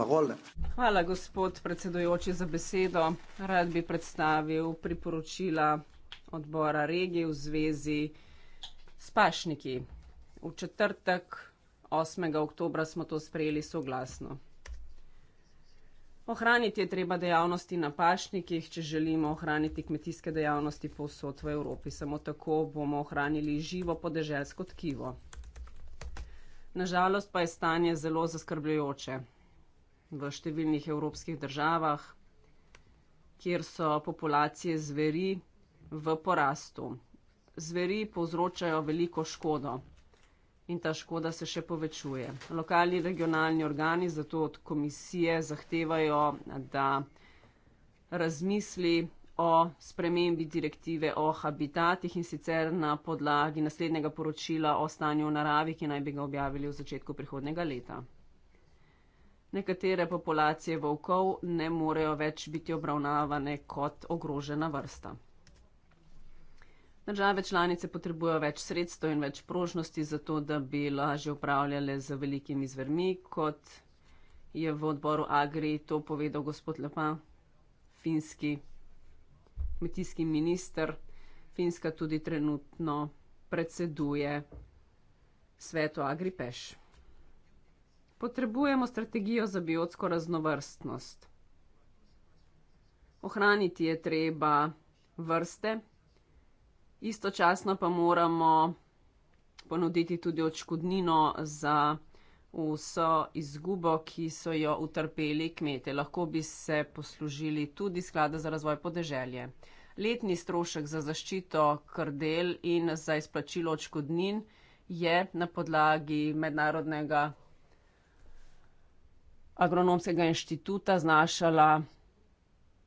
Speaker 6: Hvala, gospod predsedujoči, za besedo. Rad bi predstavil priporočila odbora regije v zvezi s pašniki. V četrtek, 8. oktobra, smo to sprejeli soglasno. Ohraniti je treba dejavnosti na pašnikih, če želimo ohraniti kmetijske dejavnosti povsod v Evropi. Samo tako bomo ohranili živo podeželsko tkivo. Nažalost pa je stanje zelo zaskrbljujoče v številnih evropskih državah, kjer so populacije zveri v porastu. Zveri povzročajo veliko škodo in ta škoda se še povečuje. Lokalni regionalni organi zato od komisije zahtevajo, da razmisli o spremembi direktive o habitatih in sicer na podlagi naslednjega poročila o stanju v naravi, ki naj bi ga objavili v začetku prihodnega leta. Nekatere populacije volkov ne morejo več biti obravnavane kot ogrožena vrsta. Države članice potrebujejo več sredstev in več prožnosti za to, da bi lažje upravljale z velikimi zvermi, kot je v odboru Agri to povedal gospod Lepa, finski kmetijski minister. Finska tudi trenutno predseduje svetu Agripeš. Potrebujemo strategijo za biotsko raznovrstnost. Ohraniti je treba vrste istočasno pa moramo ponuditi tudi odškodnino za vso izgubo, ki so jo utrpeli kmete. Lahko bi se poslužili tudi sklada za razvoj podeželje. Letni strošek za zaščito krdel in za izplačilo odškodnin je na podlagi mednarodnega agronomskega inštituta znašala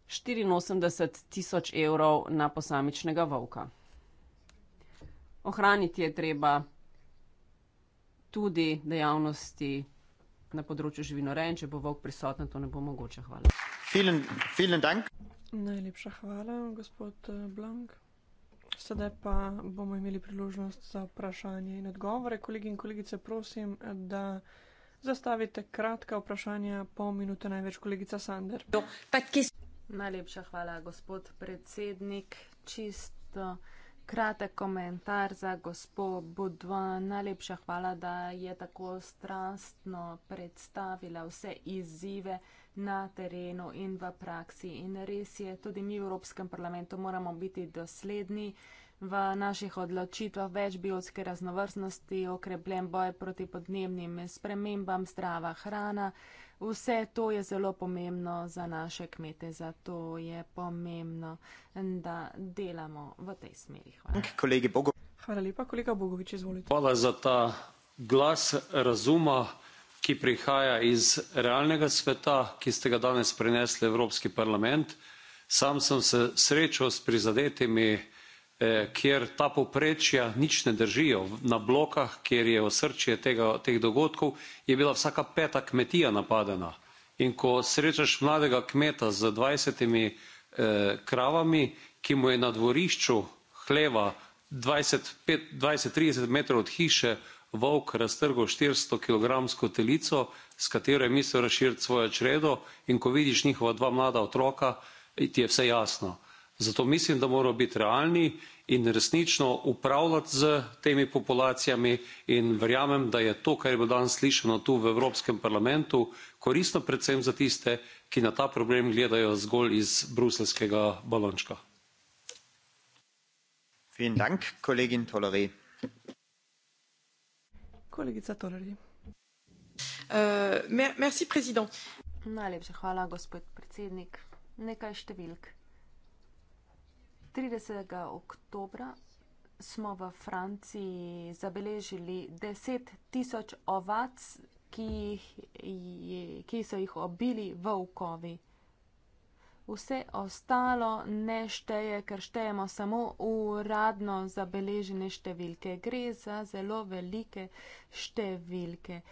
Speaker 6: 84 tisoč evrov na posamičnega volka ohraniti je treba tudi dejavnosti na področju živinoreje, če bo vok prisotna, to ne bo mogoče.
Speaker 8: Hvala. Vielen, vielen Dank.
Speaker 1: Najlepša hvala, gospod eh, Blank. Sedaj pa bomo imeli priložnost za vprašanje in odgovore. Kolegi in kolegice, prosim, da zastavite kratka vprašanja, pol minute največ, kolegica Sander. Najlepša hvala, gospod predsednik.
Speaker 4: Čisto kratek komentar za gospo Budva. Najlepša hvala, da je tako strastno predstavila vse izzive na terenu in v praksi. In res je, tudi mi v Evropskem parlamentu moramo biti dosledni v naših odločitvah več biotske raznovrstnosti, okrepljen boj proti podnebnim spremembam, zdrava hrana. Vse to je zelo pomembno za naše kmete, zato je pomembno, da delamo
Speaker 1: v tej smeri.
Speaker 2: Hvala,
Speaker 1: Hvala lepa, kolega Bogovič, izvolite.
Speaker 2: Hvala za ta glas razuma, ki prihaja iz realnega sveta, ki ste ga danes prenesli v Evropski parlament. Sam sem se srečal s prizadetimi Eh, kjer ta povprečja nič ne držijo na blokah kjer je osrčje tega, teh dogodkov je bila vsaka peta kmetija napadena in ko srečaš mladega kmeta z dvajsetimi eh, kravami ki mu je na dvorišču hleva dvajset dvajset trideset metrov od hiše volk raztrgal štiristo kilogramsko telico s katero je mislil razširiti svoje čredo in ko vidiš njihova dva mlada otroka ti je vse jasno zato mislim da moramo biti realni in resnično upravljati s temi populacijami in verjamem da je to kar je bilo danes slišano tu v evropskem parlamentu koristno predvsem za tiste ki na ta problem gledajo zgolj iz bruseljskega balončka.
Speaker 8: Eh,
Speaker 1: Najlepša hvala,
Speaker 4: gospod predsednik. Nekaj številk. 30. oktober smo v Franciji zabeležili 10 tisoč ovac, ki, ki so jih obili volkovi. Vse ostalo ne šteje, ker štejemo samo uradno zabeležene številke. Gre za zelo velike številke.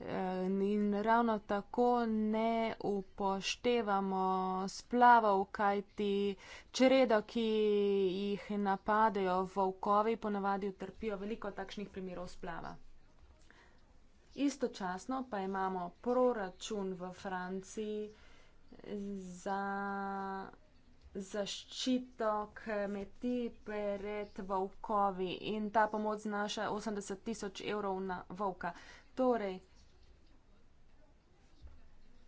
Speaker 4: Eh, in ravno tako ne upoštevamo splavov, kajti čreda, ki jih napadajo volkovi, ponavadi utrpijo veliko takšnih primerov splava. Istočasno pa imamo proračun v Franciji za zaščito kmetij pred volkovi in ta pomoč znaša 80 tisoč evrov na volka. Torej,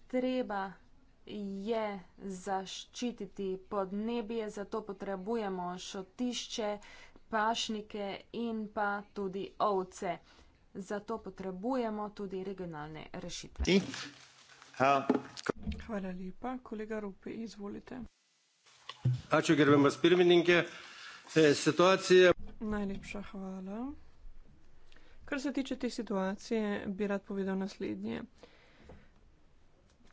Speaker 4: treba je zaščititi podnebje, zato potrebujemo šotišče, pašnike in pa tudi ovce. Zato potrebujemo tudi regionalne rešitve.
Speaker 8: Hvala
Speaker 1: lepa. Kolega Rupi, izvolite.
Speaker 3: Ačiū gerbiamas pirmininkė. E, situacija.
Speaker 1: Najlepša hvala. Kar se tiče te situacije, bi rad povedal naslednje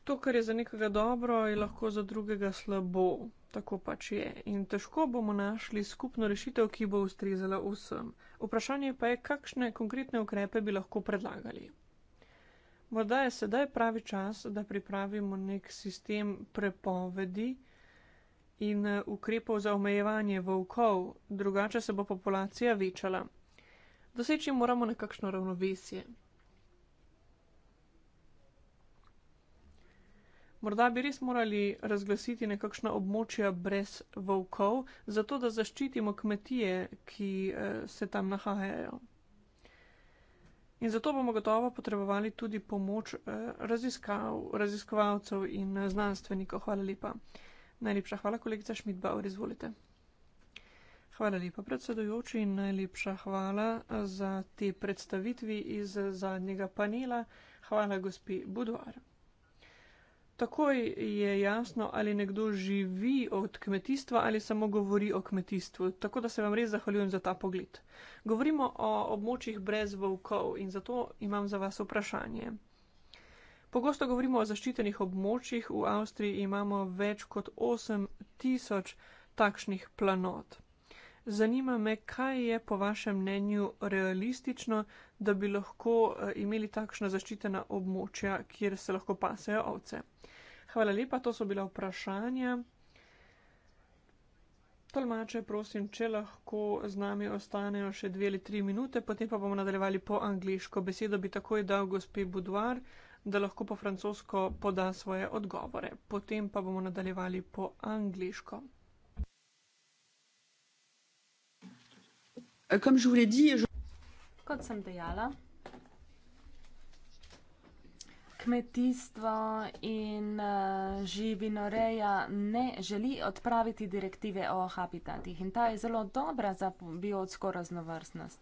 Speaker 1: to, kar je za nekoga dobro, je lahko za drugega slabo. Tako pač je. In težko bomo našli skupno rešitev, ki bo ustrezala vsem. Vprašanje pa je, kakšne konkretne ukrepe bi lahko predlagali. Morda je sedaj pravi čas, da pripravimo nek sistem prepovedi in ukrepov za omejevanje volkov, drugače se bo populacija večala. Doseči moramo nekakšno ravnovesje. Morda bi res morali razglasiti nekakšna območja brez volkov, zato da zaščitimo kmetije, ki eh, se tam nahajajo. In zato bomo gotovo potrebovali tudi pomoč eh, raziskav, raziskovalcev in eh, znanstvenikov. Hvala lepa. Najlepša hvala, kolegica Šmitbauer, izvolite. Hvala lepa, predsedujoči, in najlepša hvala za te predstavitvi iz zadnjega panela. Hvala, gospi Buduar takoj je jasno, ali nekdo živi od kmetijstva ali samo govori o kmetijstvu. Tako da se vam res zahvaljujem za ta pogled. Govorimo o območjih brez volkov in zato imam za vas vprašanje. Pogosto govorimo o zaščitenih območjih, v Avstriji imamo več kot 8000 takšnih planot. Zanima me, kaj je po vašem mnenju realistično, da bi lahko eh, imeli takšna zaščitena območja, kjer se lahko pasejo ovce. Hvala lepa, to so bila vprašanja. Tolmače, prosim, če lahko z nami ostanejo še dve ali tri minute, potem pa bomo nadaljevali po angliško. Besedo bi takoj dal gospe Budvar, da lahko po francosko poda svoje odgovore. Potem pa bomo nadaljevali po angliško. Kot sem dejala,
Speaker 4: kmetijstvo in eh, živinoreja ne želi odpraviti direktive o habitatih in ta je zelo dobra za biotsko raznovrstnost.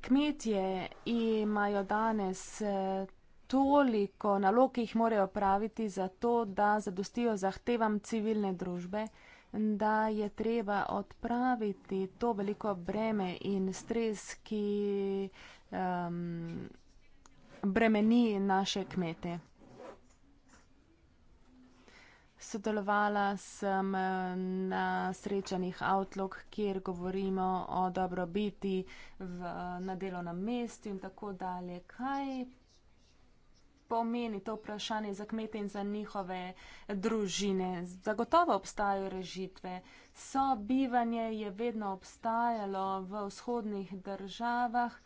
Speaker 4: Kmetje imajo danes eh, toliko nalog, ki jih morajo praviti za to, da zadostijo zahtevam civilne družbe, da je treba odpraviti to veliko breme in stres, ki Um, bremeni naše kmete. Sodelovala sem eh, na srečanjih Outlook, kjer govorimo o dobrobiti v, na delovnem mestu in tako dalje. Kaj pomeni to vprašanje za kmete in za njihove družine? Zagotovo obstajajo rešitve. Sobivanje je vedno obstajalo v vzhodnih državah.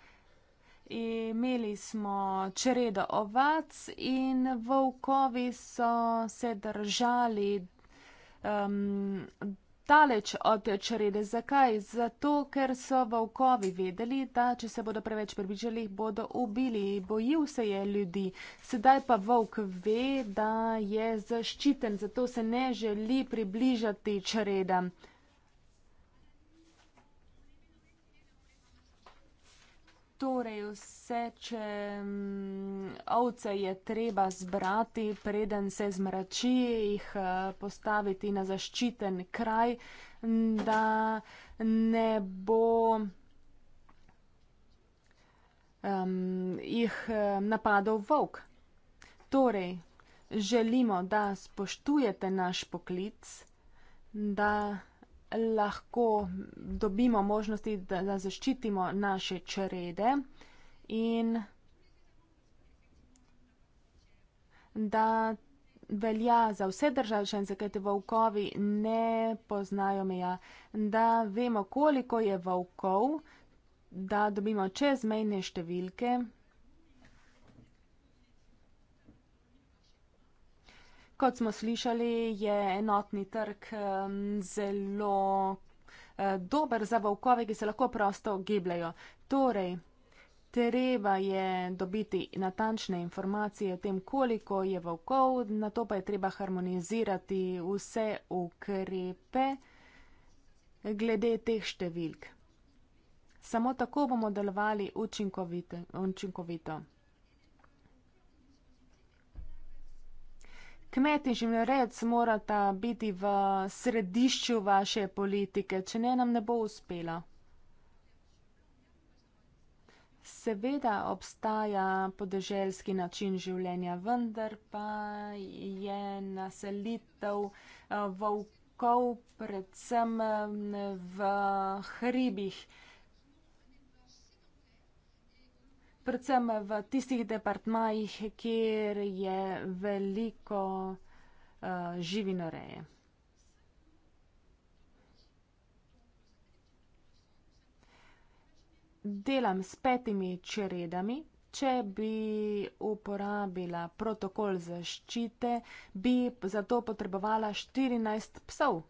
Speaker 4: Imeli smo čredo ovac in volkovi so se držali um, daleč od črede. Zakaj? Zato, ker so volkovi vedeli, da če se bodo preveč približali, bodo ubili. Bojil se je ljudi. Sedaj pa volk ve, da je zaščiten, zato se ne želi približati čredam. torej vse, če m, ovce je treba zbrati, preden se zmrači, jih eh, postaviti na zaščiten kraj, da ne bo um, jih eh, napadal volk. Torej, želimo, da spoštujete naš poklic, da lahko dobimo možnosti, da, da zaščitimo naše črede in da velja za vse države članice, kajte volkovi ne poznajo meja, da vemo, koliko je volkov, da dobimo čezmejne številke Kot smo slišali, je enotni trg zelo e, dober za volkove, ki se lahko prosto gibljajo. Torej, treba je dobiti natančne informacije o tem, koliko je volkov, na to pa je treba harmonizirati vse ukrepe glede teh številk. Samo tako bomo delovali učinkovito. učinkovito. Kmet in življarec morata biti v središču vaše politike, če ne nam ne bo uspela. Seveda obstaja podeželski način življenja, vendar pa je naselitev eh, volkov predvsem eh, v hribih. predvsem v tistih departmajih, kjer je veliko uh, živinoreje. Delam s petimi čredami. Če bi uporabila protokol zaščite, bi zato potrebovala 14 psov.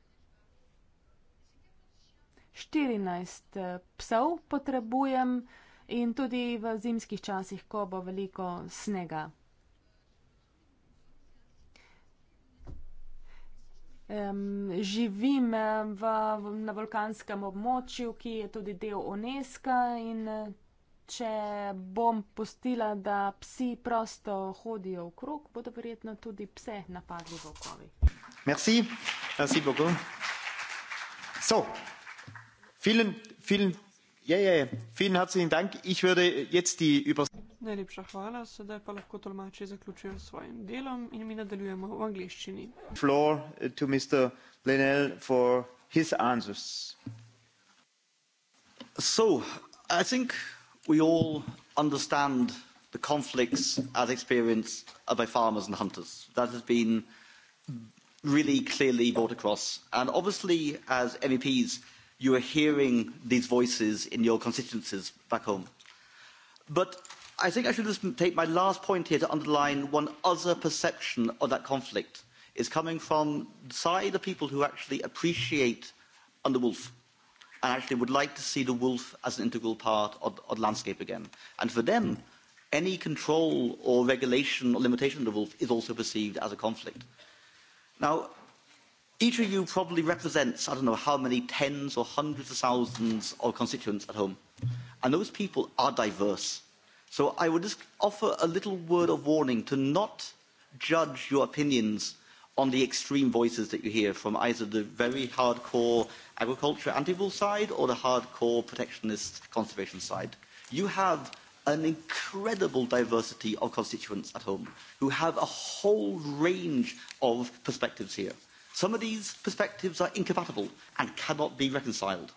Speaker 4: 14 eh, psov potrebujem in tudi v zimskih časih, ko bo veliko snega. Um, živim v, na vulkanskem območju, ki je tudi del UNESCO in če bom pustila, da psi prosto hodijo v krug, bodo verjetno tudi pse napadli volkovi.
Speaker 8: Merci, merci beaucoup. So, filen, filen. Najlepša
Speaker 1: hvala, sedaj pa lahko tolmači zaključijo s svojim delom in mi nadaljujemo v angliščini.
Speaker 8: Floor uh, to Mr. Linnell for his answers. So, I think we all understand the conflicts as experienced by farmers and hunters. That has been really clearly brought across. And obviously, as MEPs, you are hearing these voices in your constituencies back home. But I think I should just take my last point here to underline one other perception of that conflict is coming from the side of people who actually appreciate Underwolf and actually would like to see the wolf as an integral part of, of the landscape again. And for them, any control or regulation or limitation of the wolf is also perceived as a conflict. Now, Each of you probably represents, I don't know how many tens or hundreds of thousands of constituents at home. And those people are diverse. So I would just offer a little word of warning to not judge your opinions on the extreme voices that you hear from either the very hardcore agriculture anti wolf side or the hardcore protectionist conservation side. You have an incredible diversity of constituents at home who have a whole range of perspectives here. Some of these perspectives are incompatible and cannot be reconciled.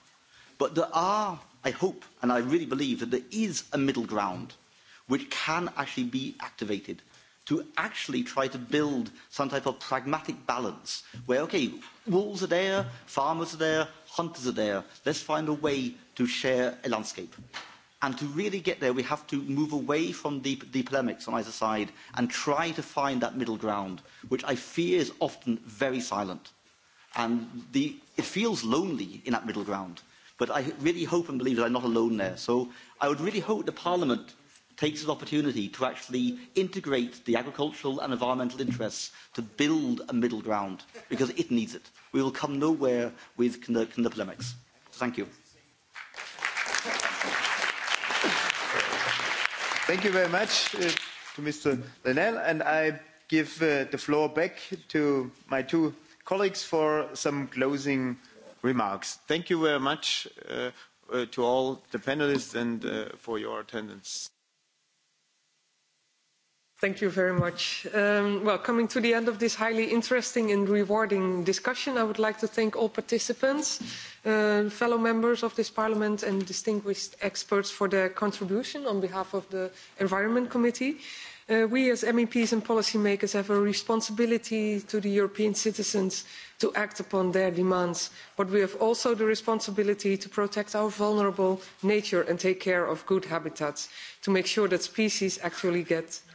Speaker 8: But there are, I hope, and I really believe that there is a middle ground which can actually be activated to actually try to build some type of pragmatic balance where, okay, wolves are there, farmers are there, hunters are there. Let's find a way to share a landscape. And to really get there, we have to move away from the, the polemics on either side and try to find that middle ground, which I fear is often very silent. And the, it feels lonely in that middle ground. But I really hope and believe that I'm not alone there. So I would really hope the Parliament takes this opportunity to actually integrate the agricultural and environmental interests to build a middle ground, because it needs it. We will come nowhere with the, the polemics. Thank you. thank you very much uh, to mr lenel and i give uh, the floor back to my two colleagues for some closing remarks thank you very much uh, uh, to all the panelists and uh, for your attendance
Speaker 1: Thank you very much. Um, well, coming to the end of this highly interesting and rewarding discussion, I would like to thank all participants, uh, fellow members of this parliament and distinguished experts for their contribution on behalf of the Environment Committee. Uh, we as MEPs and policymakers have a responsibility to the European citizens to act upon their demands, but we have also the responsibility to protect our vulnerable nature and take care of good habitats to make sure that species actually get